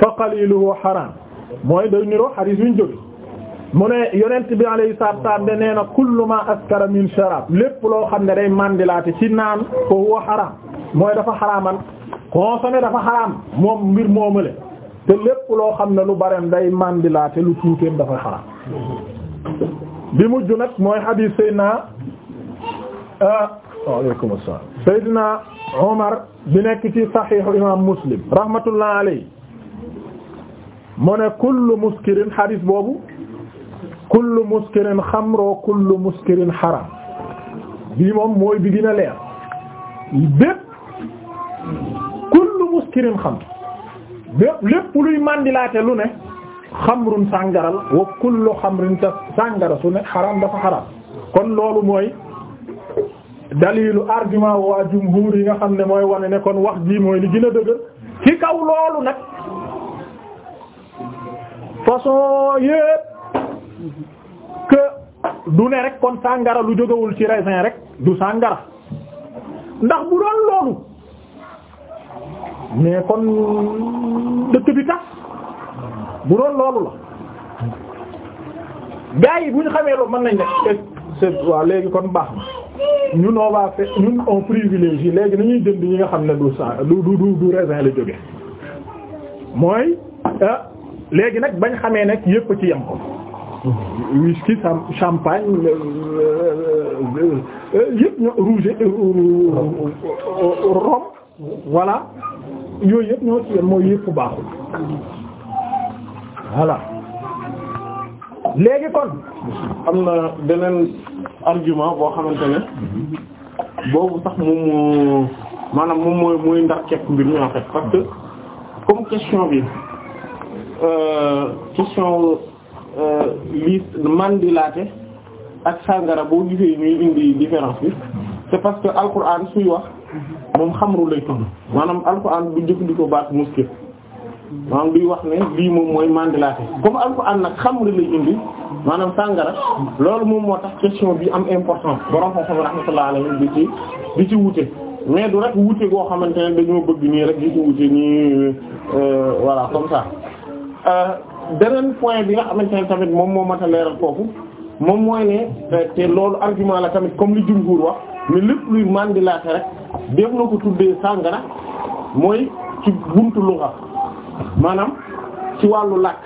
fa qaliluhu haram mooy day niroo xadiis yuñ jóge mu ne yonent bi alayhi salaatu salaam de nee na ma askara min sharab lépp loo xam ne day mandilaate ci naan ko huwa xaraam mooy dafa xaraaman consommé dafa xaraam moom mbir moomale te lépp loo xam ne lu bareem day mandilaate lu tuuteem dafa xaraam bi mujj nag mooy xadiis Seydina ah, waaleykum salaam Seydina Omar bi nekk ci saxiixu imaam Muslim rahmatullah alayhi mu ne kullu muskirin xadis boobu kullu muskirin xamroo kullu muskirin xaram bii moom mooy bi dina a leer bépp kullu muskirin xam bépp lépp luy mandilaate lu ne xamrun sàngaral wa kullu xamrin sàngara su ne xaram dafa xaram kon loolu mooy dalilu argument waa jumhur yi nga xam ne mooy wane ne kon wax ji mooy li gën a dëgër kaw loolu nag façon yépp que du ne rek kon sàngara lu jógewul ci raisin rek du sàngara ndax bu doon loolu mais kon dëkk bi tax bu doon loolu la gaa yi bu ñu xamee loolu mën nañ ne c'est waa léegi kon baax na ñun on va ñun on privilégie léegi nañuy jënd yi nga xam ne du sa du du du raisin la jóge mooy ah léegi nag bañ xamee nag yëpp ci yem ko whisky champagne euh, yëpp ñoo rouge euh, euh, rhum voilà yooyu yëpp ñoo ci yem mooy yëpp baaxul voilà léegi kon am na beneen argument boo xamante ne boobu sax moom maanaam moom mooy mooy ndax mbir mi en fait comme question bi Euh, question euh, lii mandilaate ak sàngara boo gisee ñuy indi différence bi c'est parce que alquran suy wax moom xamru lay tudd maanaam alquran du ko baat muskil maanaam duy wax ne lii moom mooy mandilaate comme alquran nag xamru lay indi maanaam sàngara loolu moom moo tax question bi am important borom xam-xam rahmatullah di ci di ci wute mais du rek wute goo xamante ne dañoo bëgg nii rek di ci wute nii euh, voilà comme ça Euh, beneen point bi nga xamante ne tamit moom moo mat a leeral foofu moom mooy ne euh, te loolu argument la tamit comme li jumhur wax mais lépp luy mandilaate rek def na ko tuddee sàngara mooy ci buntu luxa ci wàllu làkk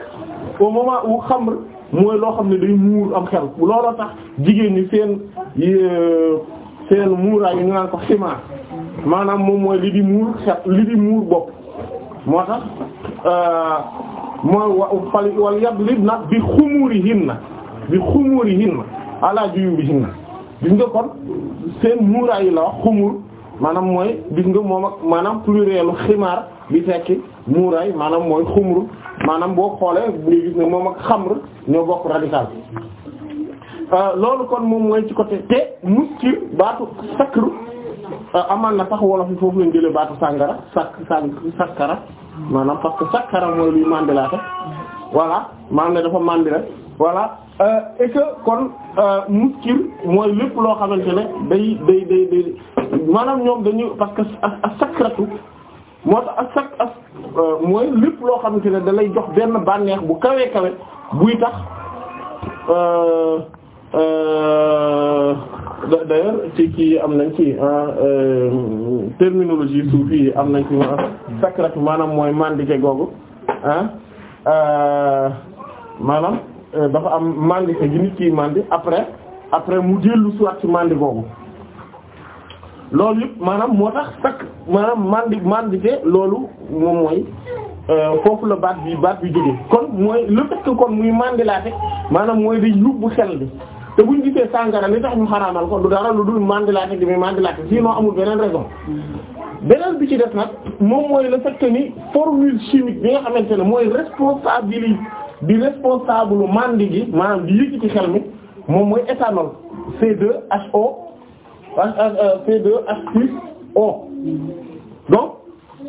au moment loo xam ne day muur am xel tax jigéen ñi seen euh, seen muuraay yi ñu naan ko ximaar maanaam moom mooy li di muur xel li di muur bopp moo tax mooy wa fal wal nag bi xumurihinna bi xumurihinna ala juyubihinna gis nga kon seen muuraay yi la wax xumur maanaam mooy gis nga moom ak maanaam plurielu ximaar bi tekki muuraay maanaam mooy xumur maanaam boo xoolee bu gis ne moom ak xamr ñoo bokk radical euh, loolu kon moom mooy ci côté te muskir baatu sakru Euh, amaan na sax wolof yi foofu lañ jëlee baatu sàngara sak sakkara maanaam parce que sakkara mooy luy mandilaate voilà maanaam ne dafa mandi rek voilà euh, et que kon euh, muskir mooy lépp loo xamante ne day day day day maanaam ñoom dañu parce que ak sakratu moo mooy lépp loo xamante ne da lay jox benn bànneex bu kawee kawe buy tax Euh, d'ailleurs ci kii am nañ ci euh, terminologie soufi yi am nañ ci ma sakrat maanaam mooy mandike googu ah maanaam dafa am mandike gi nit ki mandi après après mu dellu soit ci mandi googu loolu yëpp maanaam moo tax sakk maanaam mandi mandike loolu moom mooy foofu la baat bi baat bi jógee kon mooy le fait que kon muy mandilaate maanaam mooy day yóbbu xel bi te buñ gisee sàngara li tax mu xaraamal ko du dara lu dul mandilaate laa muy mandilaate sinon amul beneen raison beneen bi ci def nag moom mooy le fait ni formule chimique bi nga xamante ne mooy responsabilité bi responsable mandi gi maanaam di yëg ci xel mi moom mooy éthanol C2HO euh, euh, C2H6O donc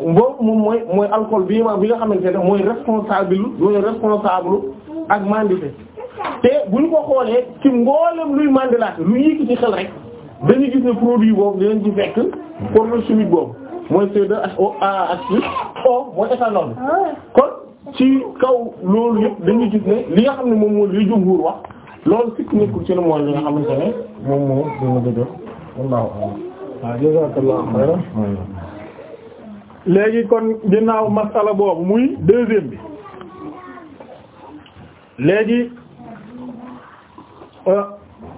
moom mooy mooy alcool bi ma bi nga xamante ne mooy responsable mooy responsable ak mandité te bu ñu ko xoolee ci mboolem luy mandelaat lu yéeg ci xel rek dañuy gis ne produit boobu dinañ ci fekk forme chimique boobu mooy C2H6O mooy éthanol kon ci kaw loolu yëpp dañuy gis ne li nga xam ne moom moo li jumhur wax loolu sikk nekkul ci ne mooy li nga xamante ne moom moo dina dëgg wallahu a'lam waaw jazakallahu khairan léegi kon ginnaaw masala boobu muy deuxième bi léegi Euh,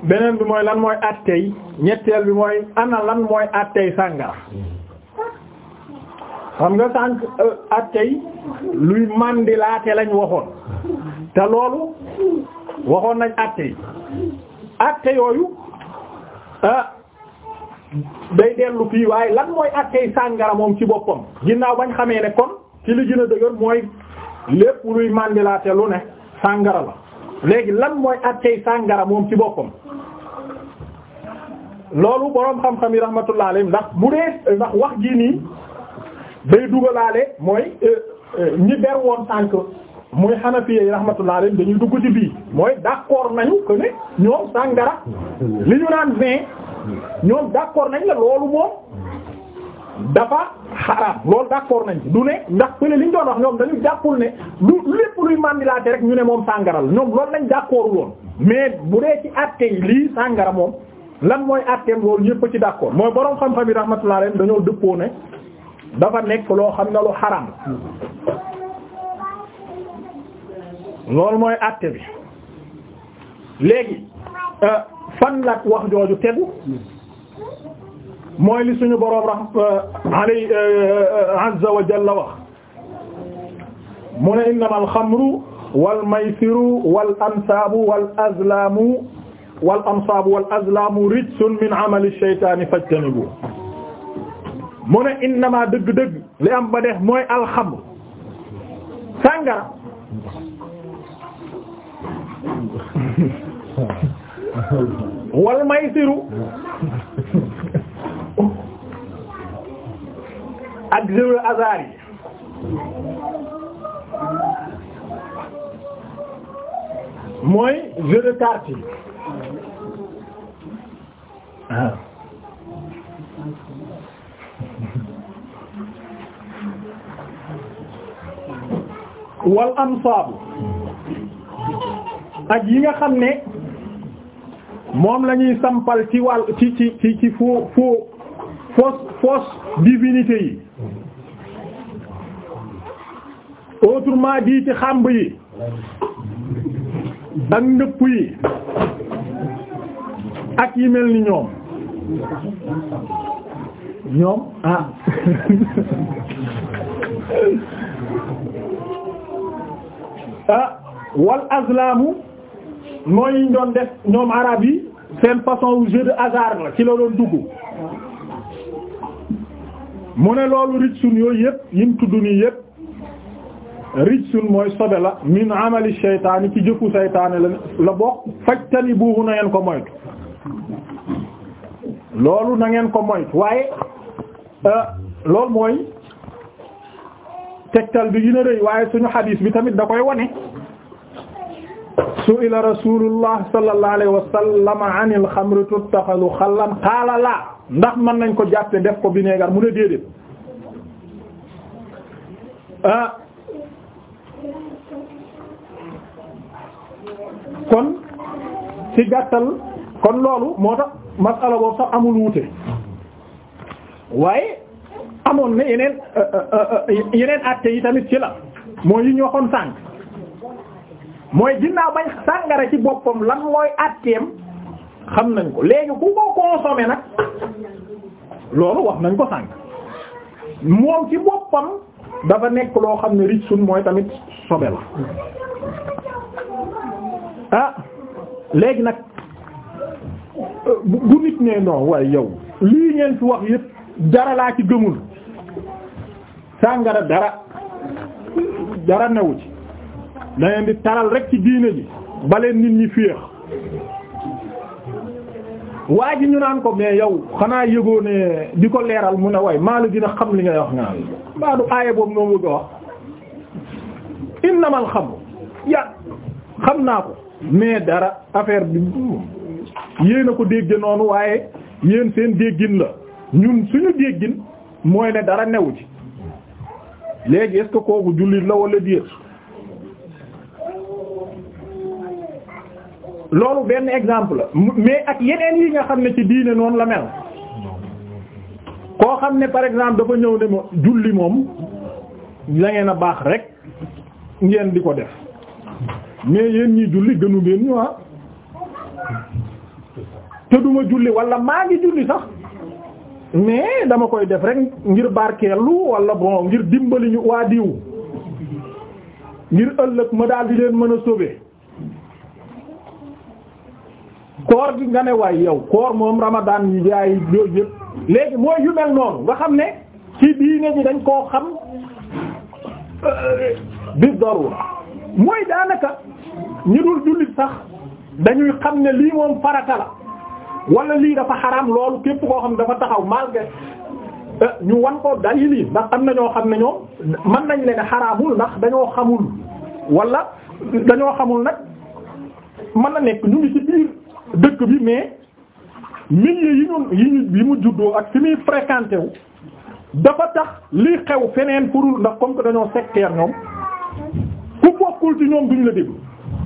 beneen bi mooy lan mooy attey ñetteel bi mooy ana lan mooy attey sàngara xam nga sànq euh, attey luy mandilaate lañ waxoon te loolu waxoon nañ attey atte yooyu ah day dellu fii waaye lan mooy attey sàngara moom ci boppam ginnaaw bañ xamee ne kon ci li gën a dëgër mooy lépp luy mandilaate lu ne sàngara la léegi lan mooy àttey sàngara moom ci boppam loolu boroom xam-xam yi rahmatullah alayhi ndax bu dee ndax wax jii nii day dugalaale mooy euh, euh, ñi ber woon sànk muy Hanafi yi rahmatullah alayhi dañuy dugg ci bii mooy d'accord nañu que ne ñoom sàngara li ñu naan vin ñoom d'accord nañ la loolu moom dafa xaraam loolu d'accord nañ ci du ne ndax pële li ñu doon wax ñoom dañu jàppul ne du lépp luy mandilaate rek ñu ne moom sàngaral ñoom loolu lañ d'accord woon mais bu dee ci àttee lii sàngara moom lan mooy àtteem loolu ñépp ci d'accord mooy boroom xam-xam yi rahmatullah alayhi dañoo dëppoo ne dafa nekk loo xam ne lu xaraam loolu mooy àtte bi léegi euh, fan la wax jooju tegu mooy li suñu boroom ra euh, alay euh, euh, azza wa jalla wax mu ne innamal xamru wal maysiru wal ansaabu wal azlaamu wal ansaabu wal azlaamu rijsun min amali shaytaani fajtanibu mu ne innama dëgg-dëgg li am ba def mooy alxamr sàngara (laughs) wal maysiru ak jeu hasard yi mooy jeu de carte yi ah ak yi nga xam ne moom la ñuy sampal ci wàll ci ci ci ci faux faux fausse fausse autrement dit ci xàmb yi ak ndëpp yi ak yi mel ni ñoom ñoom ah (laughs) ah wal azlamu mooy ñu doon def ñoom arab yi seen façon jeu de hasard la ci la doon dugg mu ne loolu riche yooyu yëpp yi mu tudd nii yëpp. rijsun mooy sobe la min amali shaytaani ci jëfu shaytaani la la bokk fajtani buuhu na ngeen ko moytu loolu na ngeen ko moytu waaye euh, loolu mooy tegtal bi gën rëy waaye suñu xadiis bi tamit da koy wone su'ila rasulullah sallallahu alayhi wa sallam anil xamri tuttaxadu xallan xaala laa ndax mën nañ ko jàppe def ko vinaigre mu ne déedéet euh, kon ci gàttal kon loolu moo tax masala boobu amul wuute waaye amoon na yeneen euh, euh, euh, yeneen acte yi tamit ci la mooy yi ñu waxoon sànq mooy ginnaaw bañ sàngara ci boppam lan mooy acteem xam nañ ko léegi ku ko consommer nag loolu wax nañ ko sànq moom ci boppam dafa nekk loo xam ne riche suñ mooy tamit sobe la ah léegi nag bu nit ne non waaye yow lii ngeen fi wax yëpp dara laa ci gëmul sàngara dara dara newu ci da di taral rek ci diine ji baleen nit ñi féex waa ji ñu naan ko mais yow xanaa yëgoo ne di ko leeral mu ne way maa la gën a xam li ngay wax nga naan maa du aaya boobu nga bëgg a wax innamal xamru ya xam naa ko mais dara affaire bi yéen a ko dégg noonu waaye yéen seen déggin la ñun suñu déggin mooy ne dara new ci léegi est-ce kooku jullit la walla déet loolu benn exemple la mais ak yeneen yi nga xam ne ci diine noonu la mel koo xam ne par exemple dafa ñëw ne ma julli moom la a baax rek ngeen di ko def mais yéen ñii julli gënu ngeen ñu ah te duma julli wala maa ngi julli sax mais dama koy def rek ngir barkeelu wala bon ngir dimbali ñu waa diw ngir ëllëg ma daal leen mën a sauver koor gi nga ne waay yow koor moom ramadan yi jaay yooyu léegi mooy yu noonu nga xam ne ci diine ji dañ koo xam bis darura mooy daanaka ñi dul jullit sax dañuy xam ne lii moom farata la wala lii dafa xaraam loolu képp koo xam ne dafa taxaw malgré euh, ñu wan ko dalil yi ndax am na ñoo xam ne ñoom mën nañ leen xaraamul ndax dañoo xamul walla dañoo xamul nag mën na nekk ñu ngi ci biir dëkk bi mais milieu yi ñun yi ñu yi mu juddoo ak fi muy fréquenté dafa tax lii xew feneen pour ndax comme que dañoo sectaire ñoom ku bokkul ci ñoom duñ la déglu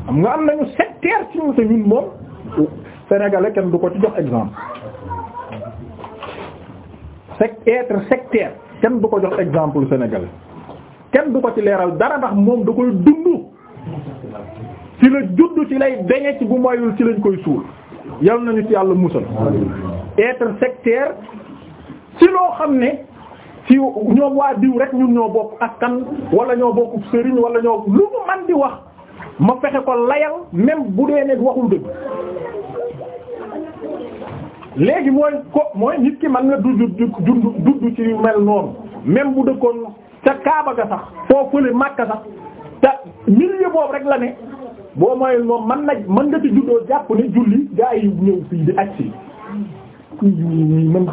xam nga am nañu sectaire ci ñu te ñun moom sénégalais kenn du ko ci jox exemple sec être sectaire kenn du ko jox exemple sénégalais kenn du ko ci leeral dara ndax moom da koy dund ci la judd ci lay beñe ci bu moyul ci lañ koy suul yal nañu ci yàlla musal être sectaire ci loo xam ne ci ñoom waa diw rek ñun ñoo bokk askan wala ñoo bokk sëriñ wala ñoo lu mu man di wax ma fexe ko layal même bu dee ne waxul dëgg léegi mooy ko mooy nit ki mën nga dudd dudd dudd ci yu mel noonu même bu dëkkoon ca Kaaba ga sax foo fële Makka sax te milieu boobu rek la ne boo mooyul moom mën na mën nga ci juddoo jàpp ne julli gaa yi ñëw fii di agsi ñii mën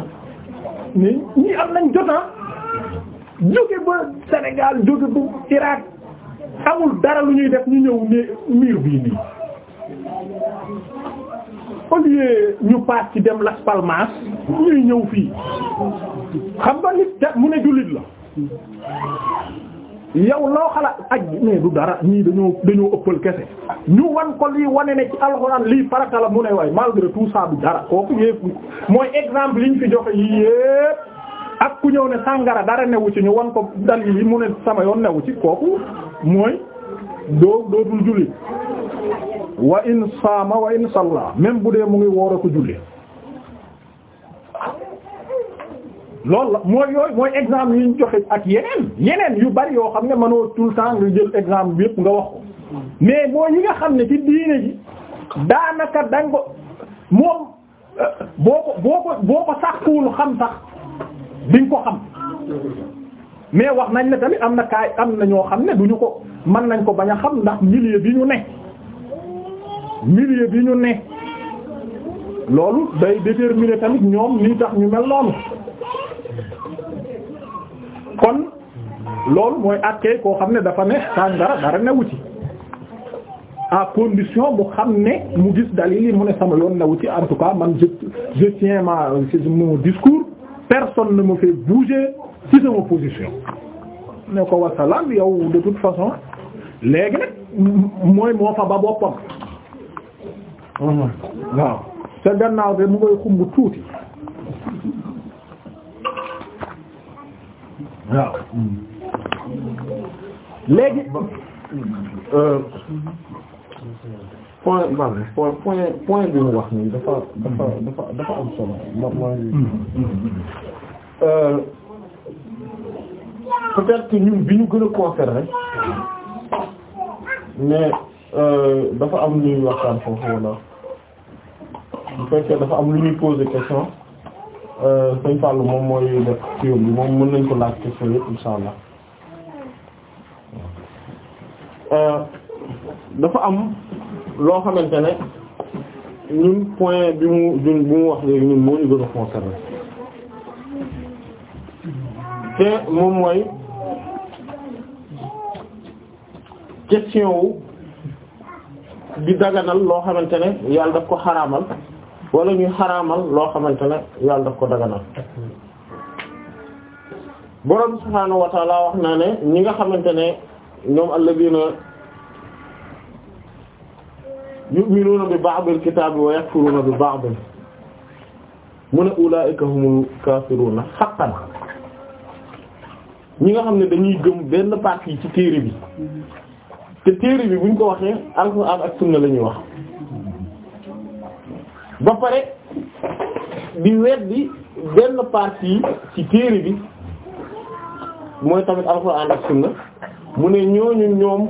ñii am nañ jotaan jóge ba Sénégal jóge bu Irak amul dara lu ñuy def ñu ñëw ne miir bii nii au lieu ñu paas ci dem Las Palmas ñuy ñëw fii xam nga nit de mu ne jullit la yow loo xalaat aj mais du dara ñii dañoo dañoo ëppal kese ñu wan ko lii wan ne ci alxuraan lii farata la mu ne waay malgré tout ça du dara kooku yépp mooy exemple liñ fi joxe yii yépp ak ku ñëw ne sàngara dara newu ci ñu wan ko dal yi mu ne sama yoon newu ci kooku mooy doo dootul julli wa in saama wa in salla bu dee mu ngi woor ko julli loolu la mooy yooyu mooy exemple yi ñu joxe ak yeneen yeneen yu bari yoo xam ne mënoo tout le temps nga jël exemple yépp nga wax ko mais mooy yi nga xam ne ci diine ji daanaka danga ko moom euh, boo ko boo ko boo ko sàkkuwul xam sax di ko xam mais wax nañ ne tamit am na kaay am na ñoo xam ne duñu ko mën nañ ko bañ a xam ndax milieu bi ñu ne milieu bi ñu ne loolu day déterminer tamit ñoom lii tax ñu mel noonu kon loolu mooy àttee koo xam ne dafa ne sàngara dara newu ci à condition bu xam ne mu gis dalil mu ne sama yoon newu ci en tout cas man je je tiens ma mon discours personne ne me fait bouger ci sama position ne ko wasalaam yow de toute façon léegi nag mooy moo fa ba boppam waaw sa gannaaw de mu ngay xumb tuuti waaw léegi euh, point point point bi mu wax nii dafa dafa mm-hmm. dafa dafa am solo mooy mm-hmm. euh, peut-être que ñun bi ñu gën a concerné mais euh, dafa am ñuy waxtaan foofu wala bu fekkee dafa am lu ñuy poser question euh, sëñ Fallou moom mooy def ci yoon moom mën nañ ko laaj question yëpp insha dafa am loo xamante ne ñun point bi mu jun bi mu wax léegi ñun moo ñu gën a te moom mooy question wu di daganal loo xamante ne yàlla daf ko xaraamal wala ñuy xaraamal loo xamante ne yàlla daf ko daganal borom subhaanahu wa wax na ne ñi nga xamante ne ñoom alladina yu'minuuna bi ba'dil kitaabi wa yakfuruuna bi ba'd mu ne ulaa'ika humul kaafiruuna haqqan ñi nga xam ne dañuy gëm benn partie ci téere bi te téere bi buñ ko waxee alxuraan ak sunna la ñuy wax ba pare di weddi benn partie ci téere bi mooy tamit alxuraan ak sunna mu ne ñooñu ñoom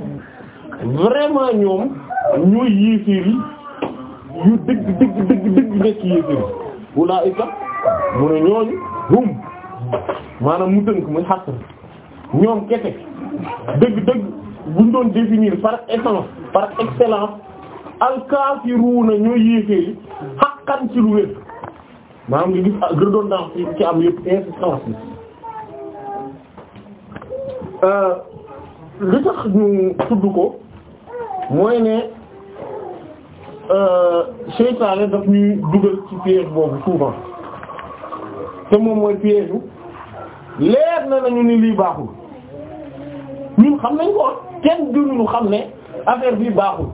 vraiment ñoom ñooy yéeféer yi yu dëgg dëgg dëgg dëgg nekk yéeféer yi ulaa'ika mu ne ñooñu hum maanaam mu tënk muy xàq ñoom kese dëgg dëgg buñ doon définir par essence par excellence alkaafiruuna ñooy yéeféer yi xaqan ci lu wér maanaam nga gis redondance yi ci am yëpp insistance bi euh, li tax ñu tudd ko mooy ne Euh, seytaane daf ñuy dugal ci piège boobu souvent te moom mooy piège bu leer na nañu ni lii baaxul ñun xam nañ ko kenn gënuñu xam ne affaire bi baaxul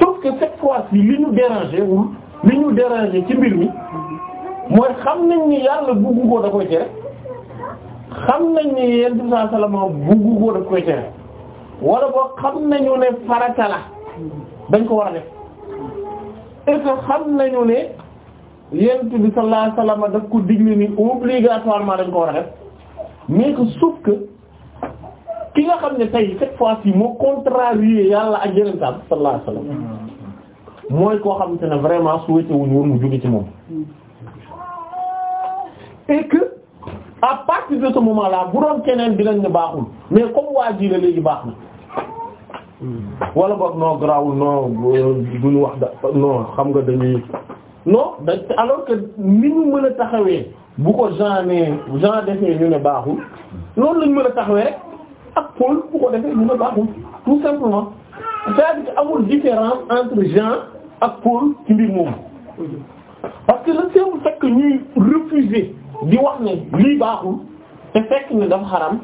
sauf que cette fois-ci li ñu dérangé wul li ñu dérangé ci mbir mi mooy xam nañ ni yàlla buggu ko da koy tere xam nañ ni yenn saa salama buggu ko da koy tere wala boo xam nañu ne farata dañ ko war a def xam nañu ne yent bi sallallahu alayhi wasallam daf ko digle ni obligatoirement dañ ko war a def mais que sauf ki nga xam ne tey cette fois-ci moo contrarié yàlla ak yeneen tam sallallahu mooy koo xam xamante ne vraiment souhaité wuñu woon mu jóge ci moom et que à partir de ce moment là bu doon keneen dinañ ne baaxul mais comme waa ji la léegi baax na wala boog non grawul non duñu wax da non xam nga dañuy non da alors que ni ñu mën a taxawee bu ko genrne genre defee ñu ne baaxul loolu lañ mën a taxawee rek ak pôle bu ko defee ñu ne baaxul tout simplement cest à amul différence entre ak pôle ci mbir moomu parce que le sew fekk ñuy refuser di wax ne lii baaxul te fekk ne dafa xaram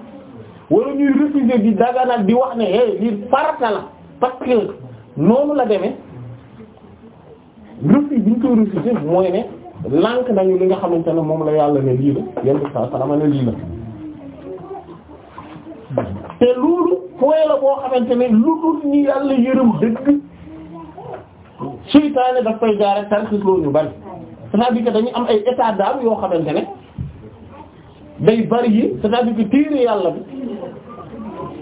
wala ñuy bi di daganal di wax ne eh lii farata la parce que noonu la deme refus bi ñu koy refuser mooy ne lànk nañu li nga xamante ne moom la yàlla ne lii la yenn saa salaama ne lii la. te loolu fooy la boo xamante ne lu dul ñi yàlla yërëm dëgg seytaane daf koy jaaree tarxis loolu ñu bari cest dañu am ay état d'âme yoo xamante ne day bari yi c'est-à-dire que téere yàlla bi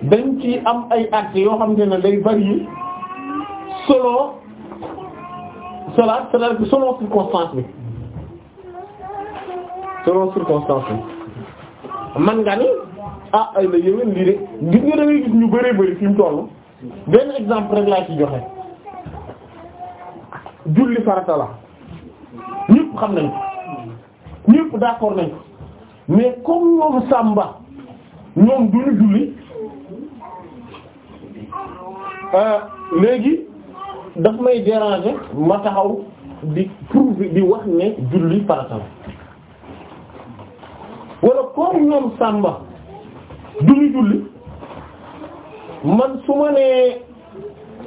dañ ci am ay actes yoo xam ne day bari solo cela c'est-à-dire circonstance bi selon circonstance bi man nga ni ah ay la yéwén lii de gis nga gis ñu bëree bëri fi mu toll benn exemple rek laa ci joxe julli farata la ñëpp xam nañ ko ñëpp d'accord nañ ko mais comme ñoom Samba ñoom duñu julli Euh, léegi daf may déranger ma taxaw di prouver di wax ne julli farata la wala comme ñoom sàmba duñu julli man su ma nee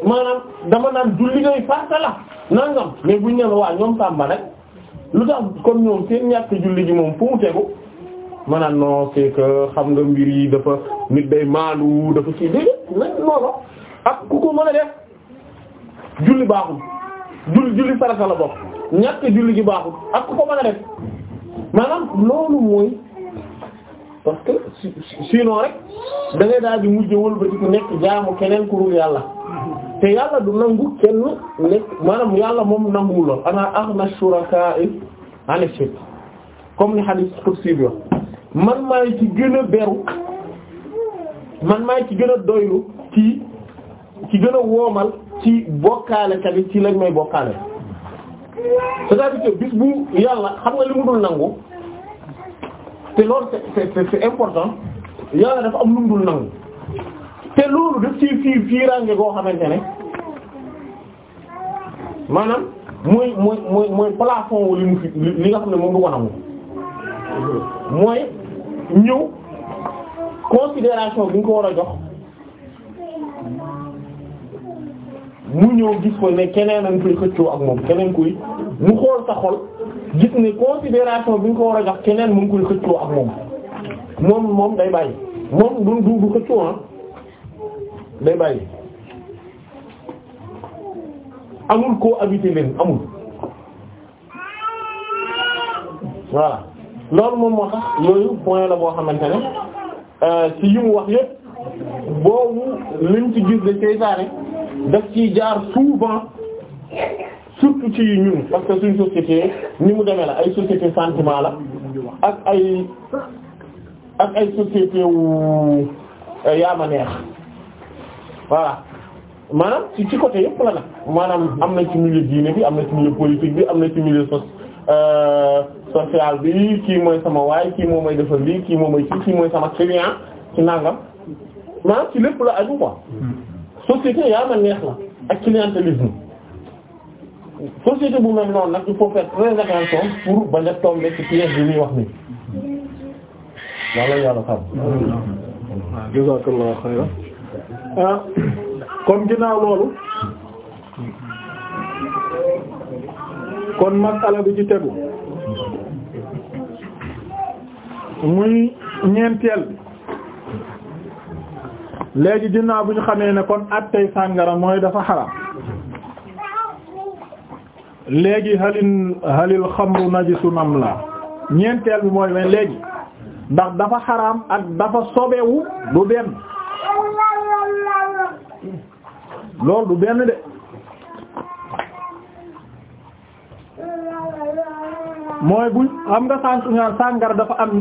maanaam dama naan julli ngay farata la nangam mais bu ne waa ñoom sàmba rek lu tax kon ñoom seen ñàkk julli ji moom fu mu tegu ma naan non c'est xam nga mbir yi dafa nit day maandu dafa ci dégg nag loolu ak ku ko mën a def julli baaxul julli julli farata la bopp ñàkk julli gi baaxul ak ku ko mën a def maanaam loolu mooy parce que sinon rek da daal di mujj wëlbati ku nekk jaamu keneen ku dul yàlla te yàlla du nangu kenn nekk maanaam yàlla moom nanguwul lool ana aghna shuraka'i an shirk comme ni hadith qudsi bi man maay ci gën a beru man maay ci gën a doylu ci ci gën a woomal ci bokkaale kat yi ci lañ may bokkaale c'est-à-dire que bis bu yàlla xam nga li mu dul nangu te loolu c'est important yàlla dafa am lu mu nangu te loolu daf ci fii fiiraange goo xamante ne maanaam mooy mooy mooy mooy plafond wu li mu fi li nga xam ne moom du ko nangu mooy ñëw considération bi ñu ko war a jox mu ñëw gis ko ne keneen ak koy xëccoo ak moom keneen kuy mu xool sa xol gis ne considération bi nga ko war a jox keneen mu ngi koy xëccoo ak moom moom moom day bàyyi moom du du xëccoo ah day bàyyi amul koo habité amul voilà loolu moom moo tax yooyu point la boo xamante ne euh, ci yi mu wax yépp boobu liñ ci gis de seytaane daf ci jaar souvent surtout ci ñun parce que suñ ni mu demee la ay société sentiment la ak ay ak ay société wu euh, yaa ma neex voilà maanaam ci ci côté yëpp la nag maanaam am na ci milieu diine bi am na ci milieu politique bi am na ci milieu sos euh, social bi kii mooy sama waay kii moom may defal lii kii moom may kii kii mooy sama client ci nangam maanaam ci lépp la aju quoi. Hmm. société yaa ma neex la ak clientélisme société bu mel noonu nag il faut faire très attention pour bañ a tomber ci piège bi muy wax nii yàlla yàlla xam. jazakallahu xayran ah kon ginnaaw loolu kon masala bi ci tegu muy ñeenteel bi léegi ginnaaw bu ñu xamee ne kon attey sàngara mooy dafa xaram léegi halil halil xamru najisun am la ñeenteel bi mooy mais léegi ndax dafa xaraam ak dafa sobewu du benn loolu du benn de mooy bu xam nga sànq sàngara dafa am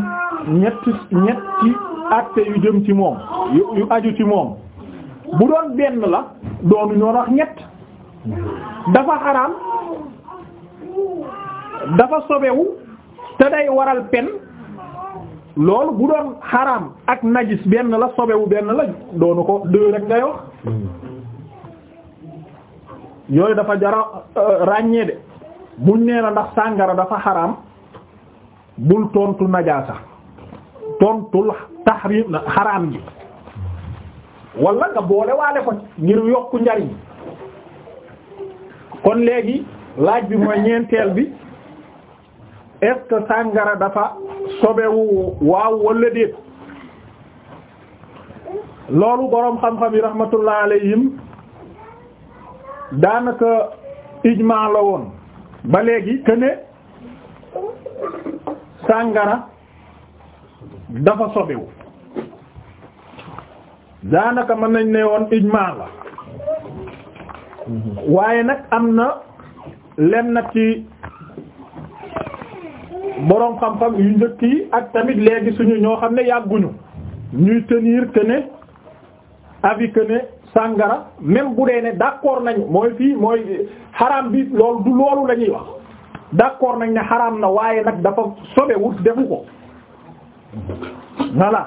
ñetti ñetti acte yu jëm ci moom yu aju ci moom bu doon benn la doonu ñoo wax ñett dafa xaraam dafa sobewu te day waral pen loolu bu doon xaraam ak najis benn la sobewu benn la doonu ko deux rek ngay wax yooyu dafa jara euh, ràññee de buñ nee la ndax sàngara dafa xaram bul tontu najaasa tontul tahrim na xaraam gi wala nga boole waale ko ngir yokk njariñ kon léegi laaj bi mooy ñeenteel bi est sàngara dafa sobewu waaw wala déet loolu boroom xam-xam yi rahmatullah alayhim daanaka ijmaa la woon ba léegi que sàngara dafa sobewu daanaka mën nañ ne woon ijmaa la waaye nag am na lenn nag ci boroom xam-xam yu njëkk yi ak tamit léegi suñu ñoo xam ne yàgguñu ñuy tenir que ne sàngara même bu dee ne d'accord nañ mooy fii mooy xaraam bi loolu du loolu la ñuy wax d'accord nañ ne xaraam na waaye nag dafa sobewut defu ko voilà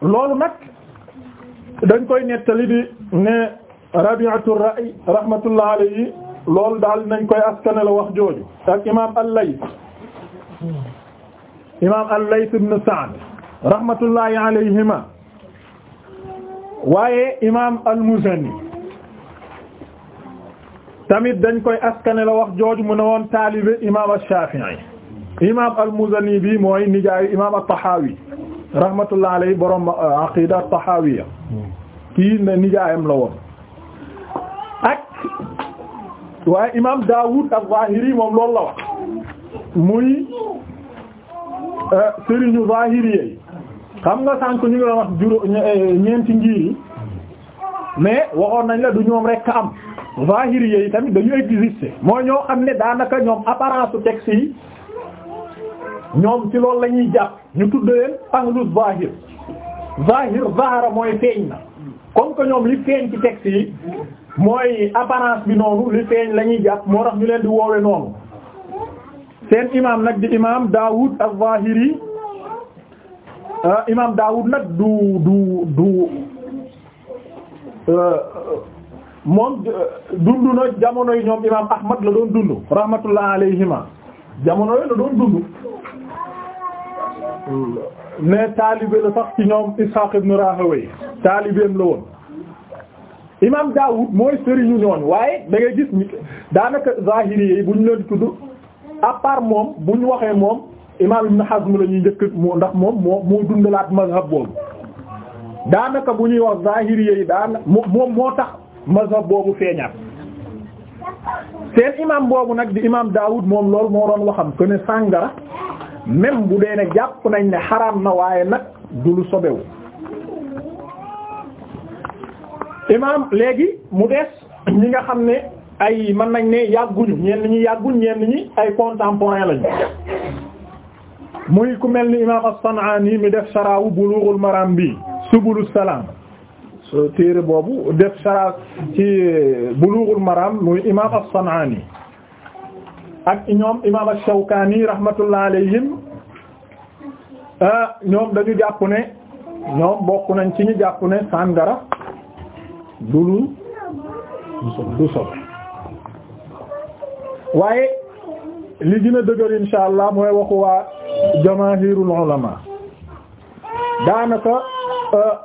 loolu nag dañ koy nettali di ne Rabi'atu Ra'i rahmatullah alayhi loolu daal nañ koy askanale wax jooju ak imaam al-Layth imaam al-Layth ibn Sa'd rahmatullahi alayhima waaye imaam al-Muzani tamit dañ koy la wax jooju mu ne woon taalibe al-Shafi'i imaam al-Muzani mooy nijaayu imaam at-Tahawi rahmatullah alayhi borom euh, aqida at-Tahawiyya kii ne nijaayam la woon ak waaye imaam Daawud az-Zahiri moom loolu la wax muy euh, sëriñu Zahiri yi xam nga sànq ñu ngi doon wax juróom euh, ñeenti ngir yi mais waxoon nañ la du ñoom rek am Zahiri yi tamit dañu exister mooy ñoo xam ne daanaka ñoom apparence texte yi. ñoom ci lool la ñuy jàpp ñu tudd leen ahlu zahir zahir zahara mooy feeñ na comme que ñoom li feeñ ci texte yi mooy apparence bi noonu li feeñ la jàpp moo tax ñu leen di woowe noonu seen imam nag di daawut ak az-Zahiri imam Daoud nag du du du euh, moom dund na jamono yi ñoom imam Ahmad la doon dund rahmatullah alayhima jamono yi la doon dund ne taalibe la sax ci ñoom Ishaq ibn Rahawayh taalibeem la woon imam Daoud mooy sëriñu ñooñu waaye da ngay gis ni daanaka zahiri yi bu ñu leen tudd à part moom bu ñu waxee moom imam Ibn Hazm la ñuy njëkk moo ndax moom moo moo dundalaat mazhab boobu daanaka bu ñuy wax zahiri yi daan moom moo tax mazhab boobu feeñaat seen imam boobu nag di imam Daoud moom loolu moo doon waxam que ne sàngara même bu dee ne jàpp nañ ne xaraam na waaye nag du lu sobewu imaam léegi mu des ñi nga xam ne ay man nañ ne yàgguñu ñenn ñi yàgguñ ñenn ñi ay contemporain lañu muy ku mel ni imaam as-San'aani mi def saraawu Buluughul Maraam bi Subulus Salaam téere boobu def saraa ci Buluughul Maraam muy imaam as-San'aani ak ñoom imam ash-Shawkani rahmatullah alayhim ah, ñoom dañu jàpp ne ñoom bokk nañ ci ñu jàpp ne sàngara du lu du sobe waaye li gën a dëgër insha allah mooy waxu waa jamaahirul ulama daanaka ah,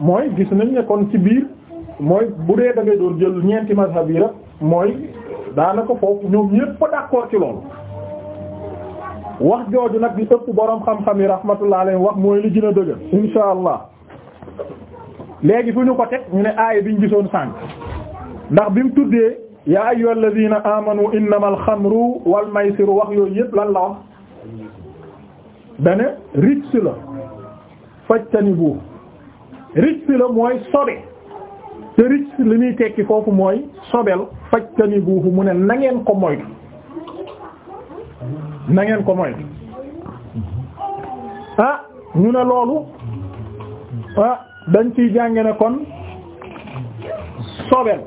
mooy gis nañ ne kon ci biir mooy bu dee da ngay doon jël ñeenti mazhab yi rek mooy daanaka foofu ñoom ñépp d'accord ci loolu wax jooju nag li ëpp boroom xam-xam yi rahmatullah alayhi wax mooy li gën a dëgër insha allah léegi fu ñu ko teg ñu ne aaya biñ gisoon sànk ndax bi mu tuddee yaa ayyuhal ladina amanu innamal xamru wal wax yooyu yépp lan la wax dane rijs la fajtanibu rijs la mooy sobe te ric li muy tekki foofu mooy sobel fajtani buufu mu ne na ko mooy nangeen ko moytu ah ñu ne loolu ah dañ ciy jànge ne kon sobel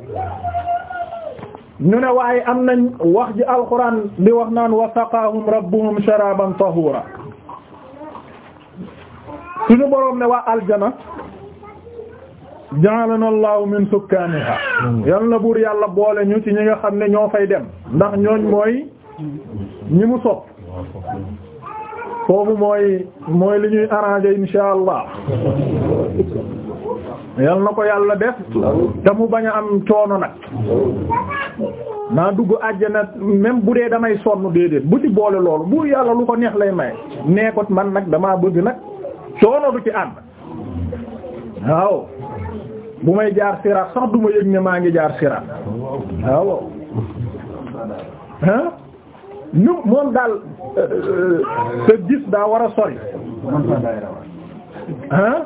ñu ne waaye am nañ wax ji alquran di wax naan wa saqaahum rabbuhum sharaban tahura suñu boroom ne waa aljana ja'alana Allahu min sukkaaniha yal na buur yàlla boole ñu ci ñi nga xam ne ñoo fay dem ndax ñooñ mooy ñi mu sopp foofu mooy mooy li ñuy arranger insha allah yal na ko yàlla def te mu bañ a am coono nag naa dugg àjj na même bu dee damay sonn déedéet bu ci boole loolu bu yàlla lu ko neex lay may nee ko man nag damaa bëgg nag coono du ci ànd waaw bu may jaar siraat sax du yëg ne maa ngi jaar siraat ah, waaw ah ñu moom daal sa euh, euh, gis daa war a sori ah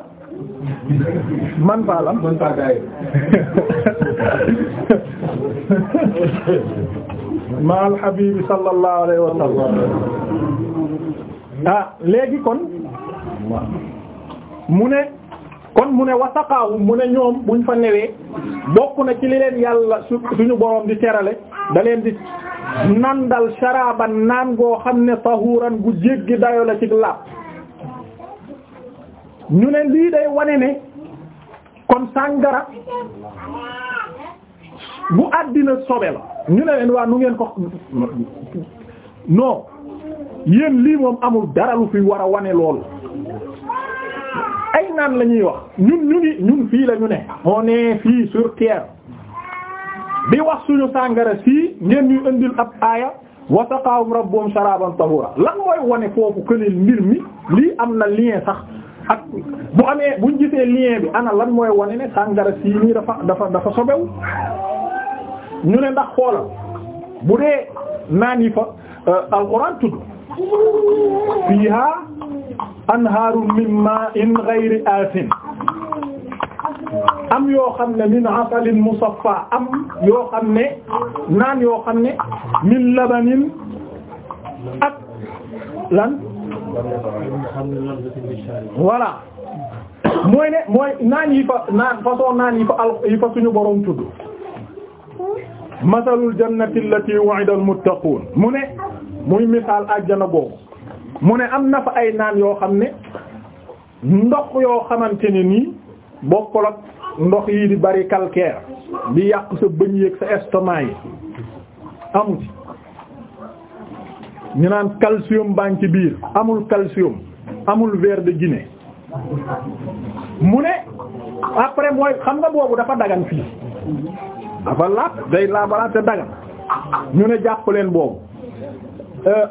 man faa la man faa daay ma al ah léegi kon mu ne kon mu ne wasaqaawum mu ne ñoom buñ fa newee bokk na ci li leen yàlla su suñu borom di terale da leen di nandal sharaban naan goo xam ne tahuran gu jéggi dayo la ci làpp ñu ne lii day wane ne kon sàngara bu àddina sobe la ñu ne leen waa nu ngeen ko non yéen lii moom amul dara lu fi war a wane lool naan la ñuy wax ñun ñu ngi ñun fii la ne on fii sur terre bi wax suñu sàngara sii ngeen ñuy indil ab aaya wa saqaahum rabbuhum sharaban tahura lan mooy wane foofu kënil mbir mi lii am na lien sax ak bu amee buñ gisee lien bi ana lan mooy wane ne sàngara sii nii dafa dafa dafa sobew ñu ne ndax xoolal bu dee naan yi fa euh, alxuraan tudd fiiha anhaarun min ma'in ghayri asin am yoo xam ne min asalin musaffa am yoo xam ne naan yoo xam ne min labanin ak lan voilà mooy ne mooy naan yi fa naan façon naan yi fa al yi fa suñu borom tudd masalul jannati allati wa'ida al muttaqun mu ne muy misaal àjjana boobu mu ne am na fa ay naan yoo xam ne ndox yoo xamante ne nii bokkul ak ndox yi di bari calcaire bi yàq sa bëñ yeeg sa estomac yi amu ci ñu naan calcium baa biir amul calcium amul verre de Guinée mu ne après mooy xam nga boobu dafa dagan fii dafa laaj day laabaraat te dagan ñu ne jàpp leen boobu Euh,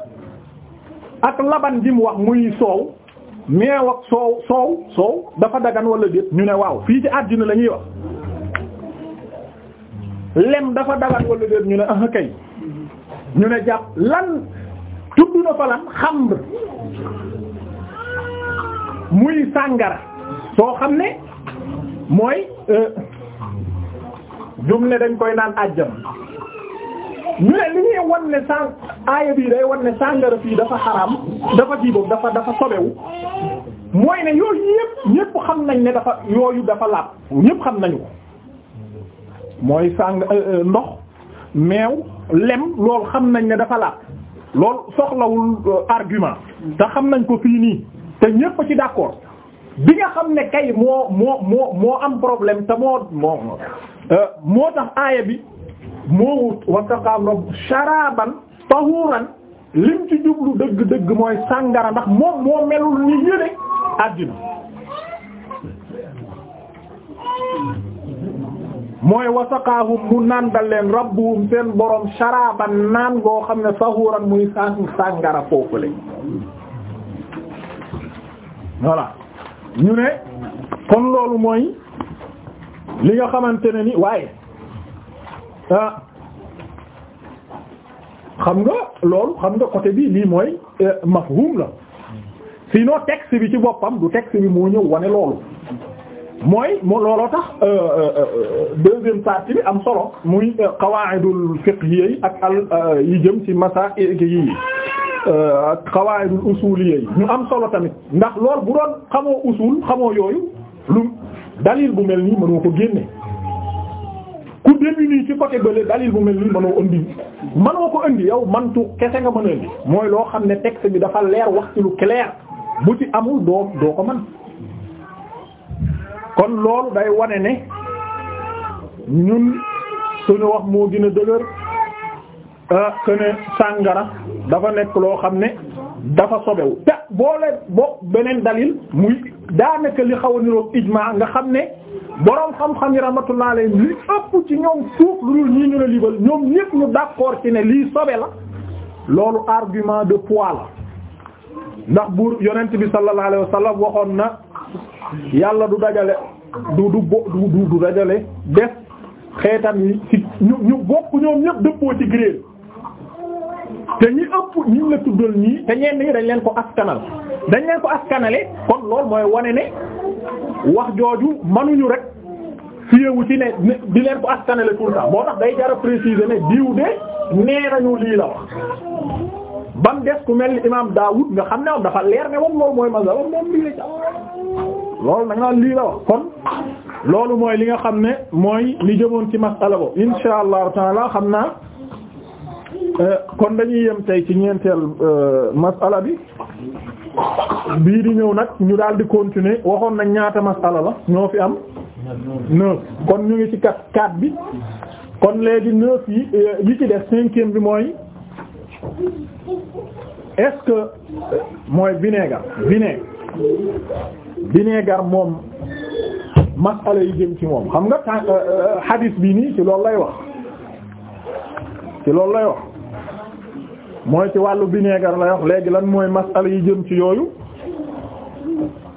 ak laban gi mu wax muy soow meew ak soow soow soow dafa dagan walla déet ñu ne waaw fii ci àddina lañuy ñuy wax lem dafa dagan wala déet ñu ne ah kay ñu ne jàpp lan tudd na lan xamr muy sàngara soo xam ne mooy euh, jumle dañ koy naan àjjam ñu ne li ñuy wan ne sang aaya bii day wan ne sàngara fii dafa xaram dafa kii dafa dafa sobewu mooy ne yooyu yëpp ñëpp xam nañ ne dafa yooyu dafa laab ñëpp xam nañu ko mooy sàng euh, euh, ndox meew lem loolu xam nañ ne dafa laab lool soxlawul euh, argument te xam nañ ko fii nii te ñëpp ci d'accord bi nga xam ne kay moo moo moo moo am problème te moo moo moo tax aaya bi moo wut wasaqaam rabb sharaban tahuran lim ci jublu dëgg-dëgg mooy sàngara ndax moom moo melul ni yële àddina mooy wasaqaahum mu nandal leen rabbuhum seen borom sharaban naan goo xam ne tahuran muy sàng sàngara foofu lañ voilà ñu ne kon loolu mooy li nga xamante ne ni waaye Ah. xam nga loolu xam nga côté bii lii mooy eh, mafhum la sinon texte bi ci boppam du texte bi moo ñëw wane loolu mooy moo looloo tax euh, euh, deuxième partie bi am solo muy euh, qawaidul fiqhiyya yi ak al yi jëm ci masa yi ak qawaidul usuliyya yi ñu am solo tamit ndax lool bu doon xamoo usul xamoo yooyu lu dalil bu mel nii mënoo ko génne ku démuni ci côté bële dalil bu mel nii mënoo indi mënoo ko indi yow mantu kese nga mën a indi mooy loo xam ne texte bi dafa leer wax ci lu clair bu ci amul doo doo ko man kon loolu day wane ne ñun suñu wax moo gën a dëgër ah, que ne sàngara dafa nekk loo xam ne dafa sobewu te boole bo beneen dalil muy daanaka li xaw a niroog ijmaa nga xam ne boroom xam-xam yi rahmatullah alayhim li ëpp ci ñoom suuf lu ñii ñu la libal ñoom ñépp ñu d'accord ci ne lii sobe la loolu argument de poids ndax buur yonent bi sallallahu alayhi waxoon na yàlla du dajale du du bo du du dajale def xeetam yi ci ñu ñu bokk ñoom ñépp dëppoo ci gréel te ñi ëpp ñi la tuddal ñii te ñenn ñi dañ leen ko askanal dañ leen ko askanale kon lool mooy wane ne wax jooju manuñu rek fiyewu ci ne di leen ko askanale tout le temps moo tax day jara préciser ne diw de nee nañu lii la wax bam des ku mel ni imaam Daawud nga xam ne woon dafa leer ne moom loolu mooy mazhab moom lii la ca lii la wax kon loolu mooy li nga xam ne mooy li jëmoon ci masala bo insha allahu taala xam naa euh, kon dañuy yem tey ci ñeenteel euh, masala bi bii di ñëw nag ñu daldi di continuer waxoon nañ ñaata masala la ñoo fi am neuf kon ñu ngi ci kat quatre bi kon léegi neuf yi yi ci def cinquième bi mooy est-ce que mooy vinaigre vinaigre vinaigre moom masala yi jëm ci moom xam nga euh, euh, hadith bi nii ci loolu lay wax ci loolu lay wax mooy ci wàllu vinaigre la wax léegi lan mooy masala yi jëm ci yooyu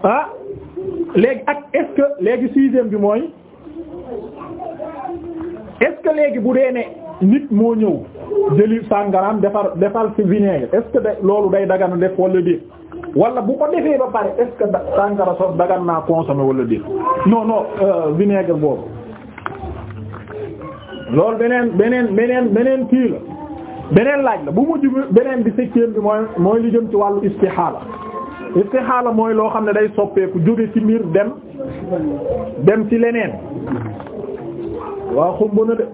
ah léegi ak est-ce léegi sixième bi mooy est-ce que léegi bu dee ne nit moo ñëw jëli sàngaraam defar defal ci vinaigre est-ce loolu day dagan def wala déet wala bu ko defee ba pare est-ce sàngara sos dagan naa consommer wala déet non non euh, vinaigre boobu loolu beneen beneen beneen beneen la beneen laaj la bu mujj beneen bi septième bi mooy mooy li ci wàllu istixaala istixaala mooy loo xam ne day soppeeku jóge ci mbir dem dem ci leneen waaw xumb na de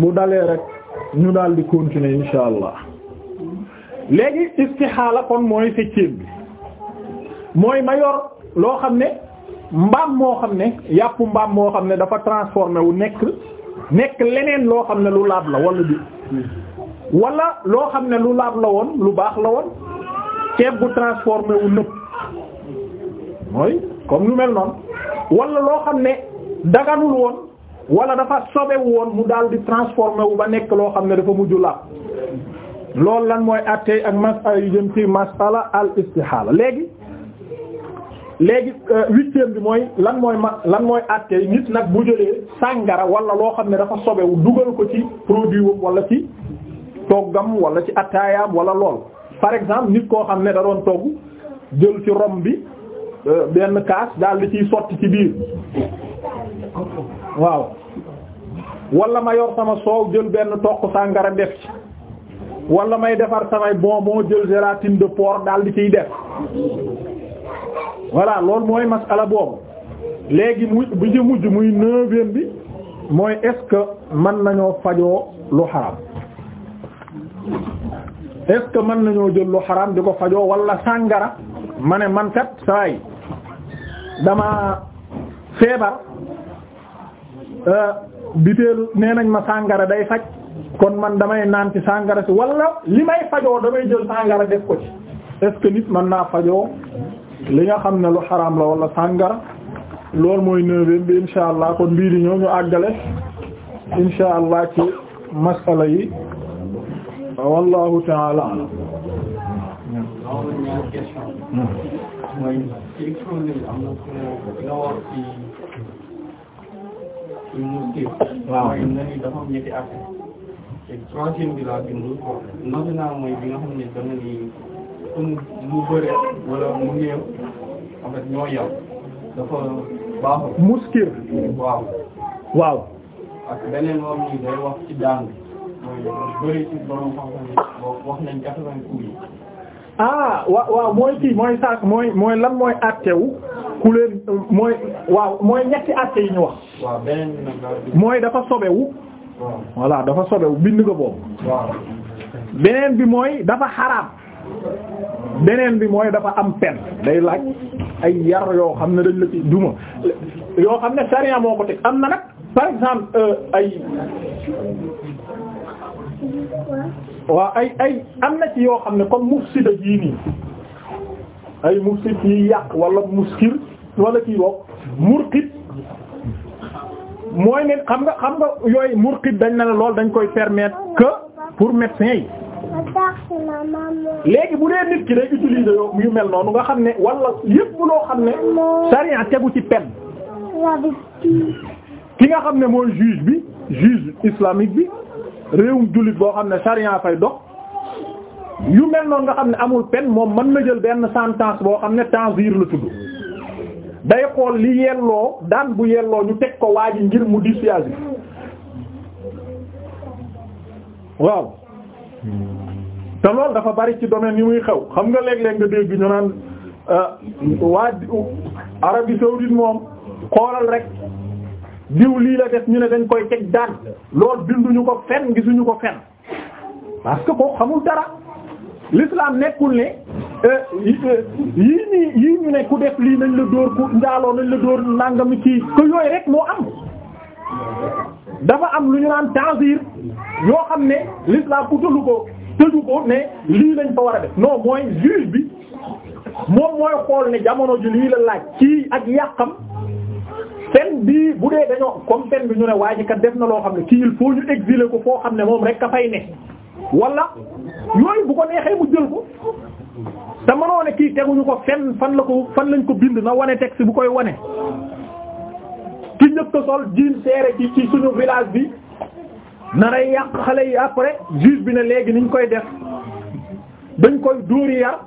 bu dalee rek ñu daal di continuer insha allah léegi istixaala kon mooy septième bi mooy mayor loo xam ne mbaam moo xam ne yàpp mbaam moo xam ne dafa transformé wu nekk nekk leneen loo xam ne lu laab la wala bi walla loo xam ne lu laab la woon lu baax la woon ceeb bu transformé nëpp mooy kom lu mel noonu walla loo xam ne daganul woon wala dafa sobewu woon mu daal di transformé wu ba nekk loo xam ne dafa mujj laab loolu lan mooy attey ak masala yu jëm ci masala al istihala léegi léegi euh, huitième bi mooy lan mooy ma lan mooy àtte nit nag bu jëlee sàngara wala loo xam ne dafa sobewu dugal ko ci produit wam wala ci toggam wala ci attaayaam wala lool par exemple nit koo xam ne da doon togg jël ci rom bi euh, benn kaas daal di ciy sotti ci biir waaw walla ma yor sama soow jël benn toq sàngara def ci wala may defar samay bonbon jël gélatine de porc daal di ciy def voilà loolu mooy masala boobu léegi mu bu ci mujj muy neuvième bi mooy est-ce que mën nañoo fajoo lu xaram est-ce mën nañoo jël lu xaram di ko fajoo wala sàngara ma ne man kat saa yi dama feebar euh, bitéelu nee nañ ma sàngara day faj kon man damay naan ci sàngara si wala li may fajoo damay jël sàngara def ko ci est nit mën naa fajoo li nga xam ne lu xaraam la wala sàngara loolu mooy neuvième bi insha allah kon bii ñëw ñu àggale insha allah ci masala yi wallahu taala pour mu bëre wala mu néew en fait ñoo waaw. mooy ah waaw waaw mooy kii mooy saak mooy mooy lan mooy attewu ku leen mooy waaw mooy ñetti atte yi ñu wax. waaw mooy dafa sobewu. voilà dafa sobewu bind nga boobu. waaw beneen bi mooy dafa xaraam. beneen bi mooy dafa am pen day laaj ay yar yoo xam ne dañ la ci duma yoo xam ne sariya moo ko teg am na nag par exemple euh, ay waaw ay ay am na ci yoo xam ne comme mufsida jii nii ay mufsid yi yàq walla muskir walla ci bokk murqit mooy ne xam nga xam nga yooyu murqit dañ na la lool dañ koy permettre que pour médecin yi léegi bu dee nit ki day utiliser yu mel noonu nga xam ne wala yépp loo xam ne sariya tegu ci pen ki nga xam ne mooy juge bi juge islamique bi réewum jullit boo xam ne sariya fay dox yu mel noonu nga xam ne amul pen moom man na jël benn sentence boo xam ne tanzir la tudd day xool li yelloo daan bu yelloo ñu teg ko waa ji ngir mu dissuasif waaw te loolu dafa bari ci domaine yi muy xew xam nga léeg-léeg nga dégg ñu naan euh, waa Arabie saoudite moom xoolal rek diw lii la def ñu ne dañ koy teg daan loolu binduñu ko fenn gisuñu ko fenn parce que boo xamul dara l'islam nekkul ne euh, euh, yii nii yii ñu ne ku def lii nañ la dóor ku njaaloo nañ la dóor nangami kii que yooyu rek moo am dafa am lu ñu naan tanzir yoo xam ne l'islam utalu ko tëju ko ne lii lañ fa war a def non mooy juge bi moom mooy xool ne jamono ju lii la laaj ci ak yàqam fen bi bu dee dañoo comme fen bi ñu ne waa ji kat def na loo xam ne kii il faut ñu exiler ko foo xam ne moom rek a fay ne wala yooyu bu ko neexee mu jël ko te mënoo ne kii teguñu ko fen fan la ko fan lañ ko bind na wane teg si bu koy wane ki njëkk sol jiin seere ci ci suñu village bi naray yàq xale yi après juge bi ne léegi niñ koy def dañ koy dóor yar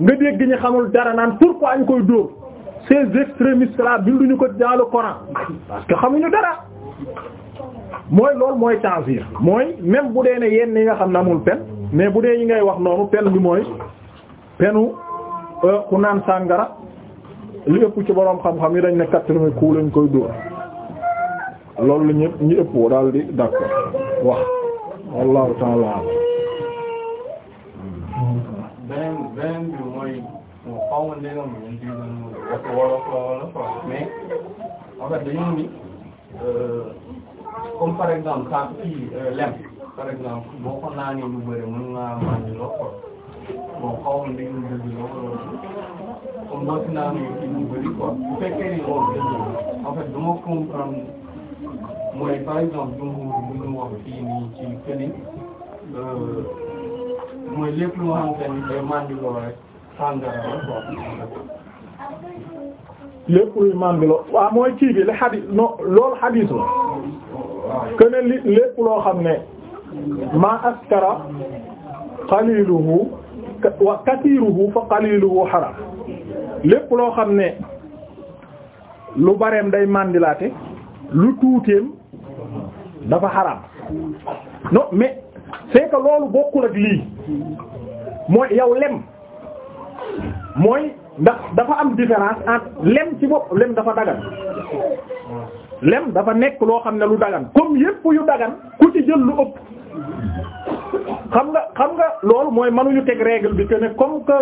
nga dégg ñu xamul dara naan pourquoi añ koy dóor ces extrémistes là ñu ko dans le Coran parce que xamuñu dara mooy loolu mooy tafsir mooy même bu dee ne yenn yi nga xam na amul pen mais bu dee ñi ngay wax noonu pen bi mooy penu euh, ku naan sàngara li ëpp ci boroom xam-xam yi dañ ne quatre-vingts coups ñu koy dóor loolu la ñëpp ñu ëpp daal di d'accord wax wallahu ta'ala beneen beneen bi mooy xaw ma dégg nga moom di wax wolof la wala quoi mais en fait dañu ni euh, comme par exemple saa kii euh, lem par exemple boo ko naanee lu bëri mën naa màndi loo ko bon xaw ma dégg nga dégg loo ko comme boo si naanee kii lu bëri quoi bu fekkee ni loolu en fait dama comprendre mooy par exemple jumhur euh, lépp lu xamante ni mooy kii li xadis non loolu xadis la li lépp loo xam ne ma askara qaliluhu wa kathiruhu fa qaliluhu haram lépp loo xam ne lu bareem day mandilaate lu tuuteem dafa xaraam non mais c'est loolu bokkul ak lii mooy yow lem mooy ndax dafa am différence entre lem ci bopp lem dafa dagan lem dafa nekk loo xam ne lu dagan comme yépp yu dagan ku ci jël lu ëpp xam nga xam nga loolu mooy mënuñu teg règle bi que ne comme que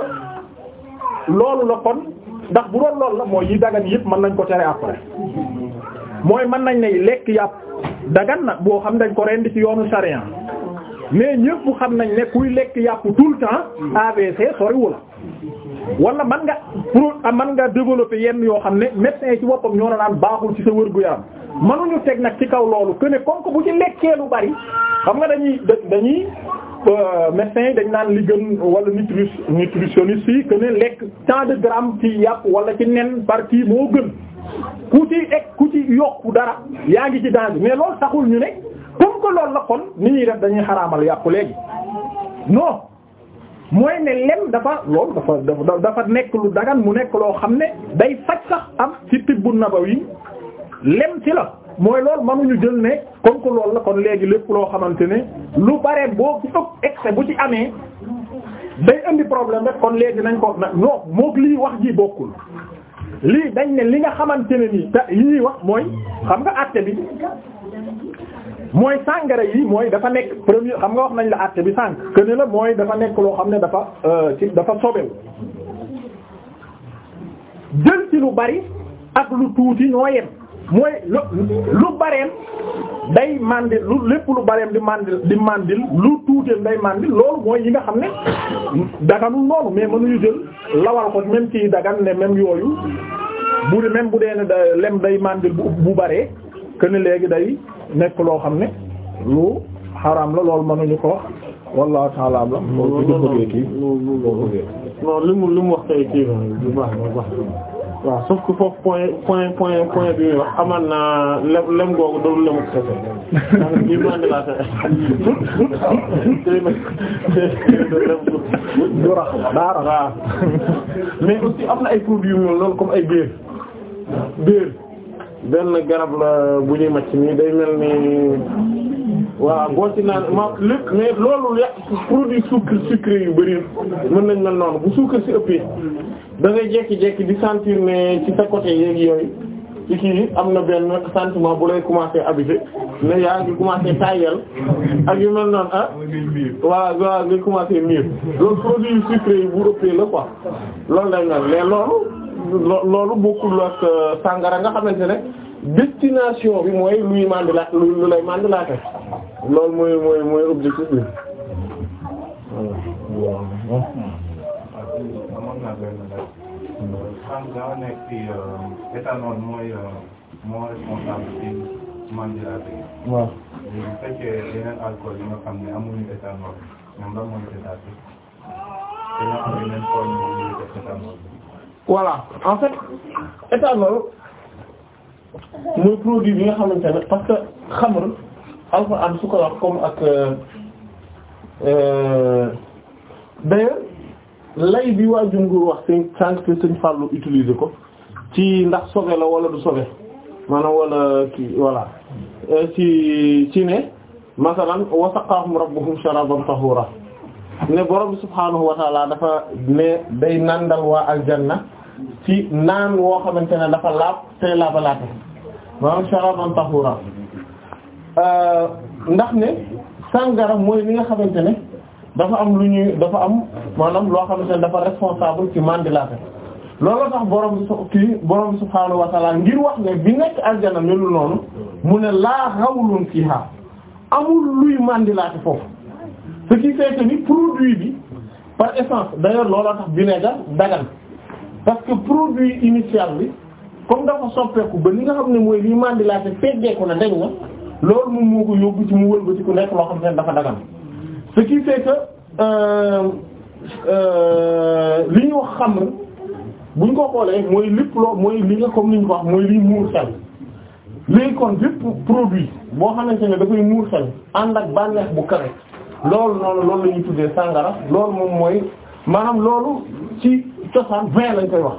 loolu la kon ndax bu doon loolu la mooy yi dagan yépp mën nañ ko tere après mooy mën nañ ne lekk yàpp dagan na boo xam dañ ko rendi ci yoonu sharia mais ñëpp xam nañ ne kuy lekk yàpp tout le temps AVC soriwu la wala man nga pour ah, man nga développer yenn yoo xam ne médecin yi ci boppam ñoo naan baaxul ci sa wërgu yaram mënuñu teg nag ci kaw loolu que ne comme bu ci lekkee lu bari xam nga dañuy dañuy euh, médecin yi dañ naan li gën wala nutrition nutritionniste yi que ne lekk tant de grammes ci yàpp wala ci nen par kii moo gën. ku ci ek ku ci yokku dara yaa ngi ci danger mais loolu taxul ñu ne comme ko lool la kon ni ñuy def dañuy xaraamal yàqu léegi non mooy ne lem dafa loolu dafa dafa nekk lu dagan mu nekk loo xam ne day faj sax am ci tibbu nabawi lem ci la mooy loolu mënuñu jël ne comme que loolu la kon léegi lépp loo xamante ne lu bare boo ci ëpp excès bu ci amee day indi problème rek kon léegi nañ ko non moo lii wax ji bokkul lii dañ ne li nga xamante ne nii te yii wax mooy xam nga àtte bi mooy sàngara yi mooy dafa nekk premier xam nga wax nañ la àtte bi sànq que na mooy dafa nekk loo xam ne dafa euh, ci dafa sobewu jël ci lu bari ak lu tuuti ñoo yem mooy lu lu bareem day mandil lu lépp lu bareem di mandil di mandil lu tuuteem day mandil loolu mooy yi nga xam ne daganul noonu mais mënuñu jël lawal ko même kii dagan ne même yooyu bu di bu dee ne da lem day mandil bu bu baree que ne léegi day nekk loo xam ne lu xaraam la loolu mënuñu ko wax wallahu taala la. loolu loolu mu li mu wax tey kii bu baax bu baax. waaw sauf que foofu point point point point bi muy wax amal naa lem lem googu doon lemu kese ndax lii mu andi laa waaw ay produits yu mel noonu comme ay biir benn garab la bu ñuy màcc nii day mel ni waaw boo ci naan ma lépp mais loolu yàq produit sucre sucré yu bari mën nañ mel noonu bu sucre si ëppee da ngay jékki di sentir ne ci sa côté yeeg yooyu ci kii am na benn sentiment bu lay commencer habité ne yaa ngi commencer tayal ak yu mel noonu ah waaw waaw nga commencer miir loolu produit sucré yi bu ëppee la quoi loolu lay mel mais loolu loolu bokkul ak euh, sàngara nga xamante ne destination bi mooy luy mandilaa lu lay mandilaate loolu mooy mooy mooy objectif bi waaw bu fekkee yeneen alcool yi nga xam ne amuñu éthanol ñoom lan mooy état bi dañoo am yeneen forme yu ñuy def éthanol bi voilà en fait éthanol mooy produit bi nga xamante ne parce que xamr alxuraan su comme ak euh, euh, d'ailleurs lay bi waa jumgur wax sànq te sëñ Fàllu ci ndax sobe la wala du sobe maanaam wala kii voilà euh, ci ci ne masalan wa saqahum rabbuhum sharaban tahura ne borom subhaanahu wa ta'ala dafa ne day nandal waa aljanna ci naan woo xamante ne dafa laab tey laabalaate maanaam sharaban tahura euh, ndax ne sàngara mooy li nga xamante ne dafa am lu ñuy dafa am maanaam loo xamante ne dafa responsable ci mandilaate loolu tax borom kii borom subhaanahu wa ngir wax ne bi nekk aljana melul noonu mu ne laa xawlun fiha amul luy mandilaate foofu ce qui fait ni produit bi par essence d'ailleurs looloo tax vinaigre dagan parce que produit initial bi comme dafa soppeeku ba li nga xam ne mooy liy mandilaate feggeeku na dañ na loolu moom moo ko yóbbu ci mu wëlbati ku nekk loo xam ne dafa dagan ce qui euh, euh, li ñu wax xam bu ñu ko xoolee mooy lépp loo mooy li nga ni ñu wax mooy liy muur xel kon lépp produit boo xamante ne dafay muur ànd ak bànneex bu kawe loolu noonu loolu la ñuy tuddee sàngara loolu moom mooy maanaam loolu ci cosaan vingt lañ koy wax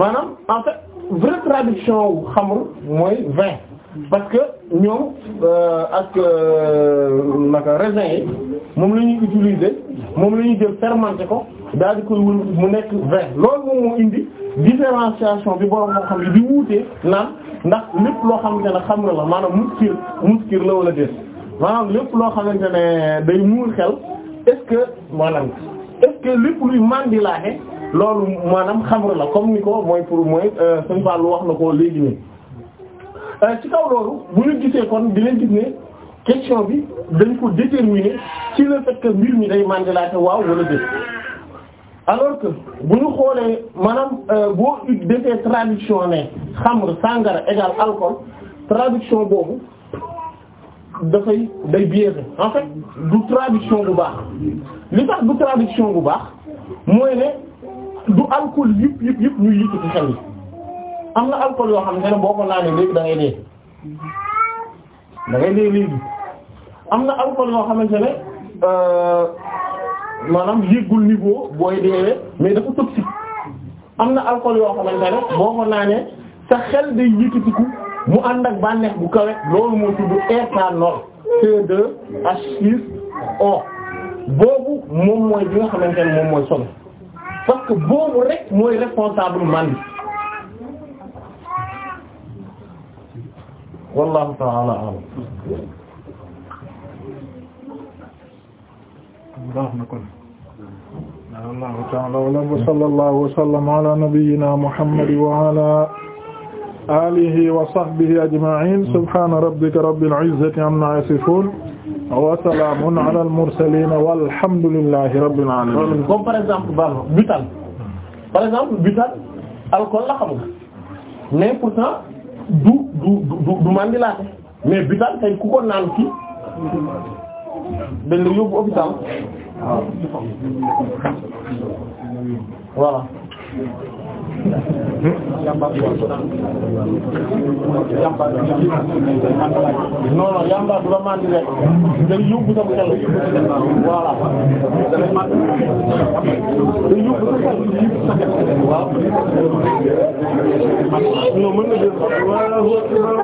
maanaam en fait vraie traduction wu mooy vingt parce que ñoom euh, ak euh, naka raisin yi moom la ñuy utiliser moom la ñuy jël fermenté ko daal di koy mu nekk vingt loolu moom moo indi différenciation bi borom moo xam ne di wuutee naan ndax lépp loo xamante ne xamr la maanaam muskir muskir la wala déet maanaam lépp loo xamante ne day muur xel est-ce que maanaam est-ce que lépp luy mandilaaxe loolu maanaam xamr la comme ni ko mooy pour mooy euh, suñ fàllu wax na ko léegi nii euh, ci kaw loolu bu ñu gisee kon di leen ne question bi dañ ko déterminer ci le fait que mbir mi day mandilaaxe waaw wala déet alors que bu ñu xoolee maanaam euh, boo defee traduction ne xamr sàngara égal alcool traduction boobu dafay day biaisé en fait du traduction bu baax li tax du traduction bu baax mooy ne du alcool yëpp yëpp yëpp ñuy yëpp ci xel yi am na alcool yoo xam ne boo ko naanee léegi da ngay dee da ngay am na alcool xamante ne euh, maanaam yëggul niveau booy deewee mais dafa toxique am na alcool yoo xamante ne boo ko naanee sa xel day yëkkatiku mu ànd ak bànneex bu kawe loolu moo tudd éthanol C2H6O boobu moom mooy bi nga xamante ne moom mooy sobe parce que boobu rek mooy responsable mandi wallahu ta'ala a'lam baax na ta'ala wa sallallahu wa sallama ala nabiyyina Muhammad alihi wa sahbihi ajma'in subhana rabbika rabbil izzati amma yasifun wa salamun ala al mursalin walhamdulillahi rabbil alamin comme par exemple ban butal par exemple butal alcool la xam nga mais pourtant du du du du mandilaate mais butal tay ku ko naan ci dañ la yóbbu hôpital waaw voilà non non yamba du la màndi rek day yóbbu sama xel voilà day yóbbu sama xel waaw